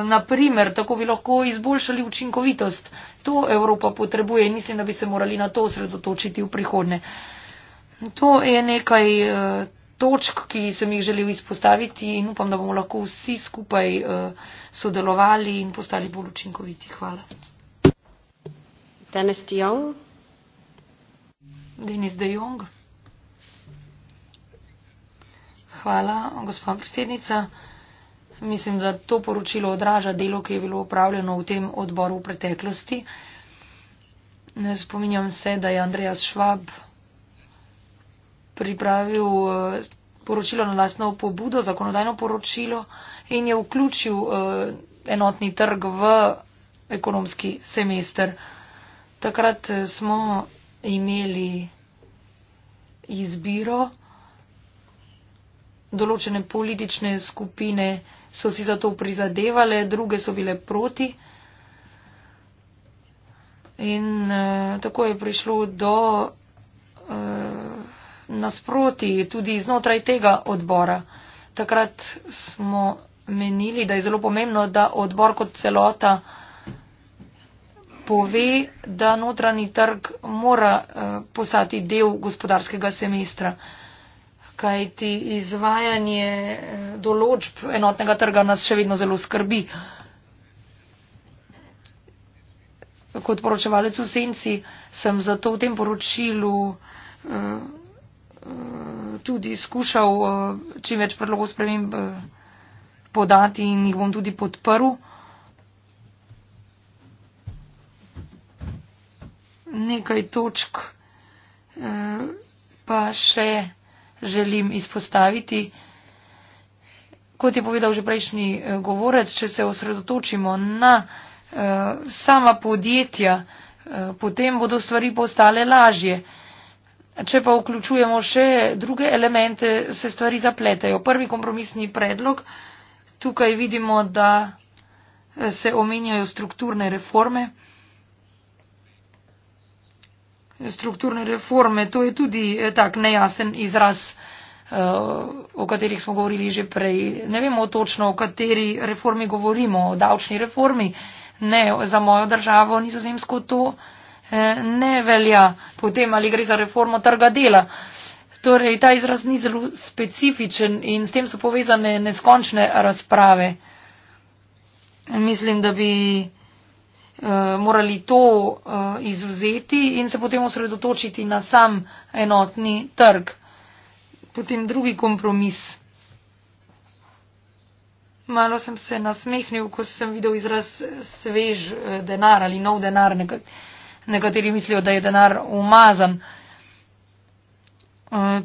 naprimer, tako bi lahko izboljšali učinkovitost. To Evropa potrebuje in mislim, da bi se morali na to osredotočiti v prihodne. To je nekaj eh, točk, ki sem jih želel izpostaviti in upam, da bomo lahko vsi skupaj eh, sodelovali in postali bolj učinkoviti. Hvala. Denis de Jong. Denis de Jong. Hvala, gospa predsednica. Mislim, da to poročilo odraža delo, ki je bilo upravljeno v tem odboru v preteklosti. Ne spominjam se, da je Andreja Švab pripravil eh, poročilo na lastno pobudo, zakonodajno poročilo in je vključil eh, enotni trg v ekonomski semester. Takrat eh, smo imeli izbiro določene politične skupine so si za to prizadevale, druge so bile proti. In uh, tako je prišlo do uh, nasproti tudi znotraj tega odbora. Takrat smo menili, da je zelo pomembno, da odbor kot celota pove, da notranji trg mora uh, postati del gospodarskega semestra. Uh, kajti izvajanje eh, določb enotnega trga nas še vedno zelo skrbi. Kot poročevalec v senci sem zato v tem poročilu eh, eh, tudi skušal čim več predlogov spremem podati in jih bom tudi podprl. Nekaj točk pa še želim izpostaviti. Kot je povedal že prejšnji eh, govorec, če se osredotočimo na eh, sama podjetja, eh, potem bodo stvari postale lažje. Če pa vključujemo še druge elemente, se stvari zapletajo. Prvi kompromisni predlog, tukaj vidimo, da se omenjajo strukturne reforme strukturne reforme. To je tudi eh, tak nejasen izraz, eh, o katerih smo govorili že prej. Ne vemo točno, o kateri reformi govorimo, o davčni reformi. Ne, za mojo državo nizozemsko to eh, ne velja. Potem ali gre za reformo trga dela. Torej, ta izraz ni zelo specifičen in s tem so povezane neskončne razprave. Mislim, da bi. Eh, morali to eh, izuzeti in se potem osredotočiti na sam enotni trg. Potem drugi kompromis. Malo sem se nasmehnil, ko sem videl izraz svež eh, denar ali nov denar. Nekateri mislijo, da je denar umazan.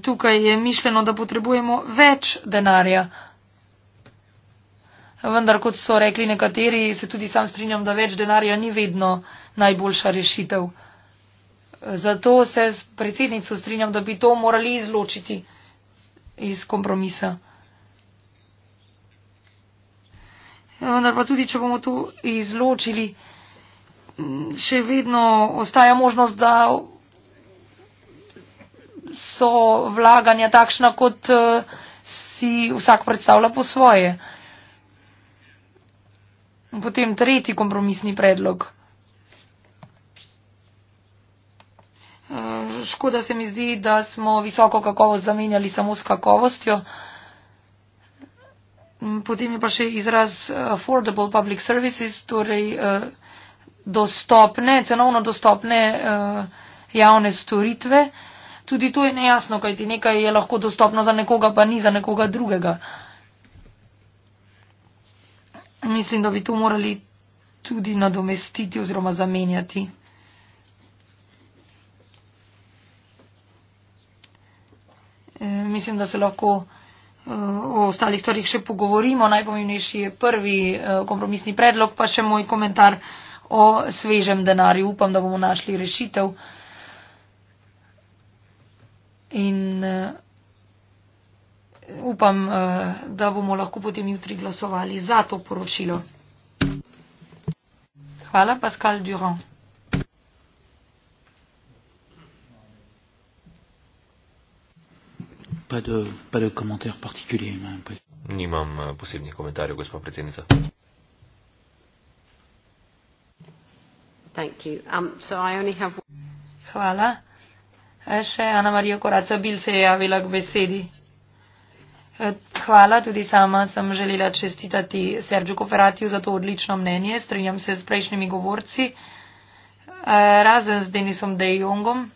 Tukaj je mišljeno, da potrebujemo več denarja vendar, kot so rekli nekateri, se tudi sam strinjam, da več denarja ni vedno najboljša rešitev. Zato se s predsednico strinjam, da bi to morali izločiti iz kompromisa. Vendar pa tudi, če bomo to izločili, še vedno ostaja možnost, da so vlaganja takšna, kot eh, si vsak predstavlja po svoje. Potem tretji kompromisni predlog. Eh, škoda se mi zdi, da smo visoko kakovost zamenjali samo s kakovostjo. Mm, potem je pa še izraz eh, affordable public services, torej eh, dostopne, cenovno dostopne javne storitve. Tudi to je nejasno, kajti nekaj je lahko dostopno za nekoga, pa ni za nekoga drugega mislim, da bi to morali tudi nadomestiti oziroma zamenjati. E, mislim, da se lahko e, o ostalih stvarih še pogovorimo. Najpomembnejši je prvi e, kompromisni predlog, pa še moj komentar o svežem denarju. Upam, da bomo našli rešitev. In, e, upam, eh, da bomo lahko potem jutri glasovali za to poročilo. Hvala, Pascal Durand. Pa de, pa de Nimam eh, posebnih komentarjev, gospod predsednica. Thank you. Um, so I only have... Hvala. Eh, še Ana Marija Koraca Bil se je javila k besedi. Eh, hvala, tudi sama sem želela čestitati Sergiu Koferatiju za to odlično mnenje. Strinjam se s prejšnjimi govorci, eh, razen z Denisom De Jongom,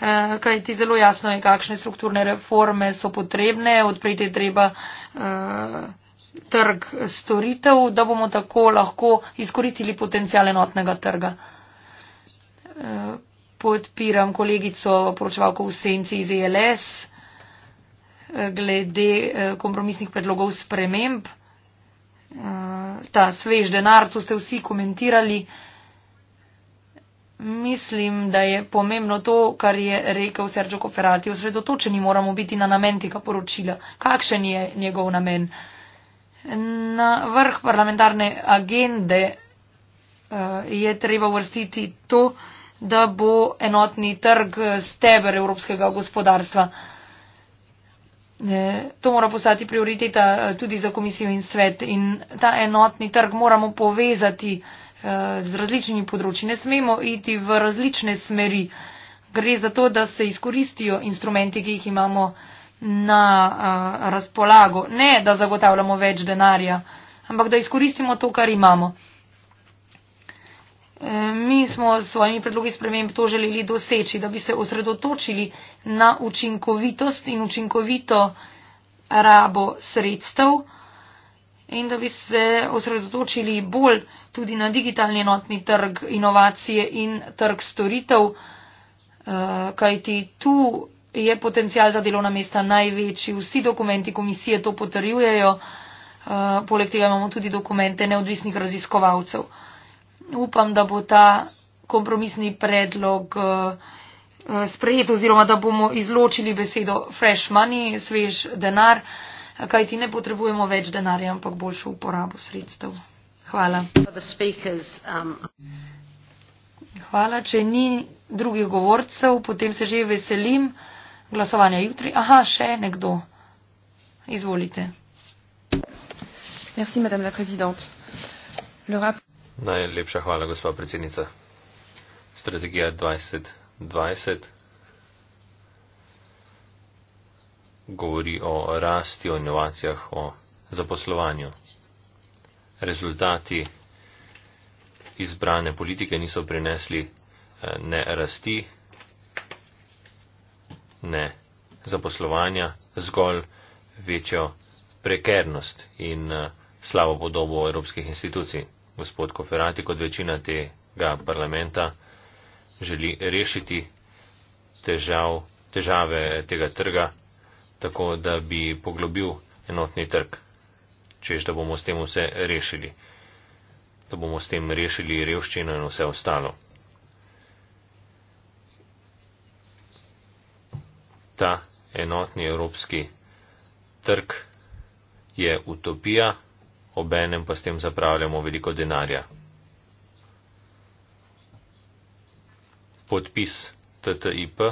eh, kaj ti zelo jasno je, kakšne strukturne reforme so potrebne, odpreti je treba trg storitev, da bomo tako lahko izkoristili potencijal enotnega trga. Podpiram kolegico poročevalko v senci iz ELS glede eh, kompromisnih predlogov sprememb. Eh, ta svež denar, to ste vsi komentirali. Mislim, da je pomembno to, kar je rekel Sergio Koferati. Osredotočeni moramo biti na namen tega poročila. Kakšen je njegov namen? Na vrh parlamentarne agende eh, je treba uvrstiti to, da bo enotni trg steber evropskega gospodarstva. To mora postati prioriteta eh, tudi za komisijo in svet in ta enotni trg moramo povezati eh, z različnimi področji. Ne smemo iti v različne smeri. Gre za to, da se izkoristijo instrumenti, ki jih imamo na eh, razpolago. Ne, da zagotavljamo več denarja, ampak da izkoristimo to, kar imamo. Eh, mi smo s svojimi predlogi sprememb to želeli doseči, da bi se osredotočili na učinkovitost in učinkovito rabo sredstev in da bi se osredotočili bolj tudi na digitalni enotni trg inovacije in trg storitev, eh, kajti tu je potencial za delovna mesta največji. Vsi dokumenti komisije to potrjujejo, eh, poleg tega imamo tudi dokumente neodvisnih raziskovalcev upam, da bo ta kompromisni predlog eh, eh, sprejet oziroma da bomo izločili besedo fresh money, svež denar, kaj ti ne potrebujemo več denarja, ampak boljšo uporabo sredstev. Hvala. Um, Hvala, če ni drugih govorcev, potem se že veselim. Glasovanje jutri. Aha, še nekdo. Izvolite. Merci, madame la présidente. Le rap... Najlepša hvala, gospa predsednica. Strategija 2020 govori o rasti, o inovacijah, o zaposlovanju. Rezultati izbrane politike niso prinesli eh, ne rasti, ne zaposlovanja, zgolj večjo prekernost in eh, slabo podobo evropskih institucij gospod Koferati kot večina tega parlamenta želi rešiti težav, težave tega trga, tako da bi poglobil enotni trg, čež da bomo s tem vse rešili, da bomo s tem rešili revščino in vse ostalo. Ta enotni evropski trg je utopija, obenem pa s tem zapravljamo veliko denarja. Podpis TTIP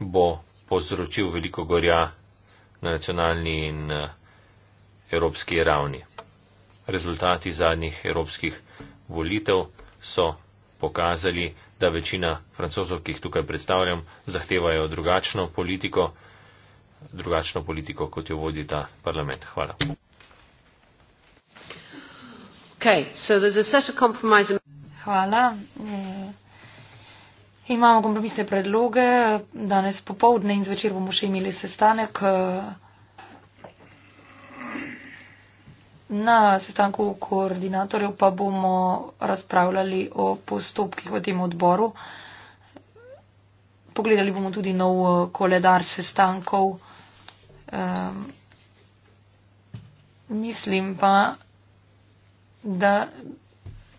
bo povzročil veliko gorja na nacionalni in eh, evropski ravni. Rezultati zadnjih evropskih volitev so pokazali, da večina francozov, ki jih tukaj predstavljam, zahtevajo drugačno politiko drugačno politiko, kot jo vodi ta parlament. Hvala. Okay, Hvala. E, imamo kompromisne predloge. Danes popovdne in zvečer bomo še imeli sestanek. Eh, na sestanku koordinatorjev pa bomo razpravljali o postopkih v tem odboru. Pogledali bomo tudi nov eh, koledar sestankov. Um, mislim pa, da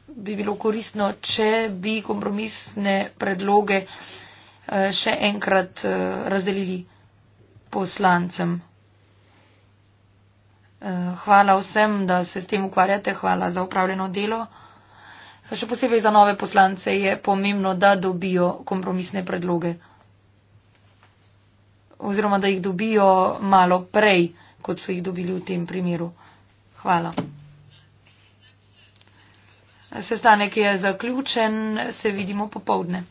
bi bilo koristno, če bi kompromisne predloge eh, še enkrat eh, razdelili poslancem. Eh, hvala vsem, da se s tem ukvarjate, hvala za upravljeno delo. Še posebej za nove poslance je pomembno, da dobijo kompromisne predloge oziroma da jih dobijo malo prej, kot so jih dobili v tem primeru. Hvala. Sestanek je zaključen, se vidimo popovdne.